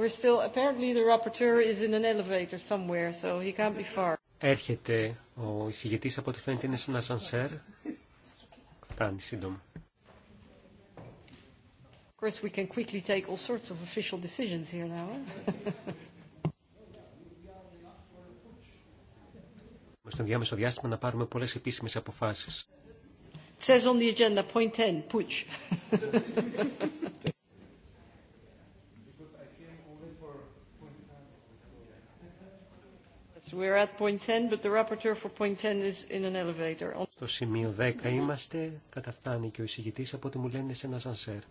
we're still, apparently the rapporteur is in an elevator somewhere, so he can't be far. Έρχεται ο εισηγητής από ό,τι φαίνεται είναι σε ένα σανσέρ. Φτάνει σύντομα. Of course we can quickly take all sorts of official decisions here now. Στον διάμεσο διάστημα να πάρουμε πολλές επίσημες αποφάσεις. It on the agenda, point Στο σημείο 10 είμαστε, καταφτάνει και ο εισηγητής από ό,τι μου λένε σε ένα σανσέρ.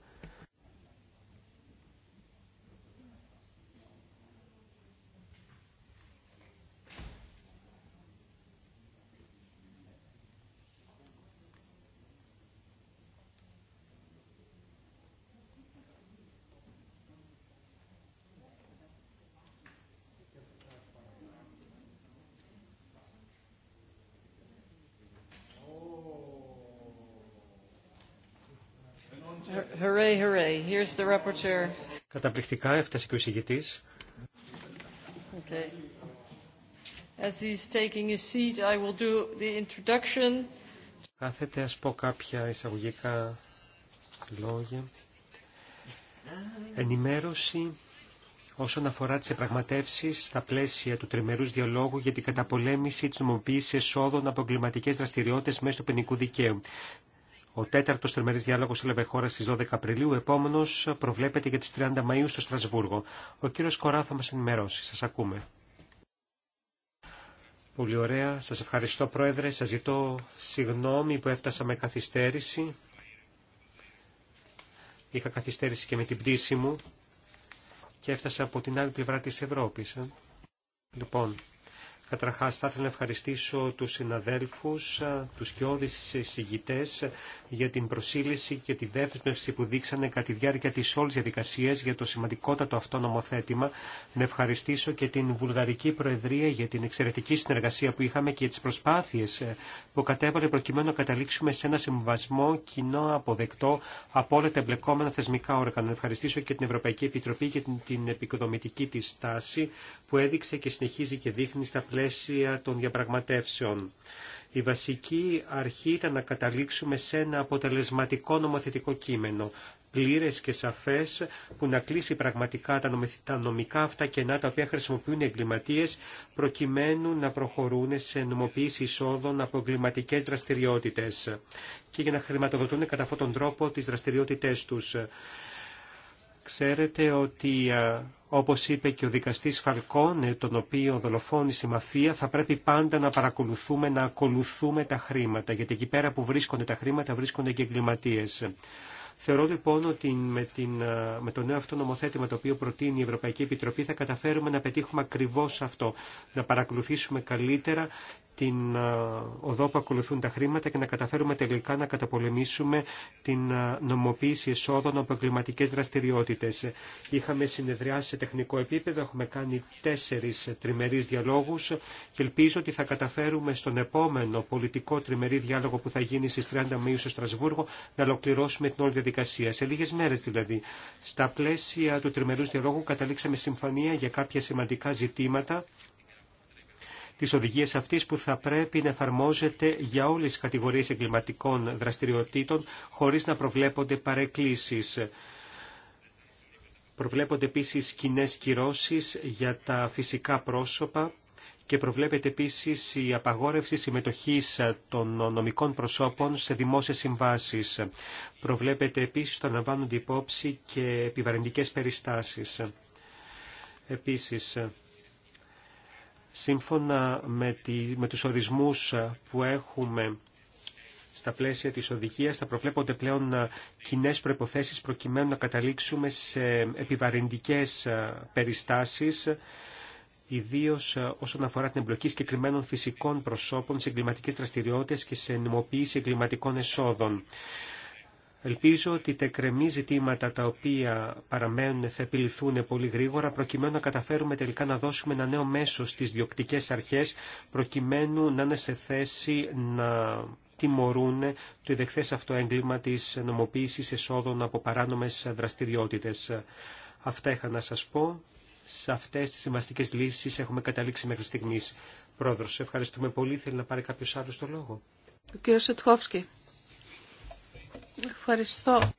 Καταπληκτικά έφτασε και ο εισηγητής. Okay. As taking seat, I will do the introduction. Κάθεται, ας πω κάποια εισαγωγικά λόγια. Ενημέρωση όσον αφορά τις επραγματεύσεις στα πλαίσια του τριμερούς διαλόγου για την καταπολέμηση της νομοποίησης εσόδων από εγκληματικές δραστηριότητες μέσω του ποινικού δικαίου. Ο τέταρτο τριμερή διάλογο έλαβε χώρα στι 12 Απριλίου, επόμενο προβλέπεται για τι 30 Μαου στο Στρασβούργο. Ο κύριο Κορά θα μα ενημερώσει. Σα ακούμε. Πολύ ωραία. Σα ευχαριστώ, Πρόεδρε. Σα ζητώ συγγνώμη που έφτασα με καθυστέρηση. Είχα καθυστέρηση και με την πτήση μου και έφτασα από την άλλη πλευρά της Ευρώπης. Ε. Λοιπόν, Καταρχά, θα ήθελα να ευχαριστήσω του συναδέλφου, του κοιόδη συγητές για την προσήλυση και τη δέσμευση που δείξανε κατά τη διάρκεια τη όλη διαδικασία για το σημαντικότατο αυτό νομοθέτημα. Να ευχαριστήσω και την Βουλγαρική Προεδρία για την εξαιρετική συνεργασία που είχαμε και τι προσπάθειε που κατέβαλε προκειμένου να καταλήξουμε σε ένα συμβασμό κοινό αποδεκτό από όλα τα εμπλεκόμενα θεσμικά όργανα. Να ευχαριστήσω και την Ευρωπαϊκή Επιτροπή για την επικοδομητική τη στάση που έδειξε και συνεχίζει και δείχνει στα πλαίσια των διαπραγματεύσεων. Η βασική αρχή ήταν να καταλήξουμε σε ένα αποτελεσματικό νομοθετικό κείμενο, πλήρες και σαφές, που να κλείσει πραγματικά τα νομικά αυτά κενά τα οποία χρησιμοποιούν οι εγκληματίες, προκειμένου να προχωρούν σε νομοποίηση εισόδων από εγκληματικέ δραστηριότητες και για να χρηματοδοτούν κατά αυτόν τον τρόπο τις δραστηριότητές τους. Ξέρετε ότι όπως είπε και ο δικαστής Φαλκόνε, τον οποίο δολοφόνησε η μαφία, θα πρέπει πάντα να παρακολουθούμε, να ακολουθούμε τα χρήματα, γιατί εκεί πέρα που βρίσκονται τα χρήματα βρίσκονται και εγκληματίε. Θεωρώ λοιπόν ότι με, την, ε, με το νέο αυτό νομοθέτημα το οποίο προτείνει η Ευρωπαϊκή Επιτροπή θα καταφέρουμε να πετύχουμε ακριβώς αυτό, να παρακολουθήσουμε καλύτερα την ε, οδό που ακολουθούν τα χρήματα και να καταφέρουμε τελικά να καταπολεμήσουμε την ε, νομοποίηση εσόδων από εγκληματικέ δραστηριότητε. Είχαμε συνεδριάσει σε τεχνικό επίπεδο, έχουμε κάνει τέσσερι τριμερεί διαλόγου και ελπίζω ότι θα καταφέρουμε στον επόμενο πολιτικό τριμερή διάλογο που θα γίνει στι 30 Μαου στο Στρασβούργο να ολοκληρώσουμε την όλη διαδικασία. Σε λίγε μέρε δηλαδή. Στα πλαίσια του τριμερού διαλόγου καταλήξαμε συμφωνία για κάποια σημαντικά ζητήματα τις οδηγίες αυτής που θα πρέπει να εφαρμόζεται για όλες τις κατηγορίες εγκληματικών δραστηριοτήτων χωρίς να προβλέπονται παρεκκλήσεις. Προβλέπονται επίσης κοινέ κυρώσεις για τα φυσικά πρόσωπα και προβλέπεται επίσης η απαγόρευση συμμετοχής των νομικών προσώπων σε δημόσιες συμβάσεις. Προβλέπεται επίσης το να υπόψη και επιβαρυντικές περιστάσεις. Επίσης, Σύμφωνα με, με τους ορισμούς που έχουμε στα πλαίσια της οδηγίας θα προβλέπονται πλέον ε, κοινέ προϋποθέσεις προκειμένου να καταλήξουμε σε επιβαρυντικές ε, περιστάσεις ιδίω ε, όσον αφορά την εμπλοκή συγκεκριμένων φυσικών προσώπων σε εγκληματικέ δραστηριότητε και σε νομοποίηση εγκληματικών εσόδων. Ελπίζω ότι τα ζητήματα τα οποία παραμένουν θα επιληθούν πολύ γρήγορα προκειμένου να καταφέρουμε τελικά να δώσουμε ένα νέο μέσο στις διοκτικές αρχές προκειμένου να είναι σε θέση να τιμωρούν το ιδεχθές αυτό έγκλημα της νομοποίησης εσόδων από παράνομες δραστηριότητες. Αυτά είχα να σας πω. Σε αυτές τις σημαστικές λύσεις έχουμε καταλήξει μέχρι στιγμής. Πρόεδρος, ευχαριστούμε πολύ. Θέλει να πάρει κάποιος άλλος το λόγο. Ο κύριος Σετχόφσκι. Ευχαριστώ.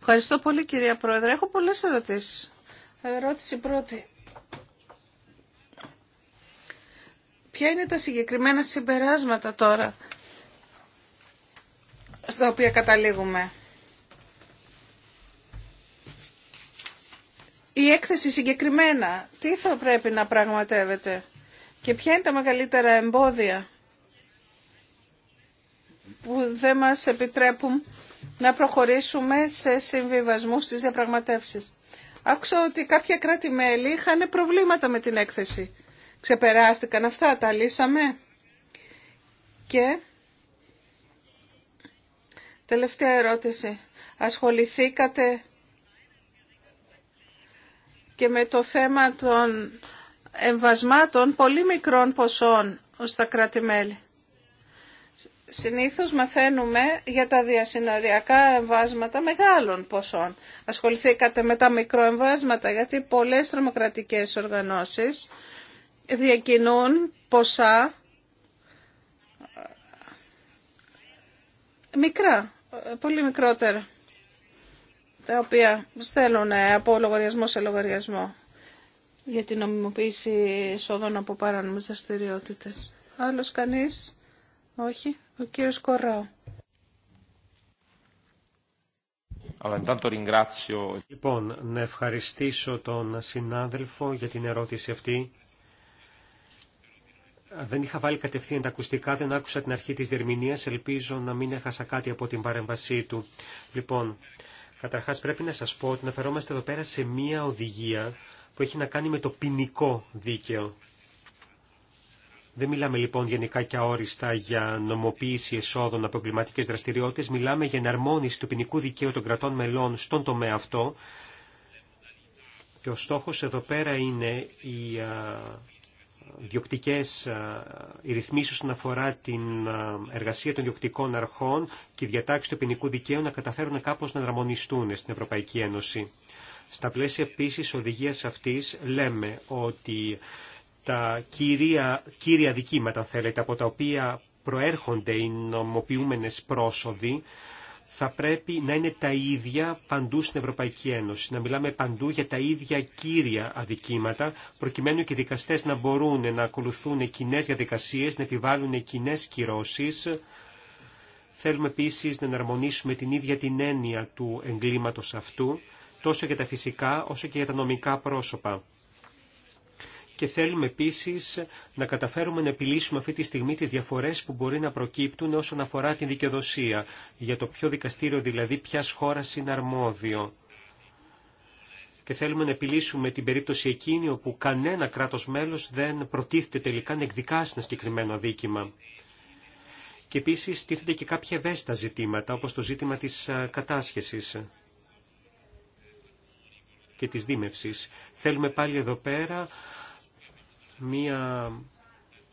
Ευχαριστώ πολύ κυρία Πρόεδρε. Έχω πολλές ερωτήσεις. Ερώτηση πρώτη. Ποια είναι τα συγκεκριμένα συμπεράσματα τώρα στα οποία καταλήγουμε. Η έκθεση συγκεκριμένα, τι θα πρέπει να πραγματεύεται και ποια είναι τα μεγαλύτερα εμπόδια που δεν μας επιτρέπουν να προχωρήσουμε σε συμβιβασμούς στις διαπραγματεύσεις. Άκουσα ότι κάποια κράτη-μέλη είχαν προβλήματα με την έκθεση. Ξεπεράστηκαν αυτά, τα λύσαμε. Και τελευταία ερώτηση. Ασχοληθήκατε και με το θέμα των εμβασμάτων πολύ μικρών ποσών στα κράτη-μέλη. Συνήθως μαθαίνουμε για τα διασυνοριακά εμβάσματα μεγάλων ποσών. Ασχοληθήκατε με τα μικροεμβάσματα γιατί πολλές τρομοκρατικές οργανώσεις διακινούν ποσά μικρά, πολύ μικρότερα, τα οποία στέλνουν από λογαριασμό σε λογαριασμό για την νομιμοποίηση εσόδων από παράνομες δραστηριότητε. Άλλος κανείς, όχι. Ο Κοράου. Λοιπόν, να ευχαριστήσω τον συνάδελφο για την ερώτηση αυτή. Δεν είχα βάλει κατευθείαν τα ακουστικά, δεν άκουσα την αρχή της διερμηνίας. Ελπίζω να μην έχασα κάτι από την παρέμβασή του. Λοιπόν, καταρχάς πρέπει να σας πω ότι αναφερόμαστε εδώ πέρα σε μία οδηγία που έχει να κάνει με το ποινικό δίκαιο. Δεν μιλάμε λοιπόν γενικά και αόριστα για νομοποίηση εσόδων από εγκληματικέ δραστηριότητε. Μιλάμε για εναρμόνιση του ποινικού δικαίου των κρατών μελών στον τομέα αυτό. Και ο στόχο εδώ πέρα είναι οι διοκτικές ρυθμίσεις όσον αφορά την εργασία των διοκτικών αρχών και οι διατάξεις του ποινικού δικαίου να καταφέρουν κάπως να δραμονιστούν στην Ευρωπαϊκή Ένωση. Στα πλαίσια επίσης οδηγίας αυτής λέμε ότι τα κύρια, κύρια δικήματα, θέλετε, από τα οποία προέρχονται οι νομοποιούμενες πρόσοδοι, θα πρέπει να είναι τα ίδια παντού στην Ευρωπαϊκή Ένωση. Να μιλάμε παντού για τα ίδια κύρια αδικήματα, προκειμένου και οι δικαστές να μπορούν να ακολουθούν κοινέ διαδικασίες, να επιβάλλουν κοινέ κυρώσεις. Θέλουμε επίσης να εναρμονίσουμε την ίδια την έννοια του εγκλήματος αυτού, τόσο για τα φυσικά όσο και για τα νομικά πρόσωπα και θέλουμε επίσης να καταφέρουμε να επιλύσουμε αυτή τη στιγμή τις διαφορές που μπορεί να προκύπτουν όσον αφορά την δικαιοδοσία, για το ποιο δικαστήριο δηλαδή ποια χώρα είναι αρμόδιο. Και θέλουμε να επιλύσουμε την περίπτωση εκείνη όπου κανένα κράτος μέλος δεν προτίθεται τελικά να εκδικάσει ένα συγκεκριμένο αδίκημα. Και επίση τίθεται και κάποια ευαίσθητα ζητήματα, όπω το ζήτημα τη ε, κατάσχεσης και της δίμευσης. Θέλουμε πάλι εδώ πέρα μία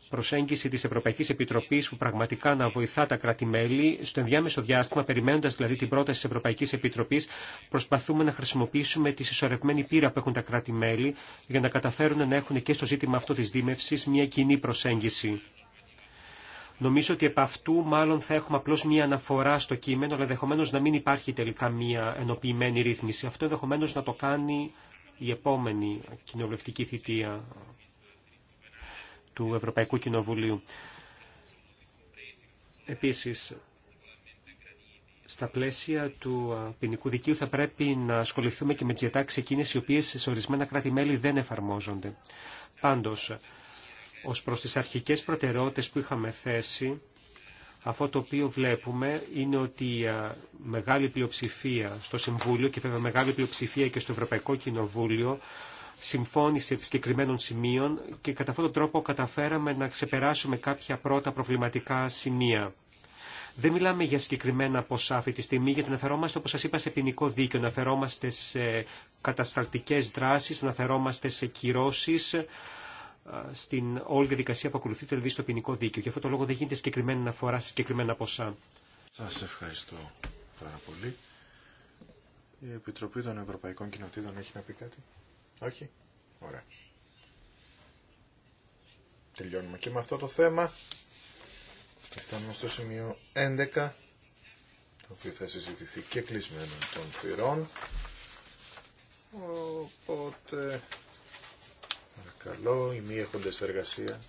προσέγγιση της Ευρωπαϊκής Επιτροπής που πραγματικά να βοηθά τα κράτη-μέλη. Στο ενδιάμεσο διάστημα, περιμένοντας δηλαδή την πρόταση της Ευρωπαϊκής Επιτροπής, προσπαθούμε να χρησιμοποιήσουμε τη συσσωρευμένη πείρα που έχουν τα κράτη-μέλη για να καταφέρουν να έχουν και στο ζήτημα αυτό της δίμευσης μια κοινή προσέγγιση. Νομίζω ότι επ' αυτού μάλλον θα έχουμε απλώς μία αναφορά στο κείμενο, αλλά ενδεχομένω να μην υπάρχει τελικά μία ενοποιημένη ρύθμιση. Αυτό ενδεχομένω να το κάνει η επόμενη κοινοβουλευτική θητεία του Ευρωπαϊκού Κοινοβουλίου. Επίσης, στα πλαίσια του ποινικού δικαίου θα πρέπει να ασχοληθούμε και με τις διατάξεις εκείνες οι οποίες σε ορισμένα κράτη-μέλη δεν εφαρμόζονται. Πάντως, ως προς τις αρχικές προτεραιότητες που είχαμε θέσει, αυτό το οποίο βλέπουμε είναι ότι μεγάλη πλειοψηφία στο Συμβούλιο και βέβαια μεγάλη πλειοψηφία και στο Ευρωπαϊκό Κοινοβούλιο συμφώνηση συγκεκριμένων σημείων και κατά αυτόν τον τρόπο καταφέραμε να ξεπεράσουμε κάποια πρώτα προβληματικά σημεία. Δεν μιλάμε για συγκεκριμένα ποσά αυτή τη στιγμή, γιατί αναφερόμαστε, όπω σα είπα, σε ποινικό δίκαιο, αναφερόμαστε σε κατασταλτικέ δράσει, αναφερόμαστε σε κυρώσει στην όλη διαδικασία που ακολουθείται, δηλαδή στο ποινικό δίκαιο. Γι' αυτό το λόγο δεν γίνεται συγκεκριμένη αναφορά σε συγκεκριμένα ποσά. Σα ευχαριστώ πάρα πολύ. Η Επιτροπή των Ευρωπαϊκών Κοινοτήτων έχει να πει κάτι. Όχι. Ωραία. Τελειώνουμε και με αυτό το θέμα. Και φτάνουμε στο σημείο 11, το οποίο θα συζητηθεί και κλεισμένο των θυρών. Οπότε, παρακαλώ, οι μη έχοντες εργασία